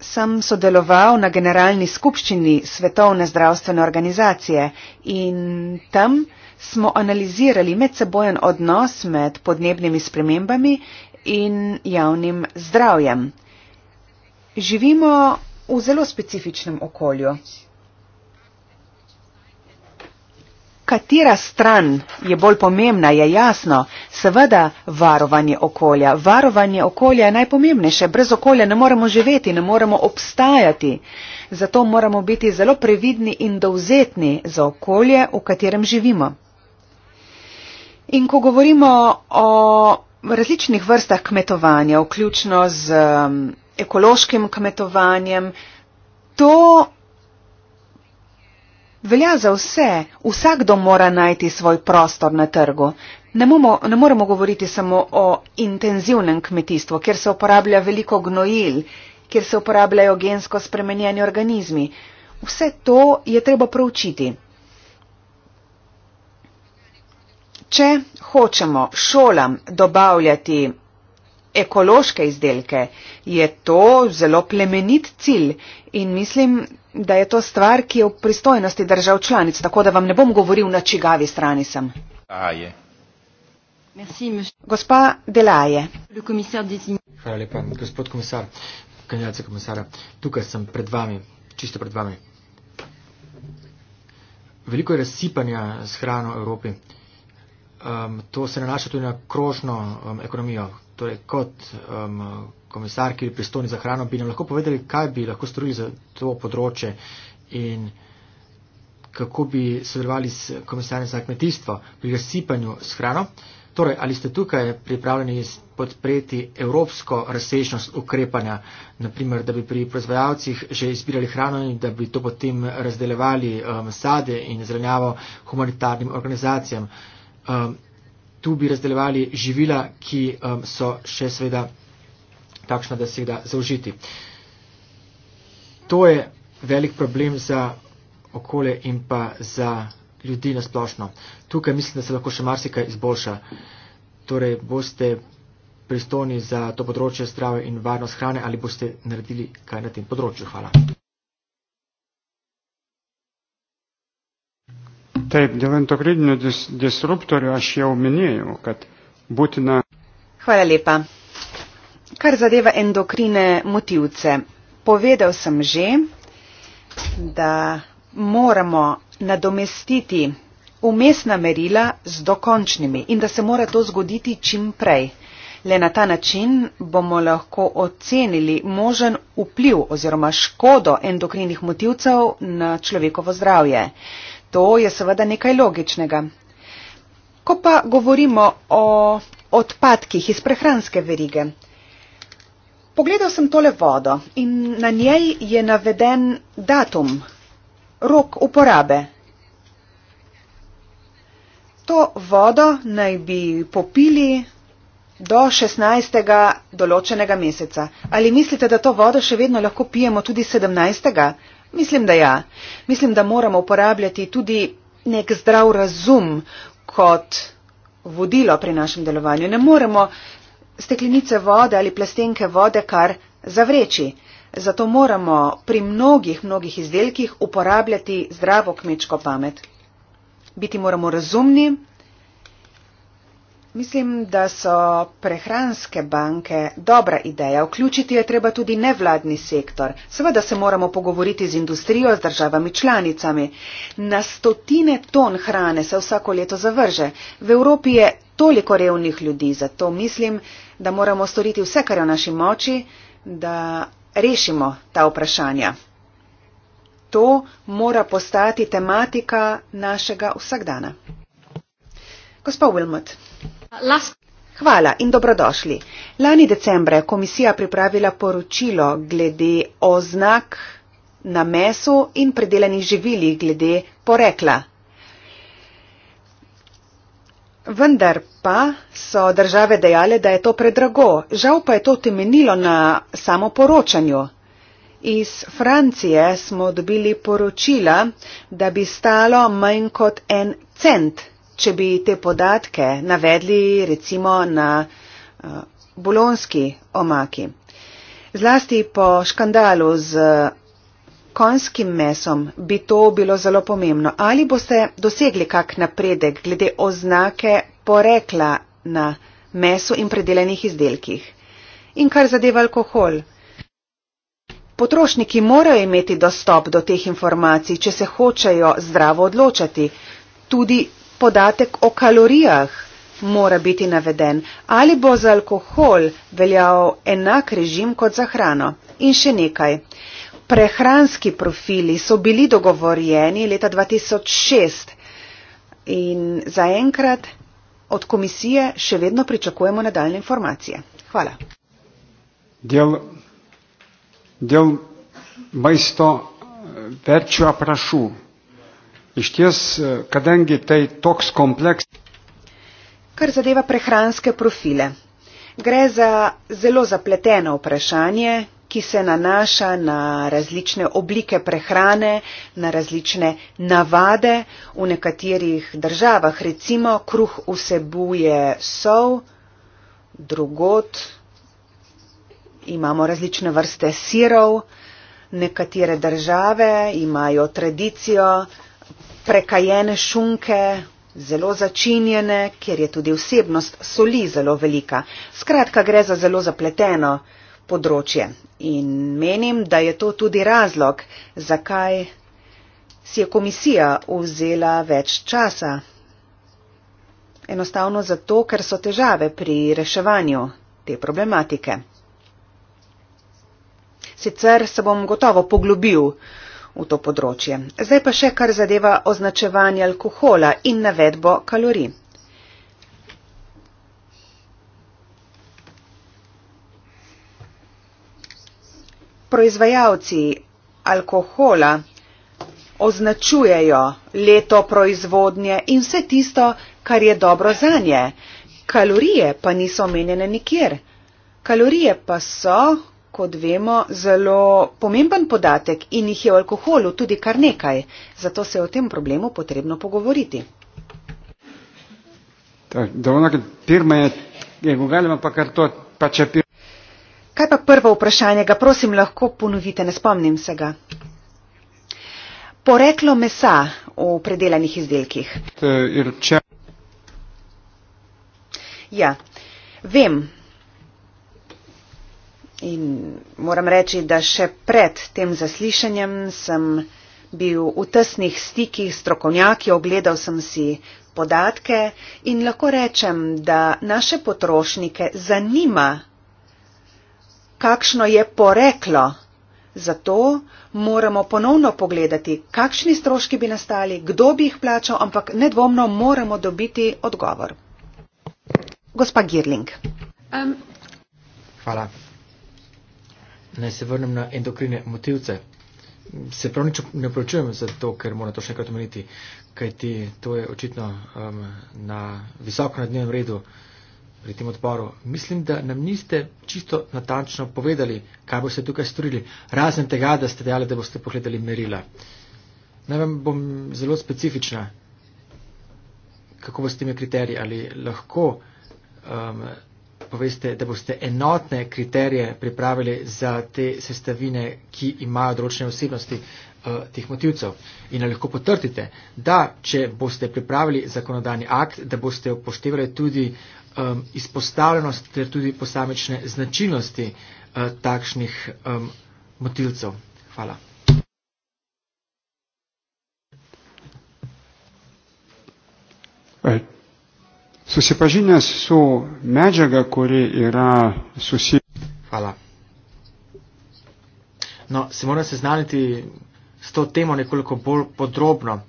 B: sem sodeloval na generalni skupščini Svetovne zdravstvene organizacije in tam smo analizirali medsebojen odnos med podnebnimi spremembami in javnim zdravjem. Živimo v zelo specifičnem okolju. Katera stran je bolj pomembna, je jasno. Seveda varovanje okolja. Varovanje okolja je najpomembnejše. Brez okolja ne moremo živeti, ne moremo obstajati. Zato moramo biti zelo previdni in dovzetni za okolje, v katerem živimo. In ko govorimo o različnih vrstah kmetovanja, vključno z. Um, ekološkim kmetovanjem. To velja za vse. Vsakdo mora najti svoj prostor na trgu. Ne, momo, ne moremo govoriti samo o intenzivnem kmetijstvu, kjer se uporablja veliko gnojil, kjer se uporabljajo gensko spremenjeni organizmi. Vse to je treba proučiti. Če hočemo šolam dobavljati ekološke izdelke. Je to zelo plemenit cilj in mislim, da je to stvar, ki je v pristojnosti držav članic, tako da vam ne bom govoril, na čigavi strani sem. Aje. Gospa Delaje.
E: Hvala lepa, gospod komisar, kandidat za komisara. Tukaj sem pred vami, čisto pred vami. Veliko je razsipanja s hrano v Evropi. Um, to se nanaša tudi na krožno um, ekonomijo, torej kot um, komisar, ki je pristojni za hrano, bi nam lahko povedali, kaj bi lahko storili za to področje in kako bi sodelovali s komisarjem za kmetijstvo pri razsipanju s hrano. Torej, ali ste tukaj pripravljeni podpreti evropsko razsežnost ukrepanja, naprimer, da bi pri proizvajalcih že izbirali hrano in da bi to potem razdelevali um, sade in zelenjavo humanitarnim organizacijam? Um, tu bi razdeljevali živila, ki um, so še sveda takšna, da se jih da zaužiti. To je velik problem za okolje in pa za ljudi nasplošno. Tukaj mislim, da se lahko še marsikaj izboljša. Torej, boste pristojni za to področje zdrave in varnost hrane ali boste naredili kaj na tem
C: področju. Hvala. Taip, dėl endokrininių dis disruptorių aš jau minėjau, kad būtina.
B: Hvala lepa. Kar zadeva endokrine motivce, povedal sem že, da moramo nadomestiti umestna merila z dokončnimi in da se mora to zgoditi čim prej. Le na ta način bomo lahko ocenili možen vpliv oziroma škodo endokrinih motivcev na človekovo zdravje to je seveda nekaj logičnega. Ko pa govorimo o odpadkih iz prehranske verige, pogledal sem tole vodo in na njej je naveden datum, rok uporabe. To vodo naj bi popili do 16. določenega meseca. Ali mislite, da to vodo še vedno lahko pijemo tudi 17. Mislim, da ja. Mislim, da moramo uporabljati tudi nek zdrav razum kot vodilo pri našem delovanju. Ne moremo steklenice vode ali plastenke vode kar zavreči. Zato moramo pri mnogih, mnogih izdelkih uporabljati zdravo kmečko pamet. Biti moramo razumni, Mislim, da so prehranske banke dobra ideja. Vključiti je treba tudi nevladni sektor. Seveda se moramo pogovoriti z industrijo, z državami članicami. Na stotine ton hrane se vsako leto zavrže. V Evropi je toliko revnih ljudi, zato mislim, da moramo storiti vse, kar je v naši moči, da rešimo ta vprašanja. To mora postati tematika našega vsakdana. Gospod Wilmot. Hvala in dobrodošli. Lani decembra je komisija pripravila poročilo glede oznak na mesu in predelanih živili glede porekla. Vendar pa so države dejale, da je to predrago. Žal pa je to temenilo na samoporočanju. Iz Francije smo dobili poročila, da bi stalo manj kot en cent če bi te podatke navedli recimo na eh, bolonski omaki. Zlasti po škandalu z konjskim mesom bi to bilo zelo pomembno. Ali boste dosegli kak napredek glede oznake porekla na mesu in predelenih izdelkih? In kar zadeva alkohol? Potrošniki morajo imeti dostop do teh informacij, če se hočejo zdravo odločati. Tudi podatek o kalorijah mora biti naveden, ali bo za alkohol veljal enak režim kot za hrano. In še nekaj. Prehranski profili so bili dogovorjeni leta 2006 in zaenkrat od komisije še vedno pričakujemo nadaljne informacije. Hvala.
C: Del, del maisto eh, več vprašanj. Iš ties, e, kadangi tai toks kompleks.
B: Kar zadeva prehranske profile. Gre za zelo zapleteno vprašanje, ki se nanaša na različne oblike prehrane, na različne navade. V nekaterih državah recimo kruh vsebuje sol, drugot imamo različne vrste sirov, nekatere države imajo tradicijo, prekajene šunke, zelo začinjene, kjer je tudi vsebnost soli zelo velika. Skratka, gre za zelo zapleteno področje in menim, da je to tudi razlog, zakaj si je komisija vzela več časa. Enostavno zato, ker so težave pri reševanju te problematike. Sicer se bom gotovo poglobil, v to področje. Zdaj pa še kar zadeva označevanje alkohola in navedbo kalorij. Proizvajalci alkohola označujejo leto proizvodnje in vse tisto, kar je dobro za nje. Kalorije pa niso omenjene nikjer. Kalorije pa so, kot vemo, zelo pomemben podatek in jih je v alkoholu tudi kar nekaj. Zato se je o tem problemu potrebno pogovoriti. Pač Kaj pa prvo vprašanje, ga prosim lahko ponovite, ne spomnim se ga. Poreklo mesa v predelanih izdelkih. Ja, vem, In moram reči, da še pred tem zaslišanjem sem bil v tesnih stikih s strokovnjaki, ogledal sem si podatke in lahko rečem, da naše potrošnike zanima, kakšno je poreklo. Zato moramo ponovno pogledati, kakšni stroški bi nastali, kdo bi jih plačal, ampak nedvomno moramo dobiti odgovor. Gospa Girling.
C: Um.
E: Hvala naj se vrnem na endokrine motivce. Se prav nič ne pročujem za to, ker mora to še enkrat omeniti, kaj ti to je očitno um, na visoko na dnevnem redu pri tem odboru. Mislim, da nam niste čisto natančno povedali, kaj boste tukaj storili, razen tega, da ste dejali, da boste pogledali merila. Naj vam bom zelo specifična, kako boste imeli kriterije, ali lahko um, poveste, da boste enotne kriterije pripravili za te sestavine, ki imajo določene osebnosti uh, teh motivcev. In ali lahko potrdite, da če boste pripravili zakonodajni akt, da boste upoštevali tudi um, izpostavljenost ter tudi posamične značilnosti uh, takšnih um, motilcev.
C: Hvala. Right. Susipažinęs su medžiaga, kuri yra susi. Hvala. No, se
E: moram seznaniti s to temo nekoliko bolj podrobno.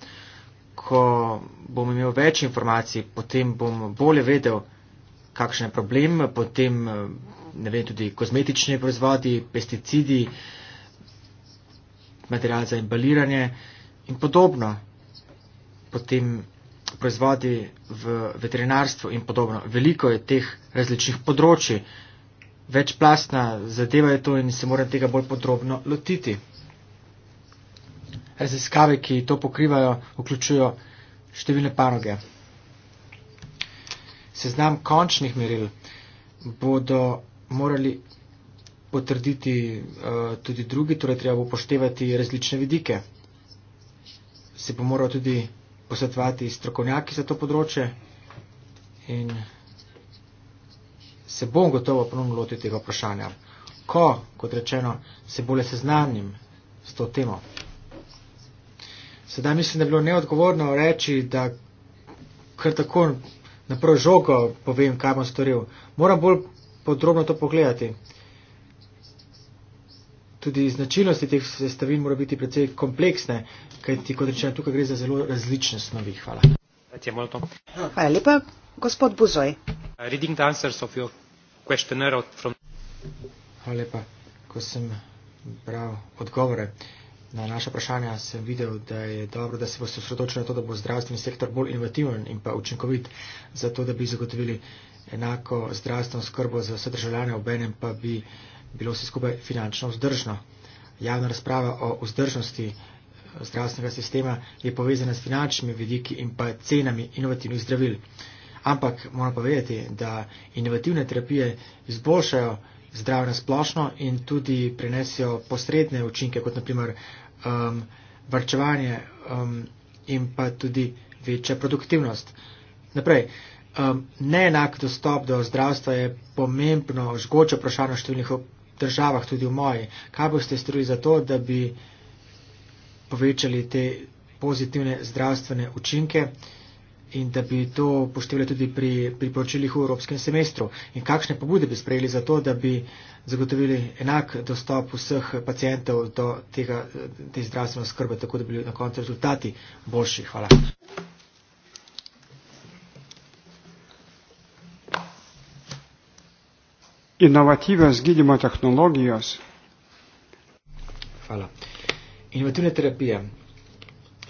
E: Ko bom imel več informacij, potem bom bolje vedel, kakšen je problem, potem ne vem, tudi kozmetični proizvodi, pesticidi, material za embaliranje in podobno. Potem proizvodi v veterinarstvu in podobno. Veliko je teh različnih področji, večplastna zadeva je to in se moram tega bolj podrobno lotiti. Raziskave, ki to pokrivajo, vključujo številne panoge. Seznam končnih meril bodo morali potrditi uh, tudi drugi, torej treba bo poštevati različne vidike. Se bo moral tudi posvetovati strokovnjaki za to področje in se bom gotovo ponovno lotil tega vprašanja. Ko, kot rečeno, se bolje seznanim s to temo. Sedaj mislim, da je bilo neodgovorno reči, da kar tako na prvo žogo povem, kaj bom storil. Moram bolj podrobno to pogledati tudi značilnosti teh sestavin mora biti precej kompleksne, kajti, kot rečeno, tukaj gre za zelo različne snovi. Hvala. Hvala
B: lepa, gospod Buzoj. Uh,
E: Hvala lepa, ko sem bral odgovore na naša vprašanja, sem videl, da je dobro, da se boste osredotočili na to, da bo zdravstveni sektor bolj inovativen in pa učinkovit, zato da bi zagotovili enako zdravstveno skrbo za vse državljane, obenem pa bi bilo vse skupaj finančno vzdržno. Javna razprava o vzdržnosti eh, zdravstvenega sistema je povezana s finančnimi vidiki in pa cenami inovativnih zdravil. Ampak moram povedati, da inovativne terapije izboljšajo zdravje splošno in tudi prenesijo posredne učinke, kot naprimer um, varčevanje um, in pa tudi večja produktivnost. Naprej, um, neenak dostop do zdravstva je pomembno, žgoče vprašanje številnih državah, tudi v moji. Kaj boste storili za to, da bi povečali te pozitivne zdravstvene učinke in da bi to poštevali tudi pri priporočilih v Evropskem semestru? In kakšne pobude bi sprejeli za to, da bi zagotovili enak dostop vseh pacijentov do tega, te zdravstvene skrbe, tako da bi bili na koncu rezultati boljši? Hvala.
C: inovatyvios gydymo technologijos.
E: Hvala. Inovatyvinė terapija,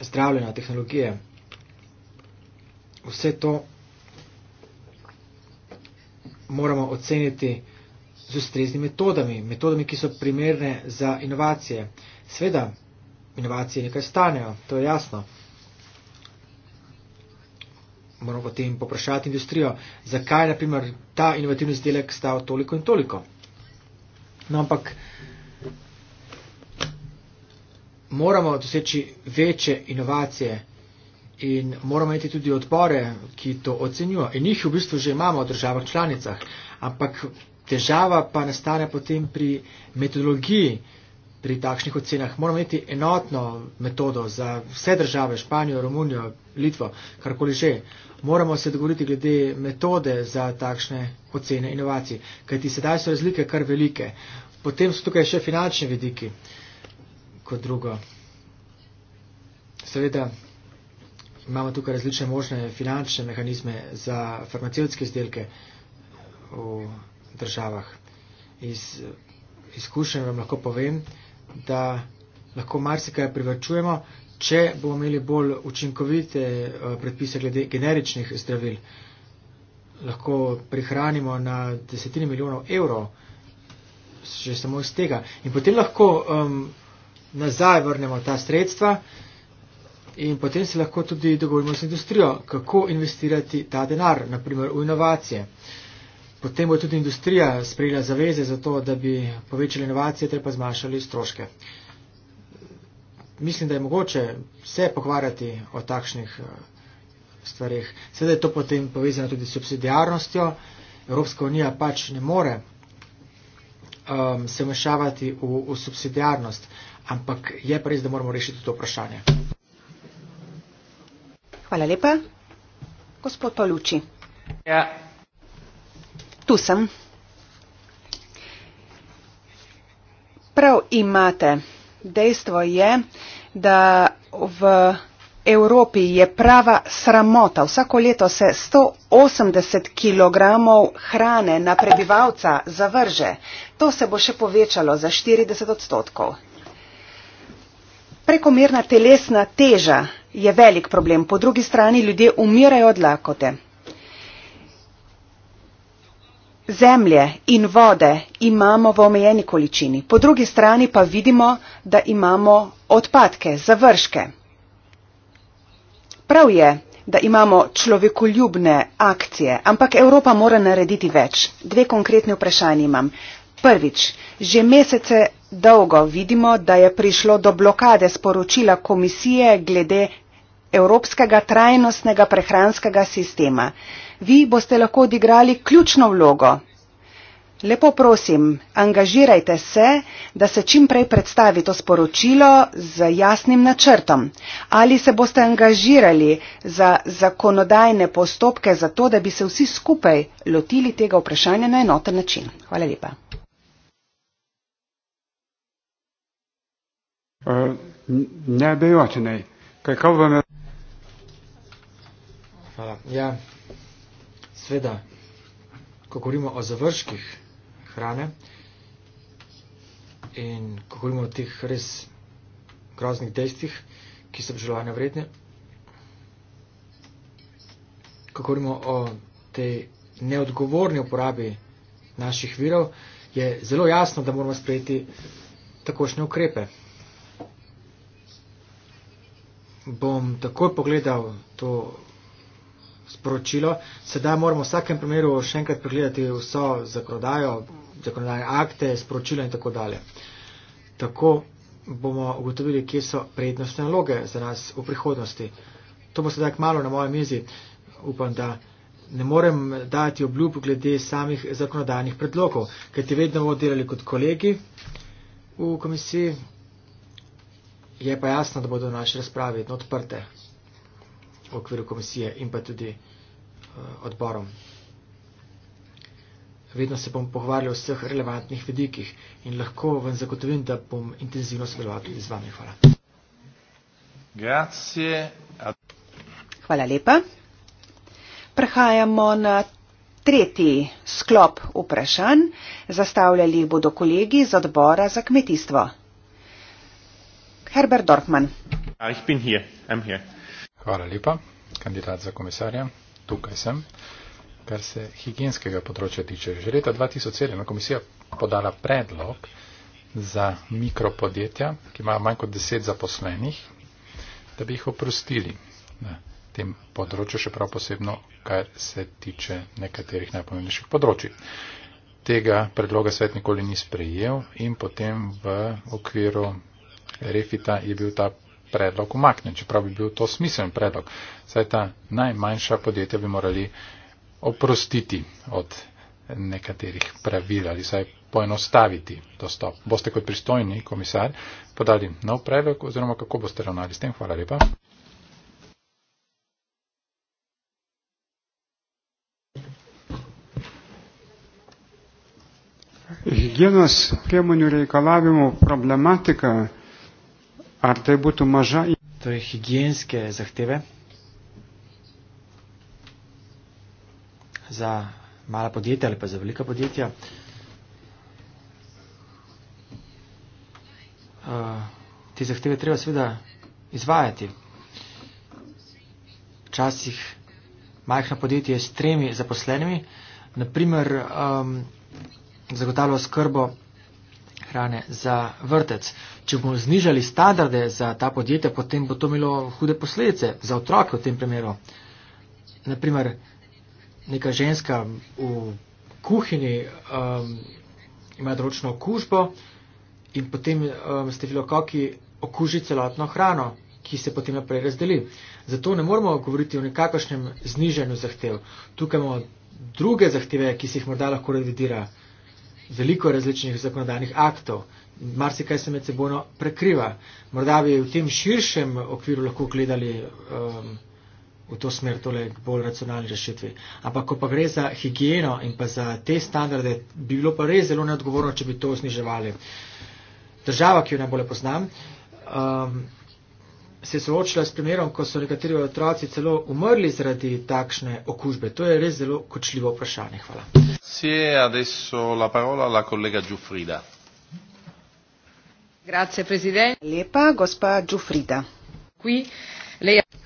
E: zdravljena technologija, vse to moramo oceniti z ustreznimi metodami, metodami, ki so primerne za inovacije. Sveda, inovacije nekaj stanejo, to je jasno moramo potem poprašati industrijo, zakaj je naprimer ta inovativni izdelek stal toliko in toliko. No, ampak moramo doseči večje inovacije in moramo imeti tudi odpore, ki to ocenjujo. In jih v bistvu že imamo v državah članicah. Ampak težava pa nastane potem pri metodologiji, pri takšnih ocenah. Moramo imeti enotno metodo za vse države, Španijo, Romunijo, Litvo, karkoli že. Moramo se dogovoriti glede metode za takšne ocene inovacij, kajti sedaj so razlike kar velike. Potem so tukaj še finančni vidiki, kot drugo. Seveda imamo tukaj različne možne finančne mehanizme za farmacevtske izdelke v državah. Iz izkušenj vam lahko povem, da lahko marsikaj privačujemo, če bomo imeli bolj učinkovite eh, predpise glede generičnih zdravil. Lahko prihranimo na desetine milijonov evrov, že samo iz tega. In potem lahko um, nazaj vrnemo ta sredstva in potem se lahko tudi dogovorimo s industrijo, kako investirati ta denar, naprimer v inovacije. Uh, Potem bo tudi industrija sprejela zaveze za to, da bi povečali inovacije, ter pa zmanjšali stroške. Mislim, da je mogoče vse pokvarjati o takšnih eh, stvarih. Sedaj je to potem povezano tudi s subsidijarnostjo. Evropska unija pač ne more um, se vmešavati v, v subsidijarnost, ampak je pa res, da moramo rešiti to vprašanje.
B: Hvala lepa. Gospod Paluči. Ja, Tu sem. Prav imate. Dejstvo je, da v Evropi je prava sramota. Vsako leto se 180 kg hrane na prebivalca zavrže. To se bo še povečalo za 40 odstotkov. Prekomerna telesna teža je velik problem. Po drugi strani ljudje umirajo od lakote zemlje in vode imamo v omejeni količini, po drugi strani pa vidimo, da imamo odpadke, završke. Prav je, da imamo človekoljubne akcije, ampak Evropa mora narediti več. Dve konkretni vprašanji imam. Prvič, že mesece dolgo vidimo, da je prišlo do blokade sporočila komisije glede evropskega trajnostnega prehranskega sistema vi boste lahko odigrali ključno vlogo. Lepo prosim, angažirajte se, da se čim prej predstavi to sporočilo z jasnim načrtom. Ali se boste angažirali za zakonodajne postopke za to, da bi se vsi skupaj lotili tega vprašanja na enoten način? Hvala lepa.
C: Uh, ne bi jo, če ne. Kaj kaj vam je?
E: Hvala. Ja, Sveda, ko govorimo o završkih hrane in ko govorimo o teh res groznih dejstvih, ki so obžalovanja vredne, ko govorimo o tej neodgovorni uporabi naših virov, je zelo jasno, da moramo sprejeti takošne ukrepe. Bom takoj pogledal to sporočilo. Sedaj moramo v vsakem primeru še enkrat pregledati vso zakonodajo, zakonodajne akte, sporočila in tako dalje. Tako bomo ugotovili, kje so prednostne naloge za nas v prihodnosti. To bo sedaj kmalo na mojem mizi. Upam, da ne morem dati obljub glede samih zakonodajnih predlogov, ker ti vedno bomo delali kot kolegi v komisiji. Je pa jasno, da bodo naše razprave vedno odprte v okviru komisije in pa tudi eh, odborom. Vedno se bom pohvarjal v vseh relevantnih vedikih in lahko vam zagotovim, da bom intenzivno sodeloval tudi z vami. Hvala.
A: Grazie.
B: Hvala lepa. Prehajamo na tretji sklop vprašanj. Zastavljali bodo kolegi z odbora za kmetijstvo. Herbert Dorfman.
D: Ja, ich bin hier. I'm here. Hvala lepa, kandidat za komisarja. Tukaj sem. Kar se higijenskega področja tiče, že leta 2007 je komisija podala predlog za mikropodjetja, ki imajo manj kot deset zaposlenih, da bi jih oprostili na tem področju, še prav posebno, kar se tiče nekaterih najpomembnejših področji. Tega predloga svet nikoli ni sprejel in potem v okviru refita je bil ta predlog umakne, čeprav bi bil to smiseln predlog. Saj ta najmanjša podjetja bi morali oprostiti od nekaterih pravil ali saj poenostaviti dostop. Boste kot pristojni komisar podali nov predlog oziroma kako boste ravnali s tem? Hvala lepa.
C: Higienos priemonių reikalavimų problematika Ar tai būtų maža? Tai higienskė zahtėvė
E: za malą podėtę arba za veliką podėtę. Eh, te zahtėvė treba sveda izvajati. Časih majhna podjetje s tremi zaposlenimi, naprimer um, zagotavljajo skrbo hrane za vrtec. Če bomo znižali standarde za ta podjetja, potem bo to imelo hude posledice za otroke v tem primeru. Naprimer, neka ženska v kuhinji um, ima določeno okužbo in potem um, stefilokoki okuži celotno hrano, ki se potem naprej razdeli. Zato ne moramo govoriti o nekakšnem znižanju zahtev. Tukaj imamo druge zahteve, ki se jih morda lahko revidira veliko različnih zakonodajnih aktov. Marsi kaj se med seboj prekriva. Morda bi v tem širšem okviru lahko gledali um, v to smer, tole k bolj racionalni rešitvi. Ampak, ko pa gre za higieno in pa za te standarde, bi bilo pa res zelo neodgovorno, če bi to zniževali. Država, ki jo najbolje poznam, um, se soočila s primerom, ko so nekateri otroci celo umrli zaradi takšne okužbe. To je res zelo kočljivo vprašanje. Hvala.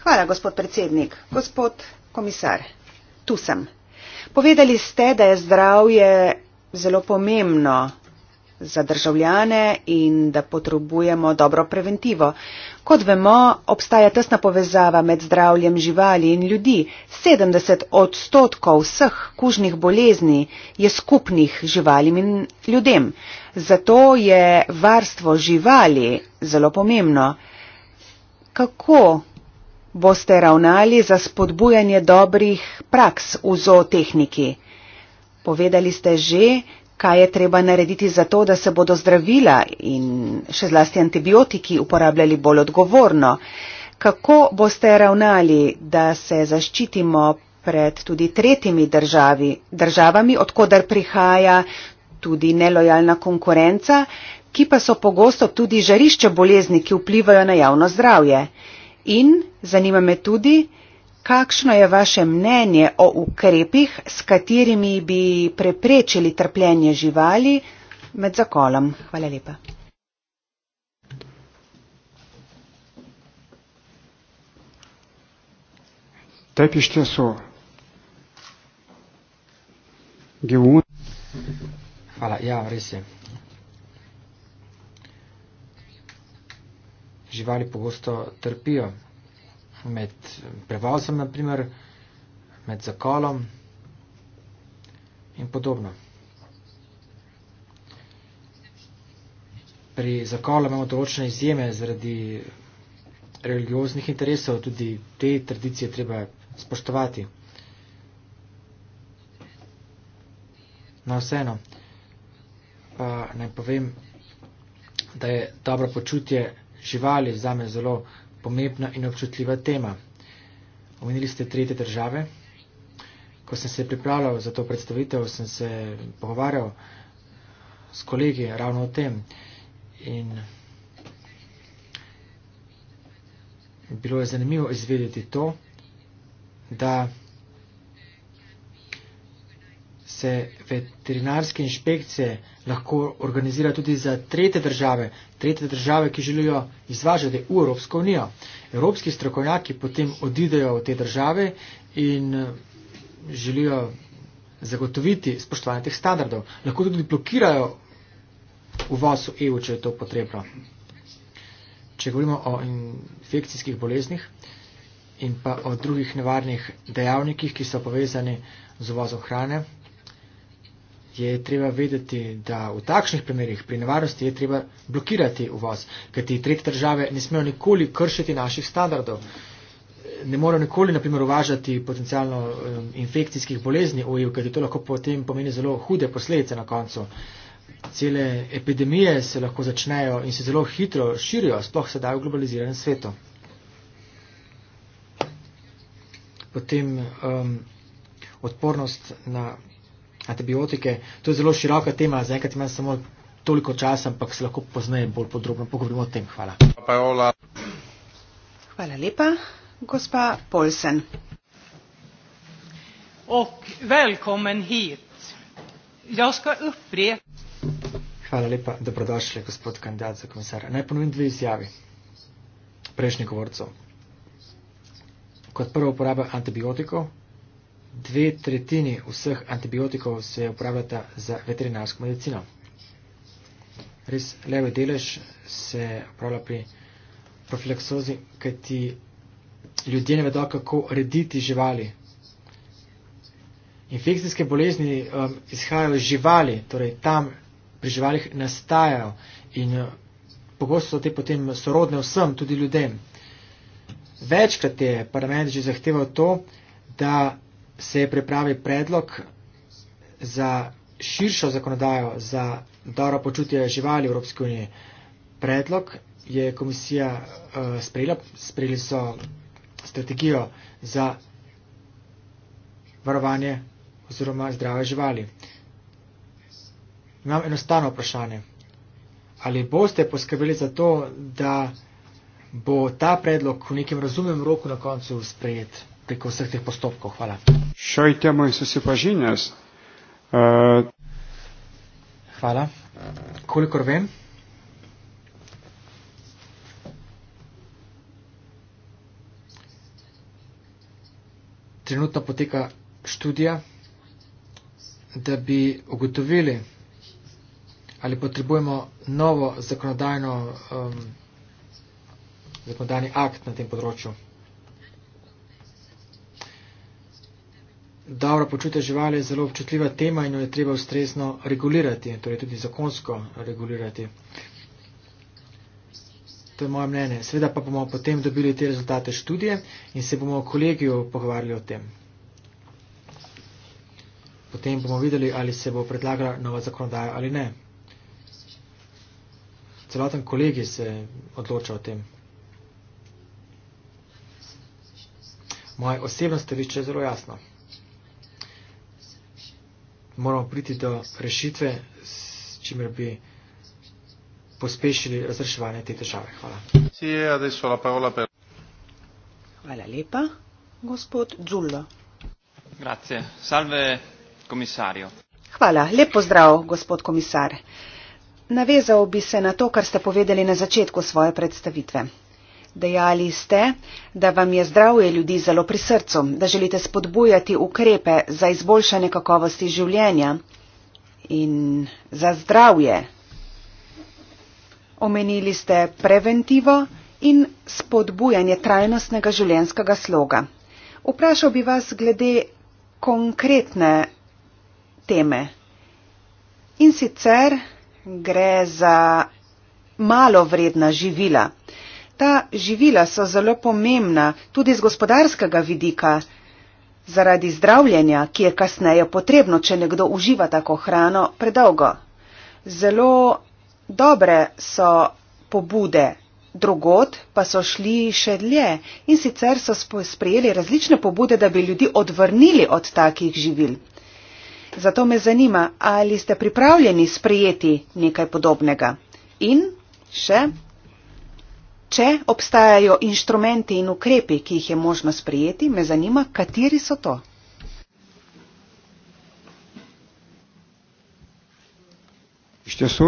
B: Hvala, gospod predsednik. Gospod komisar, tu sem. Povedali ste, da je zdravje zelo pomembno za državljane in da potrebujemo dobro preventivo. Kot vemo, obstaja tesna povezava med zdravljem živali in ljudi. 70 odstotkov vseh kužnih bolezni je skupnih živalim in ljudem. Zato je varstvo živali zelo pomembno. Kako boste ravnali za spodbujanje dobrih praks v zootehniki? Povedali ste že, kaj je treba narediti za to, da se bodo zdravila in še zlasti antibiotiki uporabljali bolj odgovorno. Kako boste ravnali, da se zaščitimo pred tudi tretjimi državi, državami, odkudar prihaja tudi nelojalna konkurenca, ki pa so pogosto tudi žarišče bolezni, ki vplivajo na javno zdravje. In zanima me tudi, Kakšno je vaše mnenje o ukrepih, s katerimi bi preprečili trpljenje živali med zakolom? Hvala lepa.
C: Tepište so. Gevun.
E: Hvala, ja, res je. Živali pogosto trpijo med prevozom, naprimer, med zakolom in podobno. Pri zakolu imamo določene izjeme zaradi religioznih interesov, tudi te tradicije treba spoštovati. Na no, vseeno, pa naj povem, da je dobro počutje živali zame zelo pomembna in občutljiva tema. Omenili ste tretje države. Ko sem se pripravljal za to predstavitev, sem se pogovarjal s kolegi ravno o tem. In bilo je zanimivo izvedeti to, da se veterinarske inšpekcije lahko organizira tudi za tretje države, tretje države, ki želijo izvažati v Evropsko unijo. Evropski strokovnjaki potem odidejo v te države in eh, želijo zagotoviti spoštovanje teh standardov. Lahko tudi blokirajo uvoz v EU, če je to potrebno. Če govorimo o infekcijskih boleznih in pa o drugih nevarnih dejavnikih, ki so povezani z uvozom hrane, je treba vedeti, da v takšnih primerjih pri nevarnosti je treba blokirati uvoz, ker ti tretje države ne smejo nikoli kršiti naših standardov. Ne morajo nikoli, naprimer, uvažati potencijalno um, infekcijskih bolezni v EU, ker to lahko potem pomeni zelo hude posledice na koncu. Cele epidemije se lahko začnejo in se zelo hitro širijo, sploh sedaj v globaliziranem svetu. Potem um, odpornost na antibiotike. To je zelo široka tema, zaenkrat imam samo toliko časa, ampak se lahko poznajem bolj podrobno. Pogovorimo o tem. Hvala.
B: Paola. Hvala lepa, gospa Polsen.
E: Hvala lepa, dobrodošli, gospod kandidat za komisar. Naj ponovim dve izjavi prejšnjih govorcev. Kot prvo uporaba antibiotikov, dve tretjini vseh antibiotikov se upravljata za veterinarsko medicino. Res levi delež se upravlja pri profilaksozi, kajti ljudje ne vedo, kako rediti živali. Infekcijske bolezni um, izhajajo iz živali, torej tam pri živalih nastajajo in uh, pogosto so te potem sorodne vsem, tudi ljudem. Večkrat je parlament že zahteval to, da se je pripravil predlog za širšo zakonodajo za dobro počutje živali v Evropski uniji. Predlog je komisija uh, sprejela, sprejeli so strategijo za varovanje oziroma zdrave živali. Imam enostavno vprašanje. Ali boste poskrbeli za to, da bo ta predlog v nekem razumem roku na koncu sprejet preko vseh teh
C: postopkov? Hvala šiai temai susipažinęs. Uh, Hvala. Koliko vem?
E: Trenutno poteka študija, da bi ugotovili, ali potrebujemo novo zakonodajno, um, zakonodajni akt na tem področju. dobro počutje živali je zelo občutljiva tema in jo je treba ustrezno regulirati, torej tudi zakonsko regulirati. To je moje mnenje. Sveda pa bomo potem dobili te rezultate študije in se bomo v kolegiju pogovarjali o tem. Potem bomo videli, ali se bo predlagala nova zakonodaja ali ne. Celoten kolegi se odloča o tem. Moje osebno stališče je zelo jasno moramo priti do rešitve, s čimer bi pospešili razreševanje te težave.
A: Hvala.
B: Hvala lepa. Gospod Džullo. Grazie. Salve, komisarjo. Hvala. Lep pozdrav, gospod komisar. Navezal bi se na to, kar ste povedali na začetku svoje predstavitve. Dejali ste, da vam je zdravje ljudi zelo pri srcu, da želite spodbujati ukrepe za izboljšanje kakovosti življenja in za zdravje. Omenili ste preventivo in spodbujanje trajnostnega življenjskega sloga. Vprašal bi vas glede konkretne teme. In sicer gre za malo vredna živila ta živila so zelo pomembna tudi z gospodarskega vidika, zaradi zdravljenja, ki je kasneje potrebno, če nekdo uživa tako hrano predolgo. Zelo dobre so pobude, drugot pa so šli še dlje in sicer so sprejeli različne pobude, da bi ljudi odvrnili od takih živil. Zato me zanima, ali ste pripravljeni sprejeti nekaj podobnega. In še Če obstajajo inštrumenti in ukrepi, ki jih je možno sprejeti, me zanima, kateri so to.
C: Iš tiesų,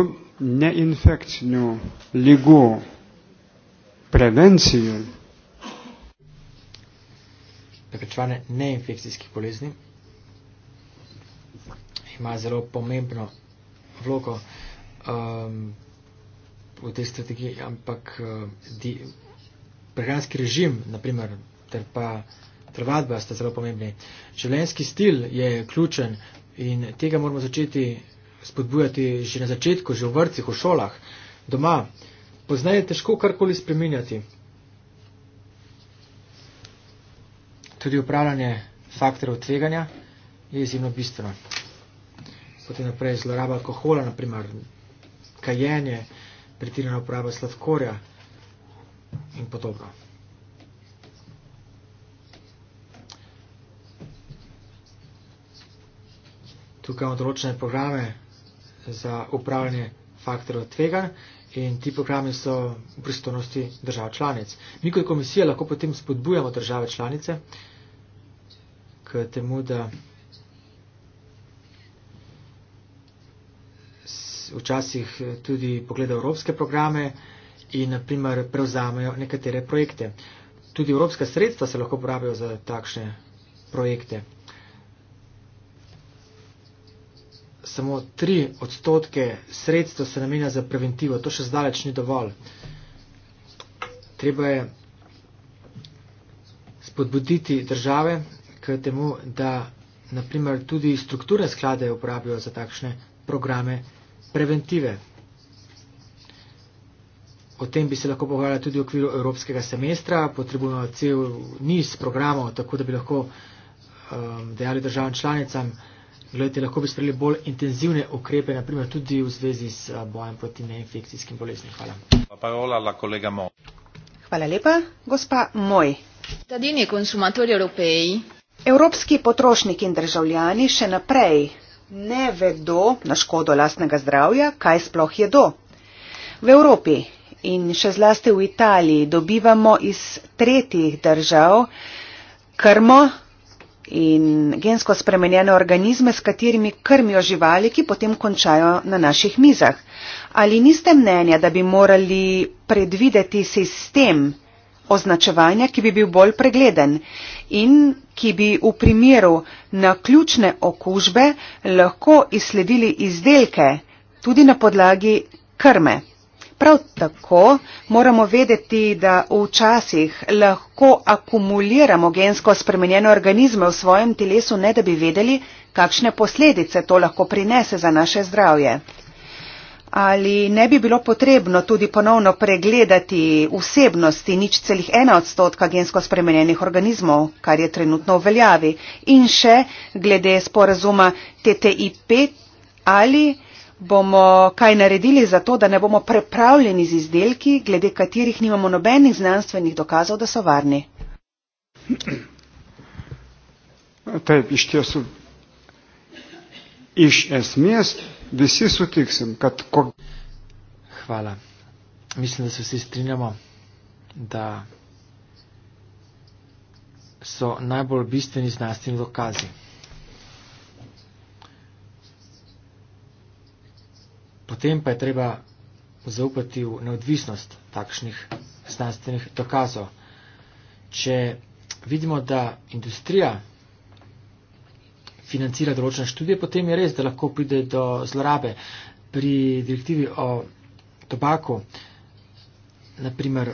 C: neinfekcinių lygų prevencijų. Prekačevanje
E: neinfekcijskih bolezni ima zelo pomembno vlogo. Um, v tej strategiji, ampak eh, di, preganski režim, naprimer, ter pa trvadba sta zelo pomembni. Življenjski stil je ključen in tega moramo začeti spodbujati že na začetku, že v vrcih, v šolah, doma. Poznaj je težko karkoli spreminjati. Tudi upravljanje faktorjev tveganja je izjemno bistveno. Potem naprej zloraba alkohola, naprimer kajenje pretirana uporaba sladkorja in podobno. Tukaj imamo določene programe za upravljanje faktorov tvega in ti programe so v pristojnosti držav članic. Mi kot komisija lahko potem spodbujamo države članice k temu, da včasih eh, tudi pogleda evropske programe in naprimer prevzamejo nekatere projekte. Tudi evropska sredstva se lahko porabijo za takšne projekte. Samo tri odstotke sredstva se namenja za preventivo. To še zdaleč ni dovolj. Treba je spodbuditi države k temu, da naprimer tudi strukturne sklade uporabijo za takšne programe preventive. O tem bi se lahko pogovarjali tudi v okviru evropskega semestra. Potrebujemo cel niz programov, tako da bi lahko um, dejali državam članicam, gledajte, lahko bi sprejeli bolj intenzivne ukrepe, naprimer tudi v zvezi s uh, bojem proti neinfekcijskim boleznim. Hvala.
B: Hvala lepa, gospa Moj. Tadini konsumatori e evropeji. Evropski potrošniki in državljani še naprej ne vedo na škodo lastnega zdravja, kaj sploh jedo. V Evropi in še zlasti v Italiji dobivamo iz tretjih držav krmo in gensko spremenjene organizme, s katerimi krmijo živali, ki potem končajo na naših mizah. Ali niste mnenja, da bi morali predvideti sistem označevanja, ki bi bil bolj pregleden in ki bi v primeru na ključne okužbe lahko izsledili izdelke tudi na podlagi krme. Prav tako moramo vedeti, da včasih lahko akumuliramo gensko spremenjene organizme v svojem telesu, ne da bi vedeli, kakšne posledice to lahko prinese za naše zdravje. Ali ne bi bilo potrebno tudi ponovno pregledati vsebnosti nič celih ena odstotka gensko spremenjenih organizmov, kar je trenutno v veljavi? In še glede sporazuma TTIP, ali bomo kaj naredili za to, da ne bomo prepravljeni z izdelki, glede katerih nimamo nobenih znanstvenih dokazov, da so varni?
C: Taip, iš tiesų, iš esmės Visi sutiksim, kad ko... Hvala. Mislim, da se vsi strinjamo,
E: da so najbolj bistveni znanstveni dokazi. Potem pa je treba zaupati v neodvisnost takšnih znanstvenih dokazov. Če vidimo, da industrija financira določene študije, potem je res, da lahko pride do zlorabe. Pri direktivi o tobaku, naprimer,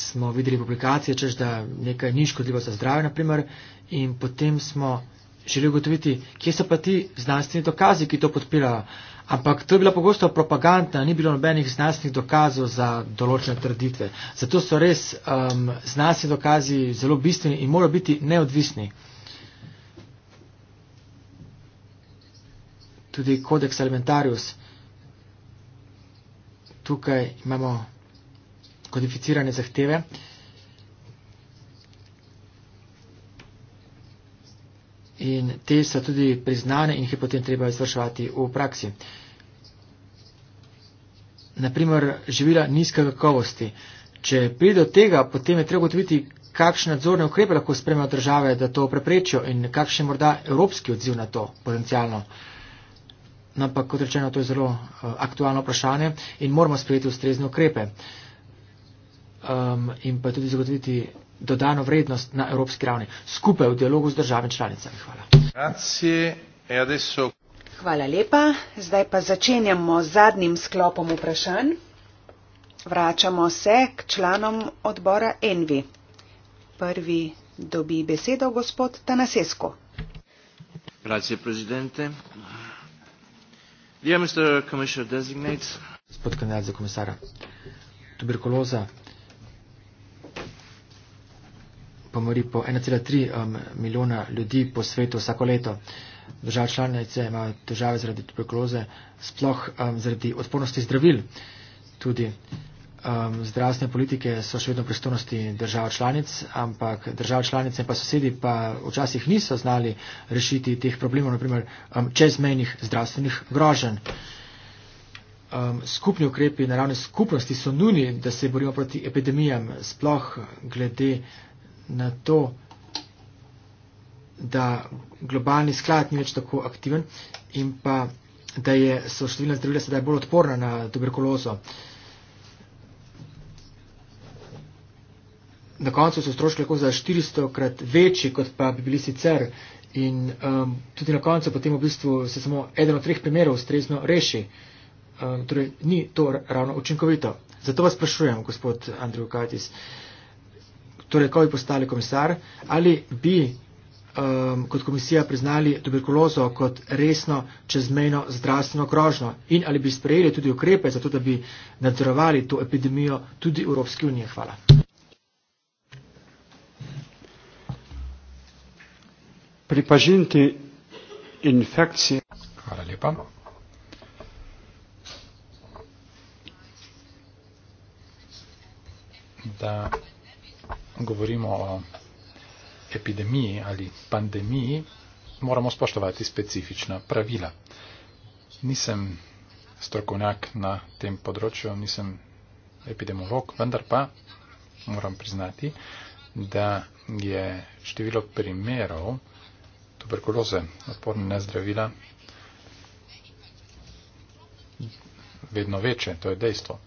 E: smo videli publikacije, češ, da nekaj ni škodljivo za zdravje, naprimer, in potem smo želeli ugotoviti, kje so pa ti znanstveni dokazi, ki to podpirajo. Ampak to je bila pogosto propaganda, ni bilo nobenih znanstvenih dokazov za določene trditve. Zato so res um, znanstveni dokazi zelo bistveni in morajo biti neodvisni. tudi Codex Elementarius. Tukaj imamo kodificirane zahteve. In te so tudi priznane in jih je potem treba izvrševati v praksi. Naprimer, živila nizke kakovosti. Če pride do tega, potem je treba gotoviti, kakšne nadzorne ukrepe lahko spremajo države, da to preprečijo in kakšen morda evropski odziv na to potencialno. No, ampak kot rečeno, to je zelo uh, aktualno vprašanje in moramo sprejeti ustrezne ukrepe um, in pa tudi zagotoviti dodano vrednost na evropski ravni skupaj v dialogu z državami članicami. Hvala.
A: E
B: Hvala lepa. Zdaj pa začenjamo z zadnjim sklopom vprašanj. Vračamo se k članom odbora Envi. Prvi dobi besedo gospod Tanasesko.
C: Grazie,
E: Dear Mr. Commissioner Designate. Gospod kandidat za komisara. Tuberkuloza pomori po 1,3 um, milijona ljudi po svetu vsako leto. Država članice ima težave zaradi tuberkuloze, sploh um, zaradi odpornosti zdravil. Tudi um, zdravstvene politike so še vedno pristojnosti držav članic, ampak držav članice in pa sosedi pa včasih niso znali rešiti teh problemov, naprimer um, čezmejnih zdravstvenih groženj. Um, skupni ukrepi naravne skupnosti so nuni, da se borimo proti epidemijam, sploh glede na to, da globalni sklad ni več tako aktiven in pa da je, so številna zdravila sedaj bolj odporna na tuberkulozo. Uh, na koncu so stroški lahko za 400 krat večji, kot pa bi bili sicer. In um, tudi na koncu potem v bistvu se samo eden od treh primerov ustrezno reši. Um, torej, ni to ravno učinkovito. Zato vas sprašujem, gospod Andrej Katis, torej, ko bi postali komisar, ali bi um, kot komisija priznali tuberkulozo kot resno čezmejno zdravstveno grožno in ali bi sprejeli tudi ukrepe za to, da bi nadzorovali to epidemijo tudi v Evropski uniji. Hvala.
C: pripažinti infekciją. Hvala lepa.
D: Da govorimo o epidemiji ali pandemiji, moramo spoštovati specifična pravila. Nisem strokovnjak na tem področju, nisem epidemiolog, vendar pa moram priznati, da je število primerov tuberkuloze, odporne na zdravila, vedno večje, to je dejstvo.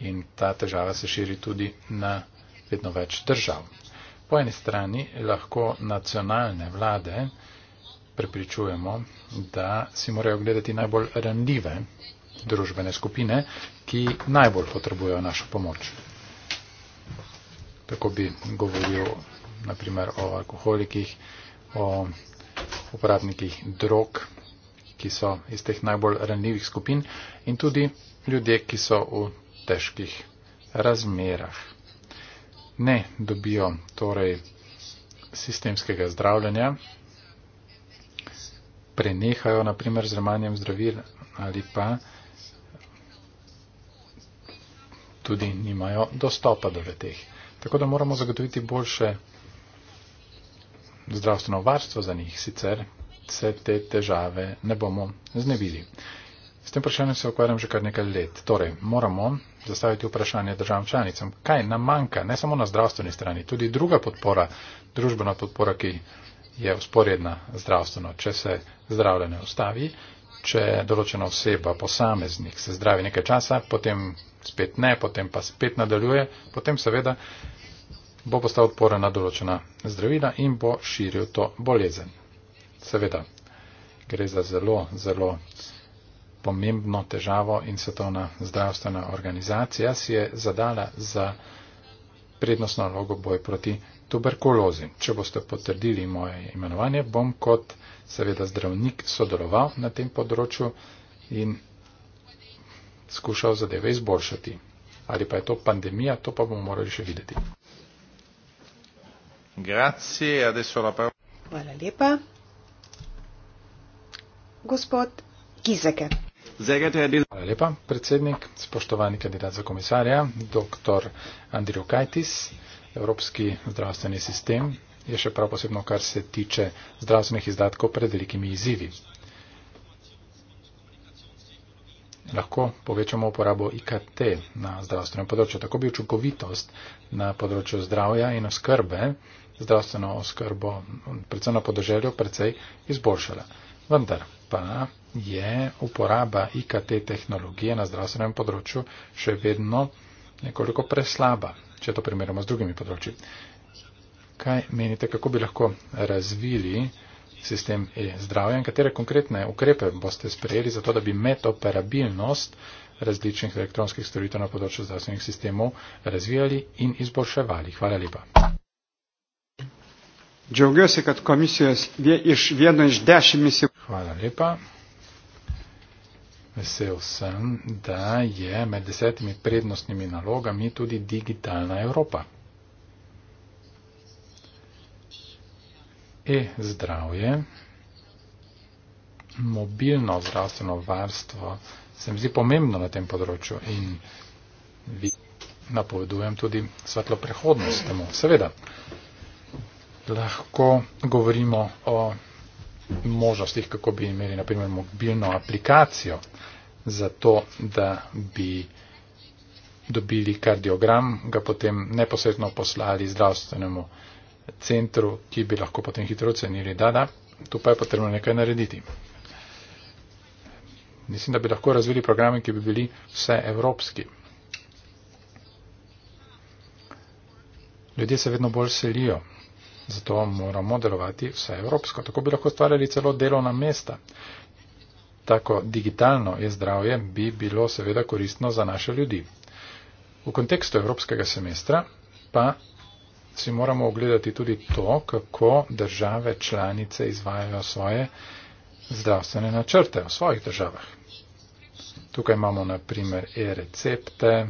D: In ta težava se širi tudi na vedno več držav. Po eni strani lahko nacionalne vlade prepričujemo, da si morajo gledati najbolj ranljive družbene skupine, ki najbolj potrebujejo našo pomoč. Tako bi govoril naprimer o alkoholikih, o uporabniki drog, ki so iz teh najbolj ranljivih skupin in tudi ljudje, ki so v težkih razmerah. Ne dobijo torej sistemskega zdravljanja, prenehajo naprimer z remanjem zdravil ali pa tudi nimajo dostopa do teh. Tako da moramo zagotoviti boljše zdravstveno varstvo za njih, sicer se te težave ne bomo znebili. S tem vprašanjem se ukvarjam že kar nekaj let. Torej, moramo zastaviti vprašanje državam članicam, kaj nam manjka, ne samo na zdravstveni strani, tudi druga podpora, družbena podpora, ki je usporedna zdravstveno. Če se zdravljenje ustavi, če določena oseba, posameznik se zdravi nekaj časa, potem spet ne, potem pa spet nadaljuje, potem seveda bo postal odporen na določena zdravila in bo širil to bolezen. Seveda, gre za zelo, zelo pomembno težavo in svetovna zdravstvena organizacija si je zadala za prednostno nalogo boj proti tuberkulozi. Če boste potrdili moje imenovanje, bom kot seveda zdravnik sodeloval na tem področju in skušal zadeve izboljšati. Ali pa je to pandemija, to pa bomo morali še videti.
A: Grazie, adesso la parola.
B: Hvala lepa. Gospod Gizeke.
D: Hvala lepa, predsednik, spoštovani kandidat za komisarja, dr. Andrijo Kajtis. Evropski zdravstveni sistem je še prav posebno, kar se tiče zdravstvenih izdatkov pred velikimi izzivi. Lahko povečamo uporabo IKT na zdravstvenem področju. Tako bi učinkovitost na področju zdravja in oskrbe zdravstveno oskrbo, predvsem na podeželju, precej izboljšala. Vendar pa je uporaba IKT tehnologije na zdravstvenem področju še vedno nekoliko preslaba, če to primerjamo z drugimi področji. Kaj menite, kako bi lahko razvili sistem e-zdravja in katere konkretne ukrepe boste sprejeli za to, da bi metoperabilnost različnih elektronskih storitev na področju zdravstvenih sistemov
C: razvijali in izboljševali? Hvala lepa. Džiaugiuosi, kad komisijos vie, iš vieno iš dešimt misijų. Hvala lepa.
D: Vesel sem, da je med desetimi prednostnimi nalogami tudi digitalna Evropa. E-zdravje, mobilno zdravstveno varstvo se mi zdi pomembno na tem področju in napovedujem tudi svetlo prihodnost temu. Seveda lahko govorimo o možnostih, kako bi imeli naprimer mobilno aplikacijo za to, da bi dobili kardiogram, ga potem neposredno poslali zdravstvenemu centru, ki bi lahko potem hitro ocenili, da da, tu pa je potrebno nekaj narediti. Mislim, da bi lahko razvili programe, ki bi bili vse evropski. Ljudje se vedno bolj selijo Zato moramo delovati vse evropsko. Tako bi lahko stvarjali celo delovna mesta. Tako digitalno je zdravje bi bilo seveda koristno za naše ljudi. V kontekstu evropskega semestra pa si moramo ogledati tudi to, kako države članice izvajajo svoje zdravstvene načrte v svojih državah. Tukaj imamo na primer e-recepte,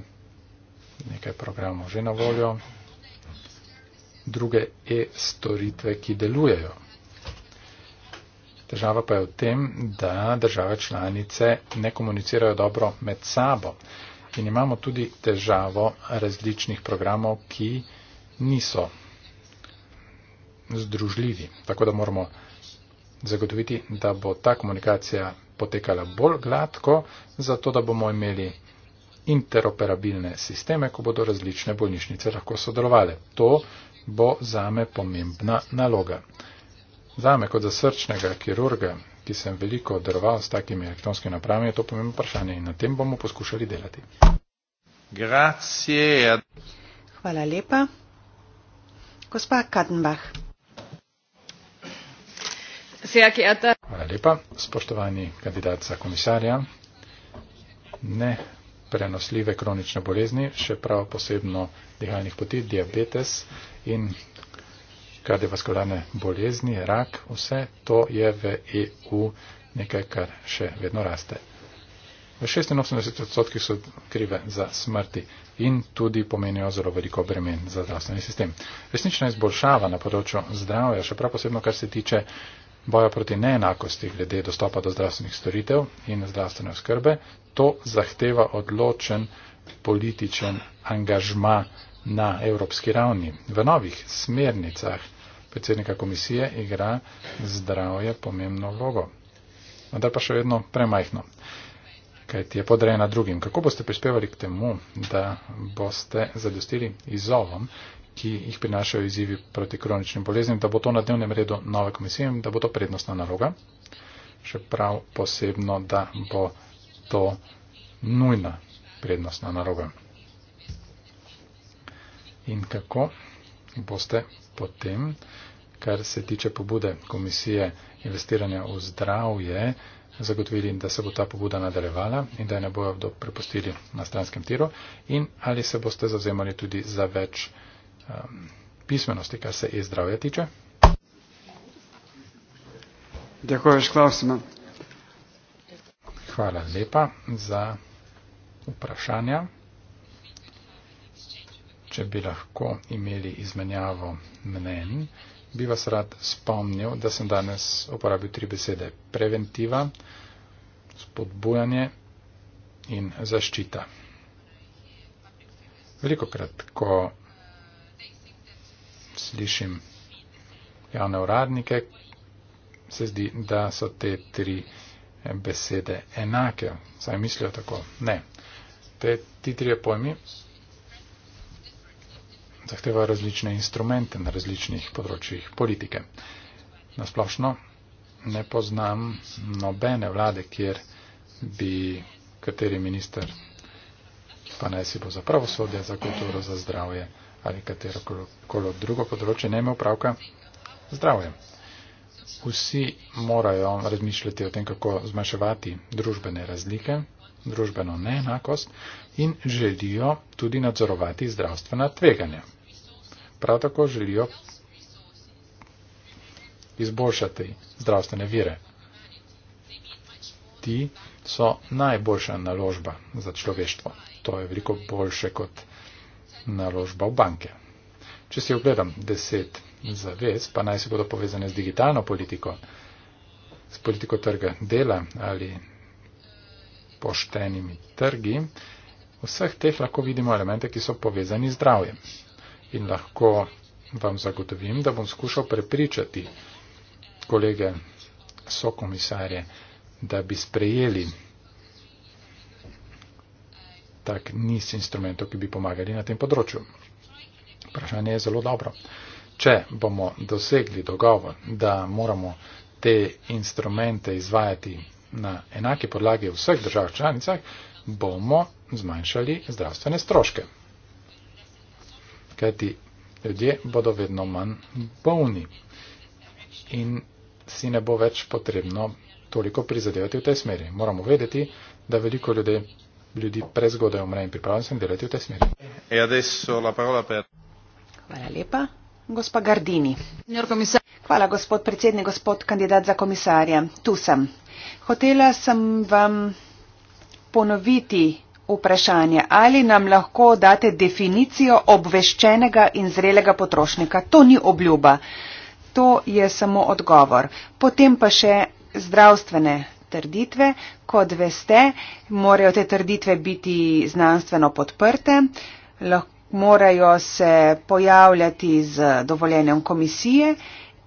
D: nekaj programov že na voljo, druge e-storitve, ki delujejo. Država pa je v tem, da države članice ne komunicirajo dobro med sabo in imamo tudi težavo različnih programov, ki niso združljivi. Tako da moramo zagotoviti, da bo ta komunikacija potekala bolj gladko, zato da bomo imeli interoperabilne sisteme, ko bodo različne bolnišnice lahko sodelovale. To bo zame pomembna naloga. Zame kot za srčnega kirurga, ki sem veliko drval s takimi elektronskimi napravami, je to pomembno vprašanje in na tem bomo poskušali delati.
A: Grazie.
B: Hvala lepa. Gospa Kadenbach.
D: Hvala lepa, spoštovani kandidat za komisarja. Ne prenosljive kronične bolezni, še prav posebno dihalnih poti, diabetes in kardiovaskularne bolezni, rak, vse to je v EU nekaj, kar še vedno raste. V 86 odstotkih so krive za smrti in tudi pomenijo zelo veliko bremen za zdravstveni sistem. Resnična izboljšava na področju zdravja, še prav posebno, kar se tiče boja proti neenakosti glede dostopa do zdravstvenih storitev in zdravstvene oskrbe, to zahteva odločen političen angažma na evropski ravni. V novih smernicah predsednika komisije igra zdravje pomembno vlogo, vendar pa še vedno premajhno, kajti je podrejena drugim. Kako boste prispevali k temu, da boste zadostili izzovom, ki jih prinašajo izzivi proti kroničnim boleznim, da bo to na dnevnem redu nove komisije in da bo to prednostna naloga. Še prav posebno, da bo to nujna prednostna naloga. In kako boste potem, kar se tiče pobude komisije investiranja v zdravje, zagotovili, da se bo ta pobuda nadaljevala in da je ne bojo prepustili na stranskem tiru in ali se boste zavzemali tudi za več um, pismenosti, kar se e-zdravja tiče. Dekuješ, Klausima. Hvala lepa za vprašanja. Če bi lahko imeli izmenjavo mnenj, bi vas rad spomnil, da sem danes uporabil tri besede. Preventiva, spodbujanje in zaščita. Veliko krat, ko slišim javne uradnike, se zdi, da so te tri eh, besede enake. Saj mislijo tako. Ne. Te, ti tri pojmi zahtevajo različne instrumente na različnih področjih politike. Nasplošno ne poznam nobene vlade, kjer bi kateri minister, pa naj si bo za pravosodje, za kulturo, za zdravje, ali katero kolo drugo področje, ne ima upravka zdravjem. Vsi morajo razmišljati o tem, kako zmanjševati družbene razlike, družbeno neenakost in želijo tudi nadzorovati zdravstvena tveganja. Prav tako želijo izboljšati zdravstvene vire. Ti so najboljša naložba za človeštvo. To je veliko boljše kot naložba v banke. Če si ogledam deset zavez, pa naj se bodo povezane z digitalno politiko, s politiko trga dela ali poštenimi trgi, vseh teh lahko vidimo elemente, ki so povezani z zdravjem. In lahko vam zagotovim, da bom skušal prepričati kolege sokomisarje, da bi sprejeli tak niz instrumentov, ki bi pomagali na tem področju. Vprašanje je zelo dobro. Če bomo dosegli dogovor, da moramo te instrumente izvajati na enake podlage v vseh državah članicah, bomo zmanjšali zdravstvene stroške. Kajti ljudje bodo vedno manj bolni in si ne bo več potrebno toliko prizadevati v tej smeri. Moramo vedeti, da veliko ljudi ljudi prezgodaj umre in pripravljen sem delati v tej smeri.
A: E
B: Hvala lepa. Gospa Gardini. Hvala, gospod predsednik, gospod kandidat za komisarja. Tu sem. Hotela sem vam ponoviti vprašanje, ali nam lahko date definicijo obveščenega in zrelega potrošnika. To ni obljuba. To je samo odgovor. Potem pa še zdravstvene trditve. Kot veste, morajo te trditve biti znanstveno podprte, morajo se pojavljati z dovoljenjem komisije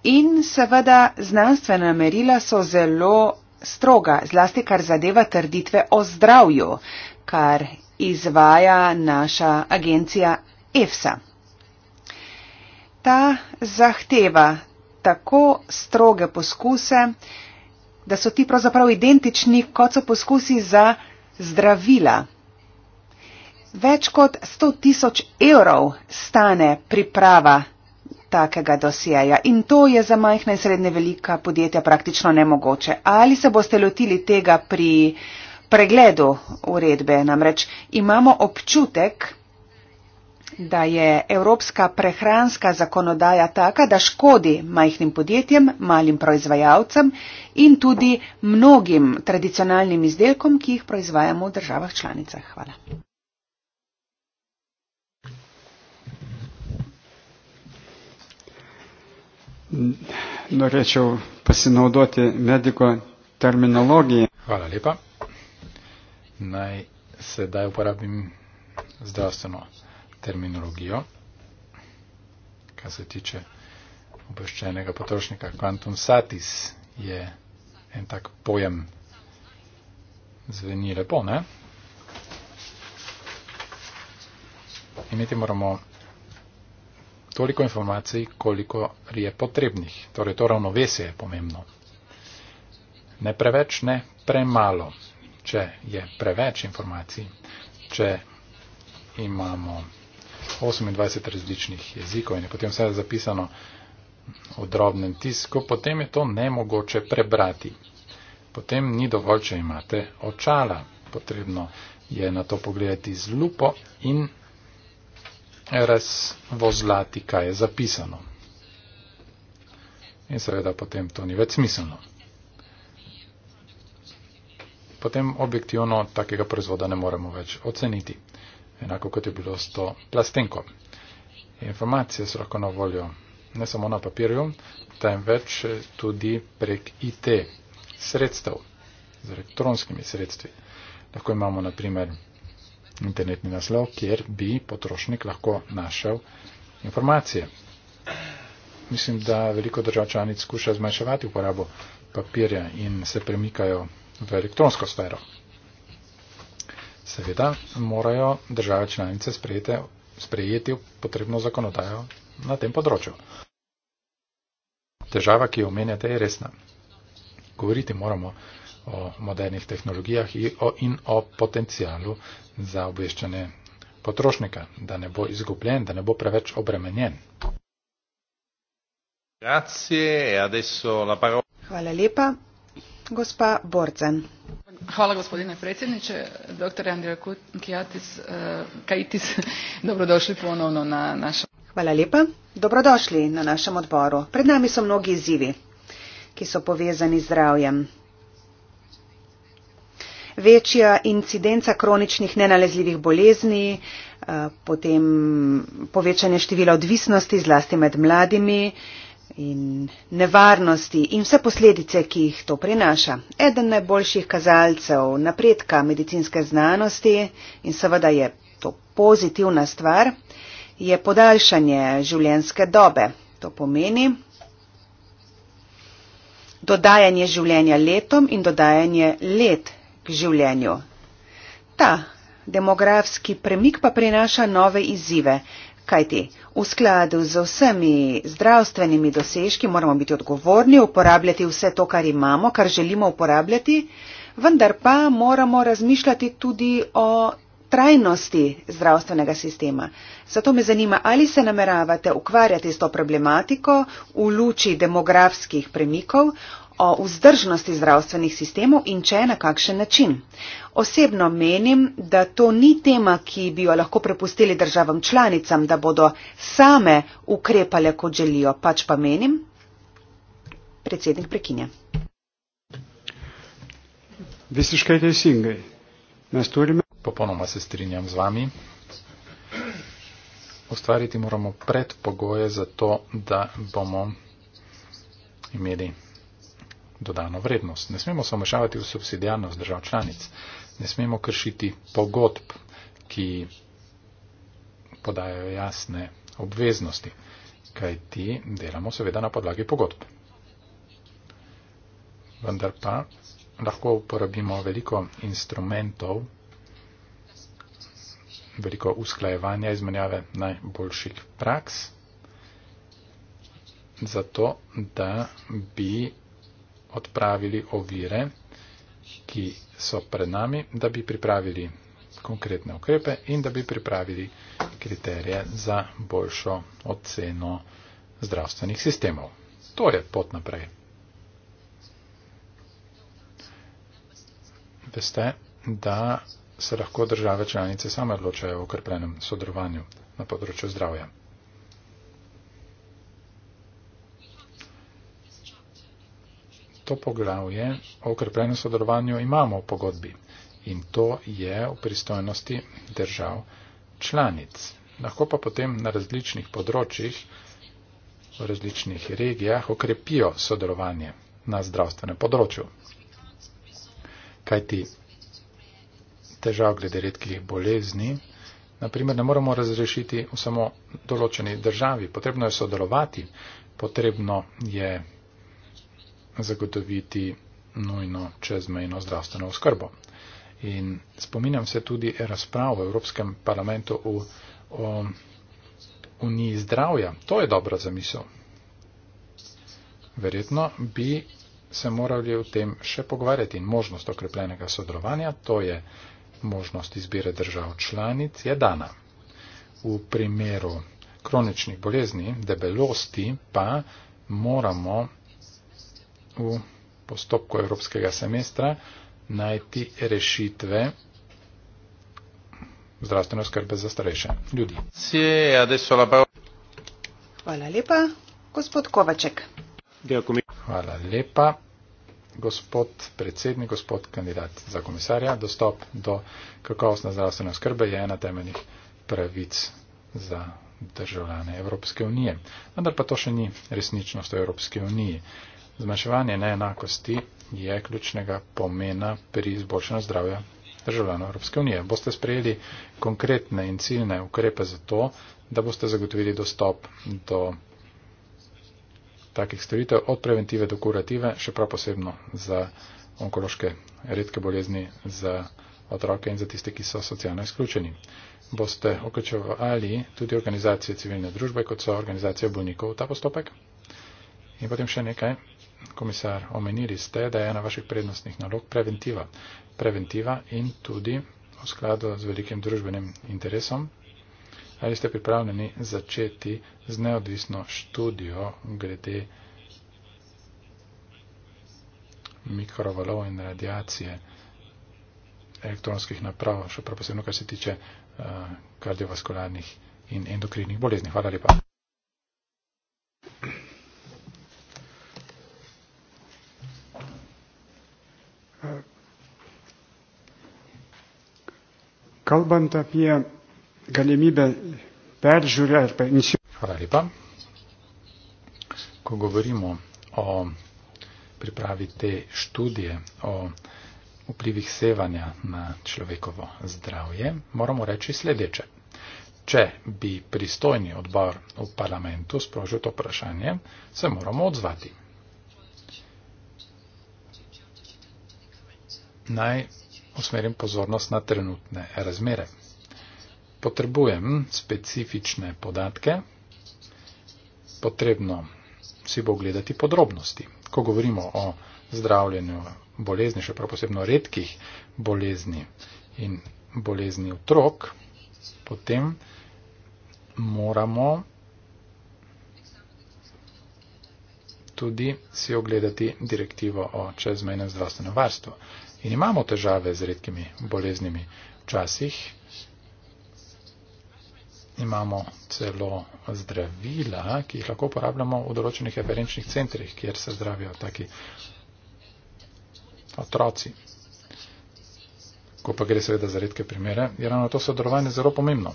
B: in seveda znanstvena merila so zelo stroga, zlasti kar zadeva trditve o zdravju, kar izvaja naša agencija EFSA. Ta zahteva tako stroge poskuse, da so ti pravzaprav identični, kot so poskusi za zdravila. Več kot 100 tisoč evrov stane priprava takega dosjeja in to je za majhna in srednje velika podjetja praktično nemogoče. Ali se boste lotili tega pri pregledu uredbe? Namreč imamo občutek, da je evropska prehranska zakonodaja taka, da škodi majhnim podjetjem, malim proizvajalcem in tudi mnogim tradicionalnim izdelkom, ki jih proizvajamo v državah članicah. Hvala.
C: Norečev pa se naudoti mediko terminologije. Hvala lepa.
D: Naj sedaj uporabim zdravstveno terminologijo, kar se tiče obveščenega potrošnika. Quantum satis je en tak pojem. Zveni lepo, ne? Imeti moramo toliko informacij, koliko je potrebnih. Torej, to ravnovesje je pomembno. Ne preveč, ne premalo. Če je preveč informacij, če imamo 28 različnih jezikov in je potem vse zapisano v drobnem tisku, potem je to nemogoče prebrati. Potem ni dovolj, če imate očala. Potrebno je na to pogledati z lupo in razvozlati, kaj je zapisano. In seveda potem to ni več smiselno. Potem objektivno takega proizvoda ne moremo več oceniti enako kot je bilo s to plastenko. Informacije so lahko na voljo ne samo na papirju, temveč tudi prek IT sredstev z elektronskimi sredstvi. Lahko imamo naprimer internetni naslov, kjer bi potrošnik lahko našel informacije. Mislim, da veliko držav članic skuša zmanjševati uporabo papirja in se premikajo v elektronsko sfero. Seveda morajo države članice sprejete, sprejeti potrebno zakonodajo na tem področju. Težava, ki jo omenjate, je resna. Govoriti moramo o modernih tehnologijah in o potencijalu za obveščanje potrošnika, da ne bo izgubljen, da ne bo preveč obremenjen.
A: E
B: Hvala lepa. Hvala, gospodine predsjedniče. Dr. Andrija Kajatis, eh, Kajitis, dobrodošli ponovno na našem. Hvala lepa. Dobrodošli na našem odboru. Pred nami so mnogi izzivi, ki so povezani z zdravjem. Večja incidenca kroničnih nenalezljivih bolezni, eh, potem povečanje števila odvisnosti zlasti med mladimi, in nevarnosti in vse posledice, ki jih to prinaša. Eden najboljših kazalcev napredka medicinske znanosti in seveda je to pozitivna stvar, je podaljšanje življenjske dobe. To pomeni dodajanje življenja letom in dodajanje let k življenju. Ta demografski premik pa prinaša nove izzive. Kajti v skladu z vsemi zdravstvenimi dosežki moramo biti odgovorni, uporabljati vse to, kar imamo, kar želimo uporabljati, vendar pa moramo razmišljati tudi o trajnosti zdravstvenega sistema. Zato me zanima, ali se nameravate ukvarjati s to problematiko v luči demografskih premikov o vzdržnosti zdravstvenih sistemov in če na kakšen način. Osebno menim, da to ni tema, ki bi jo lahko prepustili državam članicam, da bodo same ukrepale, kot želijo. Pač pa menim. Predsednik prekinja.
D: Popolnoma se strinjam z vami. Ustvariti moramo predpogoje za to, da bomo imeli dodano vrednost. Ne smemo samošavati v subsidijarnost držav članic. Ne smemo kršiti pogodb, ki podajo jasne obveznosti, kaj ti delamo seveda na podlagi pogodb. Vendar pa lahko uporabimo veliko instrumentov, veliko usklajevanja izmenjave najboljših praks, zato da bi odpravili ovire, ki so pred nami, da bi pripravili konkretne ukrepe in da bi pripravili kriterije za boljšo oceno zdravstvenih sistemov. To je pot naprej. Veste, da se lahko države članice same odločajo o okrepljenem sodelovanju na področju zdravja. to poglavje o okrepljenem sodelovanju imamo v pogodbi in to je v pristojnosti držav članic. Lahko pa potem na različnih področjih, v različnih regijah okrepijo sodelovanje na zdravstvenem področju. Kajti težav glede redkih bolezni, na primer, ne moremo razrešiti v samo določeni državi. Potrebno je sodelovati, potrebno je zagotoviti nujno čezmejno zdravstveno oskrbo. In spominjam se tudi razprav v Evropskem parlamentu v, o Uniji zdravja. To je dobra zamisel. Verjetno bi se morali o tem še pogovarjati in možnost okrepljenega sodelovanja, to je možnost izbire držav članic, je dana. V primeru kroničnih bolezni, debelosti pa moramo v postopku evropskega semestra najti rešitve zdravstvene skrbe za starejše ljudi.
B: Hvala lepa, gospod Kovaček.
D: Hvala lepa, gospod predsednik, gospod kandidat za komisarja. Dostop do kakovostne zdravstvene skrbe je ena temeljnih pravic za državljane Evropske unije. Vendar pa to še ni resničnost v Evropske unije. Zmanjševanje neenakosti je ključnega pomena pri izboljšanju zdravja državljanov Evropske unije. Boste sprejeli konkretne in ciljne ukrepe za to, da boste zagotovili dostop do takih storitev od preventive do kurative, še prav posebno za onkološke redke bolezni za otroke in za tiste, ki so socialno izključeni. Boste vključevali tudi organizacije civilne družbe, kot so organizacije bolnikov v ta postopek. In potem še nekaj komisar, omenili ste, da je ena vaših prednostnih nalog preventiva. Preventiva in tudi v skladu z velikim družbenim interesom. Ali ste pripravljeni začeti z neodvisno študijo glede mikrovalov in radijacije elektronskih naprav, še prav posebno, kar se tiče uh, kardiovaskularnih in endokrinnih bolezni. Hvala lepa.
C: Kalbant apie galimybę peržiūrę arba inicijuoti. Hvala lepa. Ko govorimo o
D: pripravite študije o vplivih sevanja na človekovo zdravje, moramo reči sledeče. Če bi pristojni odbor v parlamentu sprožil to vprašanje, se moramo odzvati. Naj usmerim pozornost na trenutne razmere. Potrebujem specifične podatke, potrebno si bo gledati podrobnosti. Ko govorimo o zdravljenju bolezni, še prav posebno redkih bolezni in bolezni otrok, potem moramo tudi si ogledati direktivo o čezmejnem zdravstvenem varstvu in imamo težave z redkimi boleznimi. Včasih imamo celo zdravila, ki jih lahko uporabljamo v določenih referenčnih centrih, kjer se zdravijo taki otroci. Ko pa gre seveda za redke primere, je ravno to sodelovanje zelo pomembno.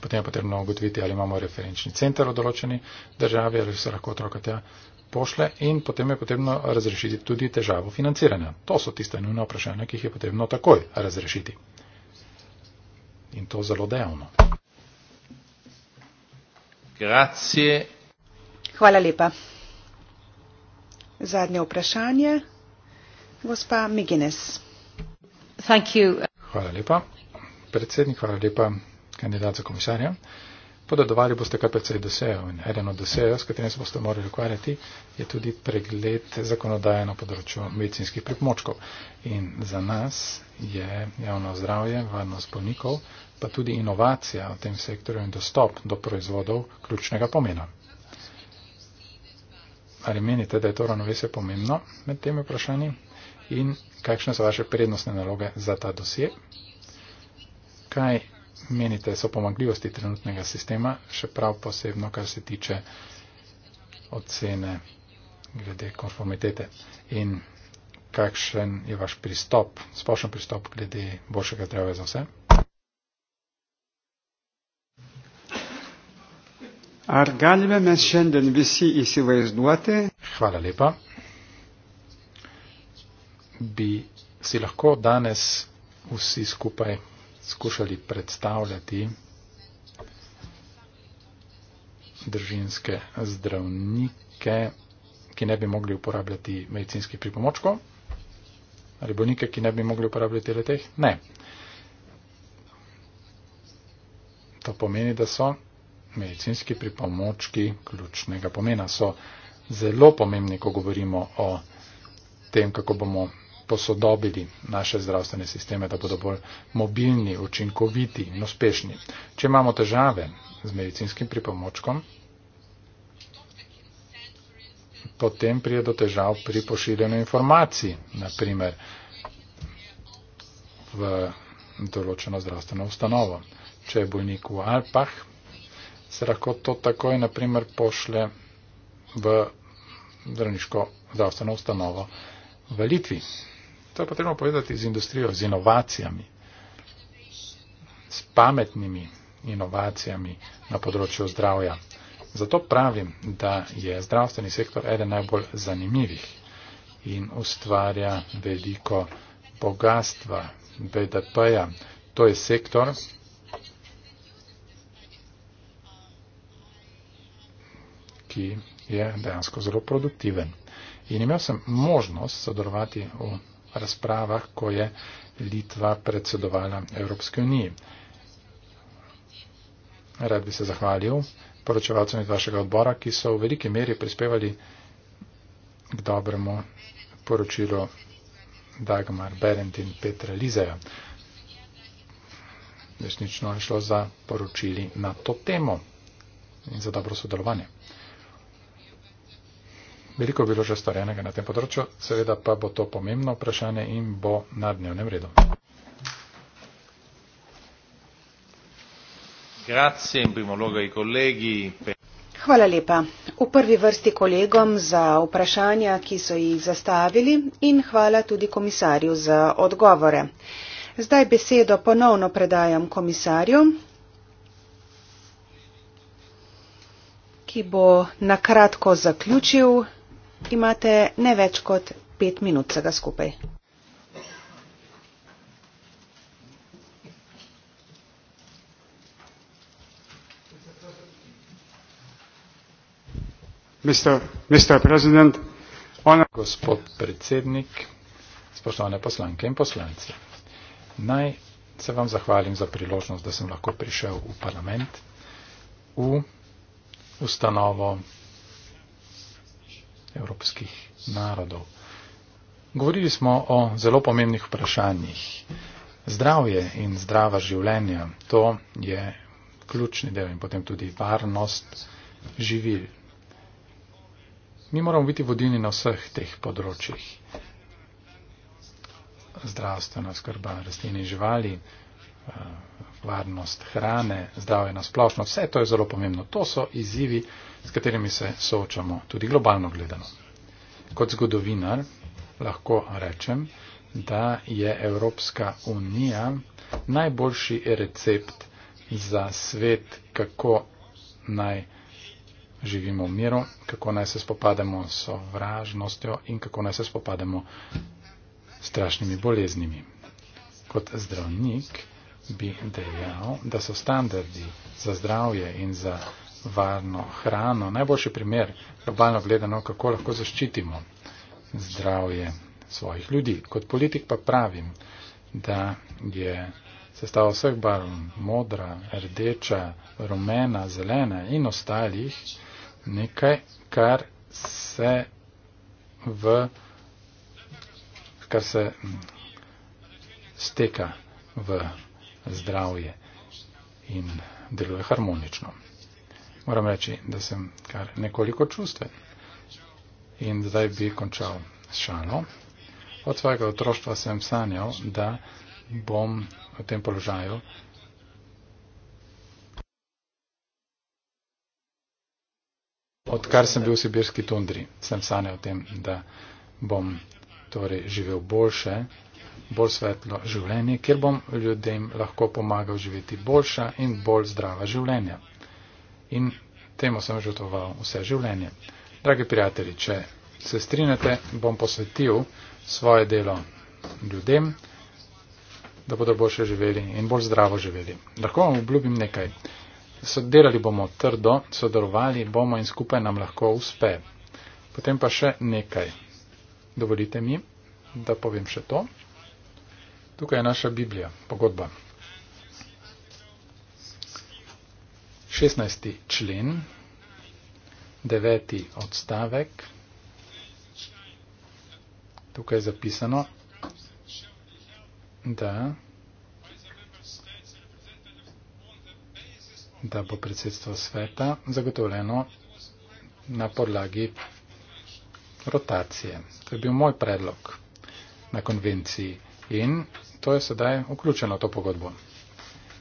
D: Potem je potrebno ugotoviti, ali imamo referenčni center v določeni državi, ali se lahko otroka tja pošle in potem je potrebno razrešiti tudi težavo financiranja. To so tiste nujne vprašanja, ki jih je potrebno takoj razrešiti. In to zelo dejavno.
A: Grazie.
B: Hvala lepa. Zadnje vprašanje. Gospa Migines.
D: Hvala lepa. Predsednik, hvala lepa kandidat za komisarja. Uh, Podedovali boste kar precej dosejo in eden od dosejev, s katerim se boste morali ukvarjati, je tudi pregled zakonodaje na področju medicinskih pripomočkov. In za nas je javno zdravje, varnost bolnikov, pa tudi inovacija v tem sektorju in dostop do proizvodov ključnega pomena. Ali menite, da je to ravnovesje pomembno med temi vprašanji in kakšne so vaše prednostne naloge za ta dosje? Kaj menite, so pomagljivosti trenutnega sistema, še prav posebno, kar se tiče ocene glede konformitete in kakšen je vaš pristop, splošen pristop glede boljšega zdravja za vse?
C: Ar galime mes šiandien visi įsivaizduoti? Hvala lepa. Bi si lahko danes
D: vsi skupaj skušali predstavljati držinske zdravnike, ki ne bi mogli uporabljati medicinskih pripomočkov, ali bolnike, ki ne bi mogli uporabljati leteh? Ne. To pomeni, da so medicinski pripomočki ključnega pomena. So zelo pomembni, ko govorimo o tem, kako bomo posodobili naše zdravstvene sisteme, da bodo bolj mobilni, učinkoviti in uspešni. Če imamo težave z medicinskim pripomočkom, potem prije do težav pri pošiljanju informacij, naprimer v določeno zdravstveno ustanovo. Če je bolnik v Alpah, se lahko to takoj naprimer pošle v zdravniško zdravstveno ustanovo v Litvi. To je potrebno povezati z industrijo, z inovacijami, s pametnimi inovacijami na področju zdravja. Zato pravim, da je zdravstveni sektor eden najbolj zanimivih in ustvarja veliko bogatstva BDP-ja. To je sektor, ki je dejansko zelo produktiven. In imel sem možnost sodelovati v razpravah, ko je Litva predsedovala Evropske unije. Rad bi se zahvalil poročevalcem iz vašega odbora, ki so v veliki meri prispevali k dobremu poročilu Dagmar Berend in Petra Lizeja. Resnično je šlo za poročili na to temo in za dobro sodelovanje veliko bilo že storjenega na tem področju, seveda pa bo to pomembno vprašanje in bo na dnevnem redu.
A: Grazie, primologi, kolegi.
B: Hvala lepa. V prvi vrsti kolegom za vprašanja, ki so jih zastavili in hvala tudi komisarju za odgovore. Zdaj besedo ponovno predajam komisarju, ki bo nakratko zaključil Imate ne več kot pet minut vsega skupaj.
C: Mr. Mr. President,
D: ona... Gospod predsednik, spoštovane poslanke in poslanci, naj se vam zahvalim za priložnost, da sem lahko prišel v parlament, v ustanovo evropskih narodov. Govorili smo o zelo pomembnih vprašanjih. Zdravje in zdrava življenja, to je ključni del in potem tudi varnost živil. Mi moramo biti vodilni na vseh teh področjih. Zdravstvena skrba rastlin in živali, eh, varnost hrane, zdravje na splošno, vse to je zelo pomembno. To so izzivi, s katerimi se soočamo tudi globalno gledano. Kot zgodovinar lahko rečem, da je Evropska unija najboljši recept za svet, kako naj živimo v miru, kako naj se spopademo s sovražnostjo in kako naj se spopademo s strašnimi boleznimi. Kot zdravnik bi dejal, da so standardi za zdravje in za varno hrano najboljši primer, globalno gledano, kako lahko zaščitimo zdravje svojih ljudi. Kot politik pa pravim, da je sestava vseh barv modra, rdeča, rumena, zelena in ostalih nekaj, kar se v kar se steka v zdravje in deluje harmonično. Moram reči, da sem kar nekoliko čustven. In zdaj bi končal s šalo. Od svojega otroštva sem sanjal, da bom v tem položaju. Odkar sem bil v sibirski tundri, sem sanjal o tem, da bom torej živel boljše bolj svetlo življenje, kjer bom ljudem lahko pomagal živeti boljša in bolj zdrava življenja. In temu sem žrtoval vse življenje. Dragi prijatelji, če se strinjate, bom posvetil svoje delo ljudem, da bodo boljše živeli in bolj zdravo živeli. Lahko vam obljubim nekaj. Delali bomo trdo, sodelovali bomo in skupaj nam lahko uspe. Potem pa še nekaj. Dovolite mi, da povem še to. Tukaj je naša Biblija, pogodba. 16. člen, 9. odstavek. Tukaj je zapisano, da, da bo predsedstvo sveta zagotovljeno na podlagi rotacije. To je bil moj predlog na konvenciji. In to je sedaj vključeno v to pogodbo.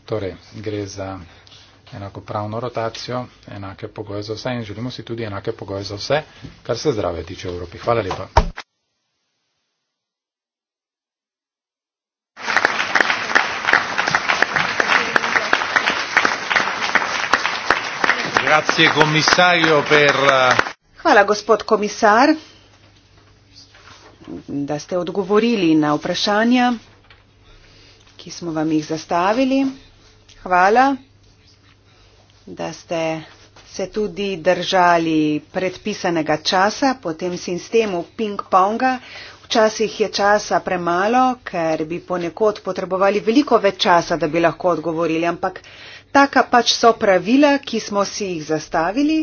D: Torej, gre za enakopravno rotacijo, enake pogoje za vse in želimo si tudi enake pogoje za vse, kar se zdrave tiče v Evropi. Hvala lepa.
A: Eh,
B: Hvala, gospod komisar, da ste odgovorili na vprašanja ki smo vam jih zastavili. Hvala, da ste se tudi držali predpisanega časa po tem sistemu ping-ponga. Včasih je časa premalo, ker bi ponekod potrebovali veliko več časa, da bi lahko odgovorili, ampak taka pač so pravila, ki smo si jih zastavili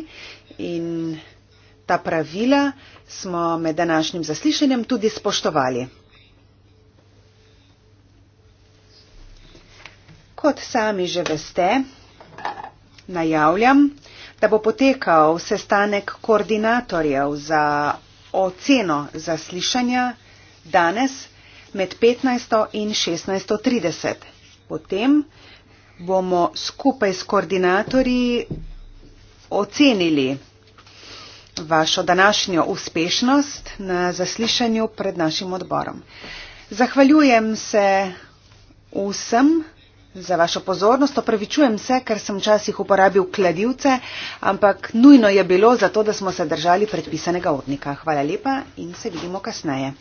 B: in ta pravila smo med današnjim zaslišanjem tudi spoštovali. Kot sami že veste, najavljam, da bo potekal sestanek koordinatorjev za oceno zaslišanja danes med 15. in 16.30. Potem bomo skupaj s koordinatorji ocenili vašo današnjo uspešnost na zaslišanju pred našim odborom. Zahvaljujem se vsem, Za vašo pozornost opravičujem se, ker sem včasih uporabil kladivce, ampak nujno je bilo zato, da smo se držali predpisanega odnika. Hvala lepa in se vidimo kasneje.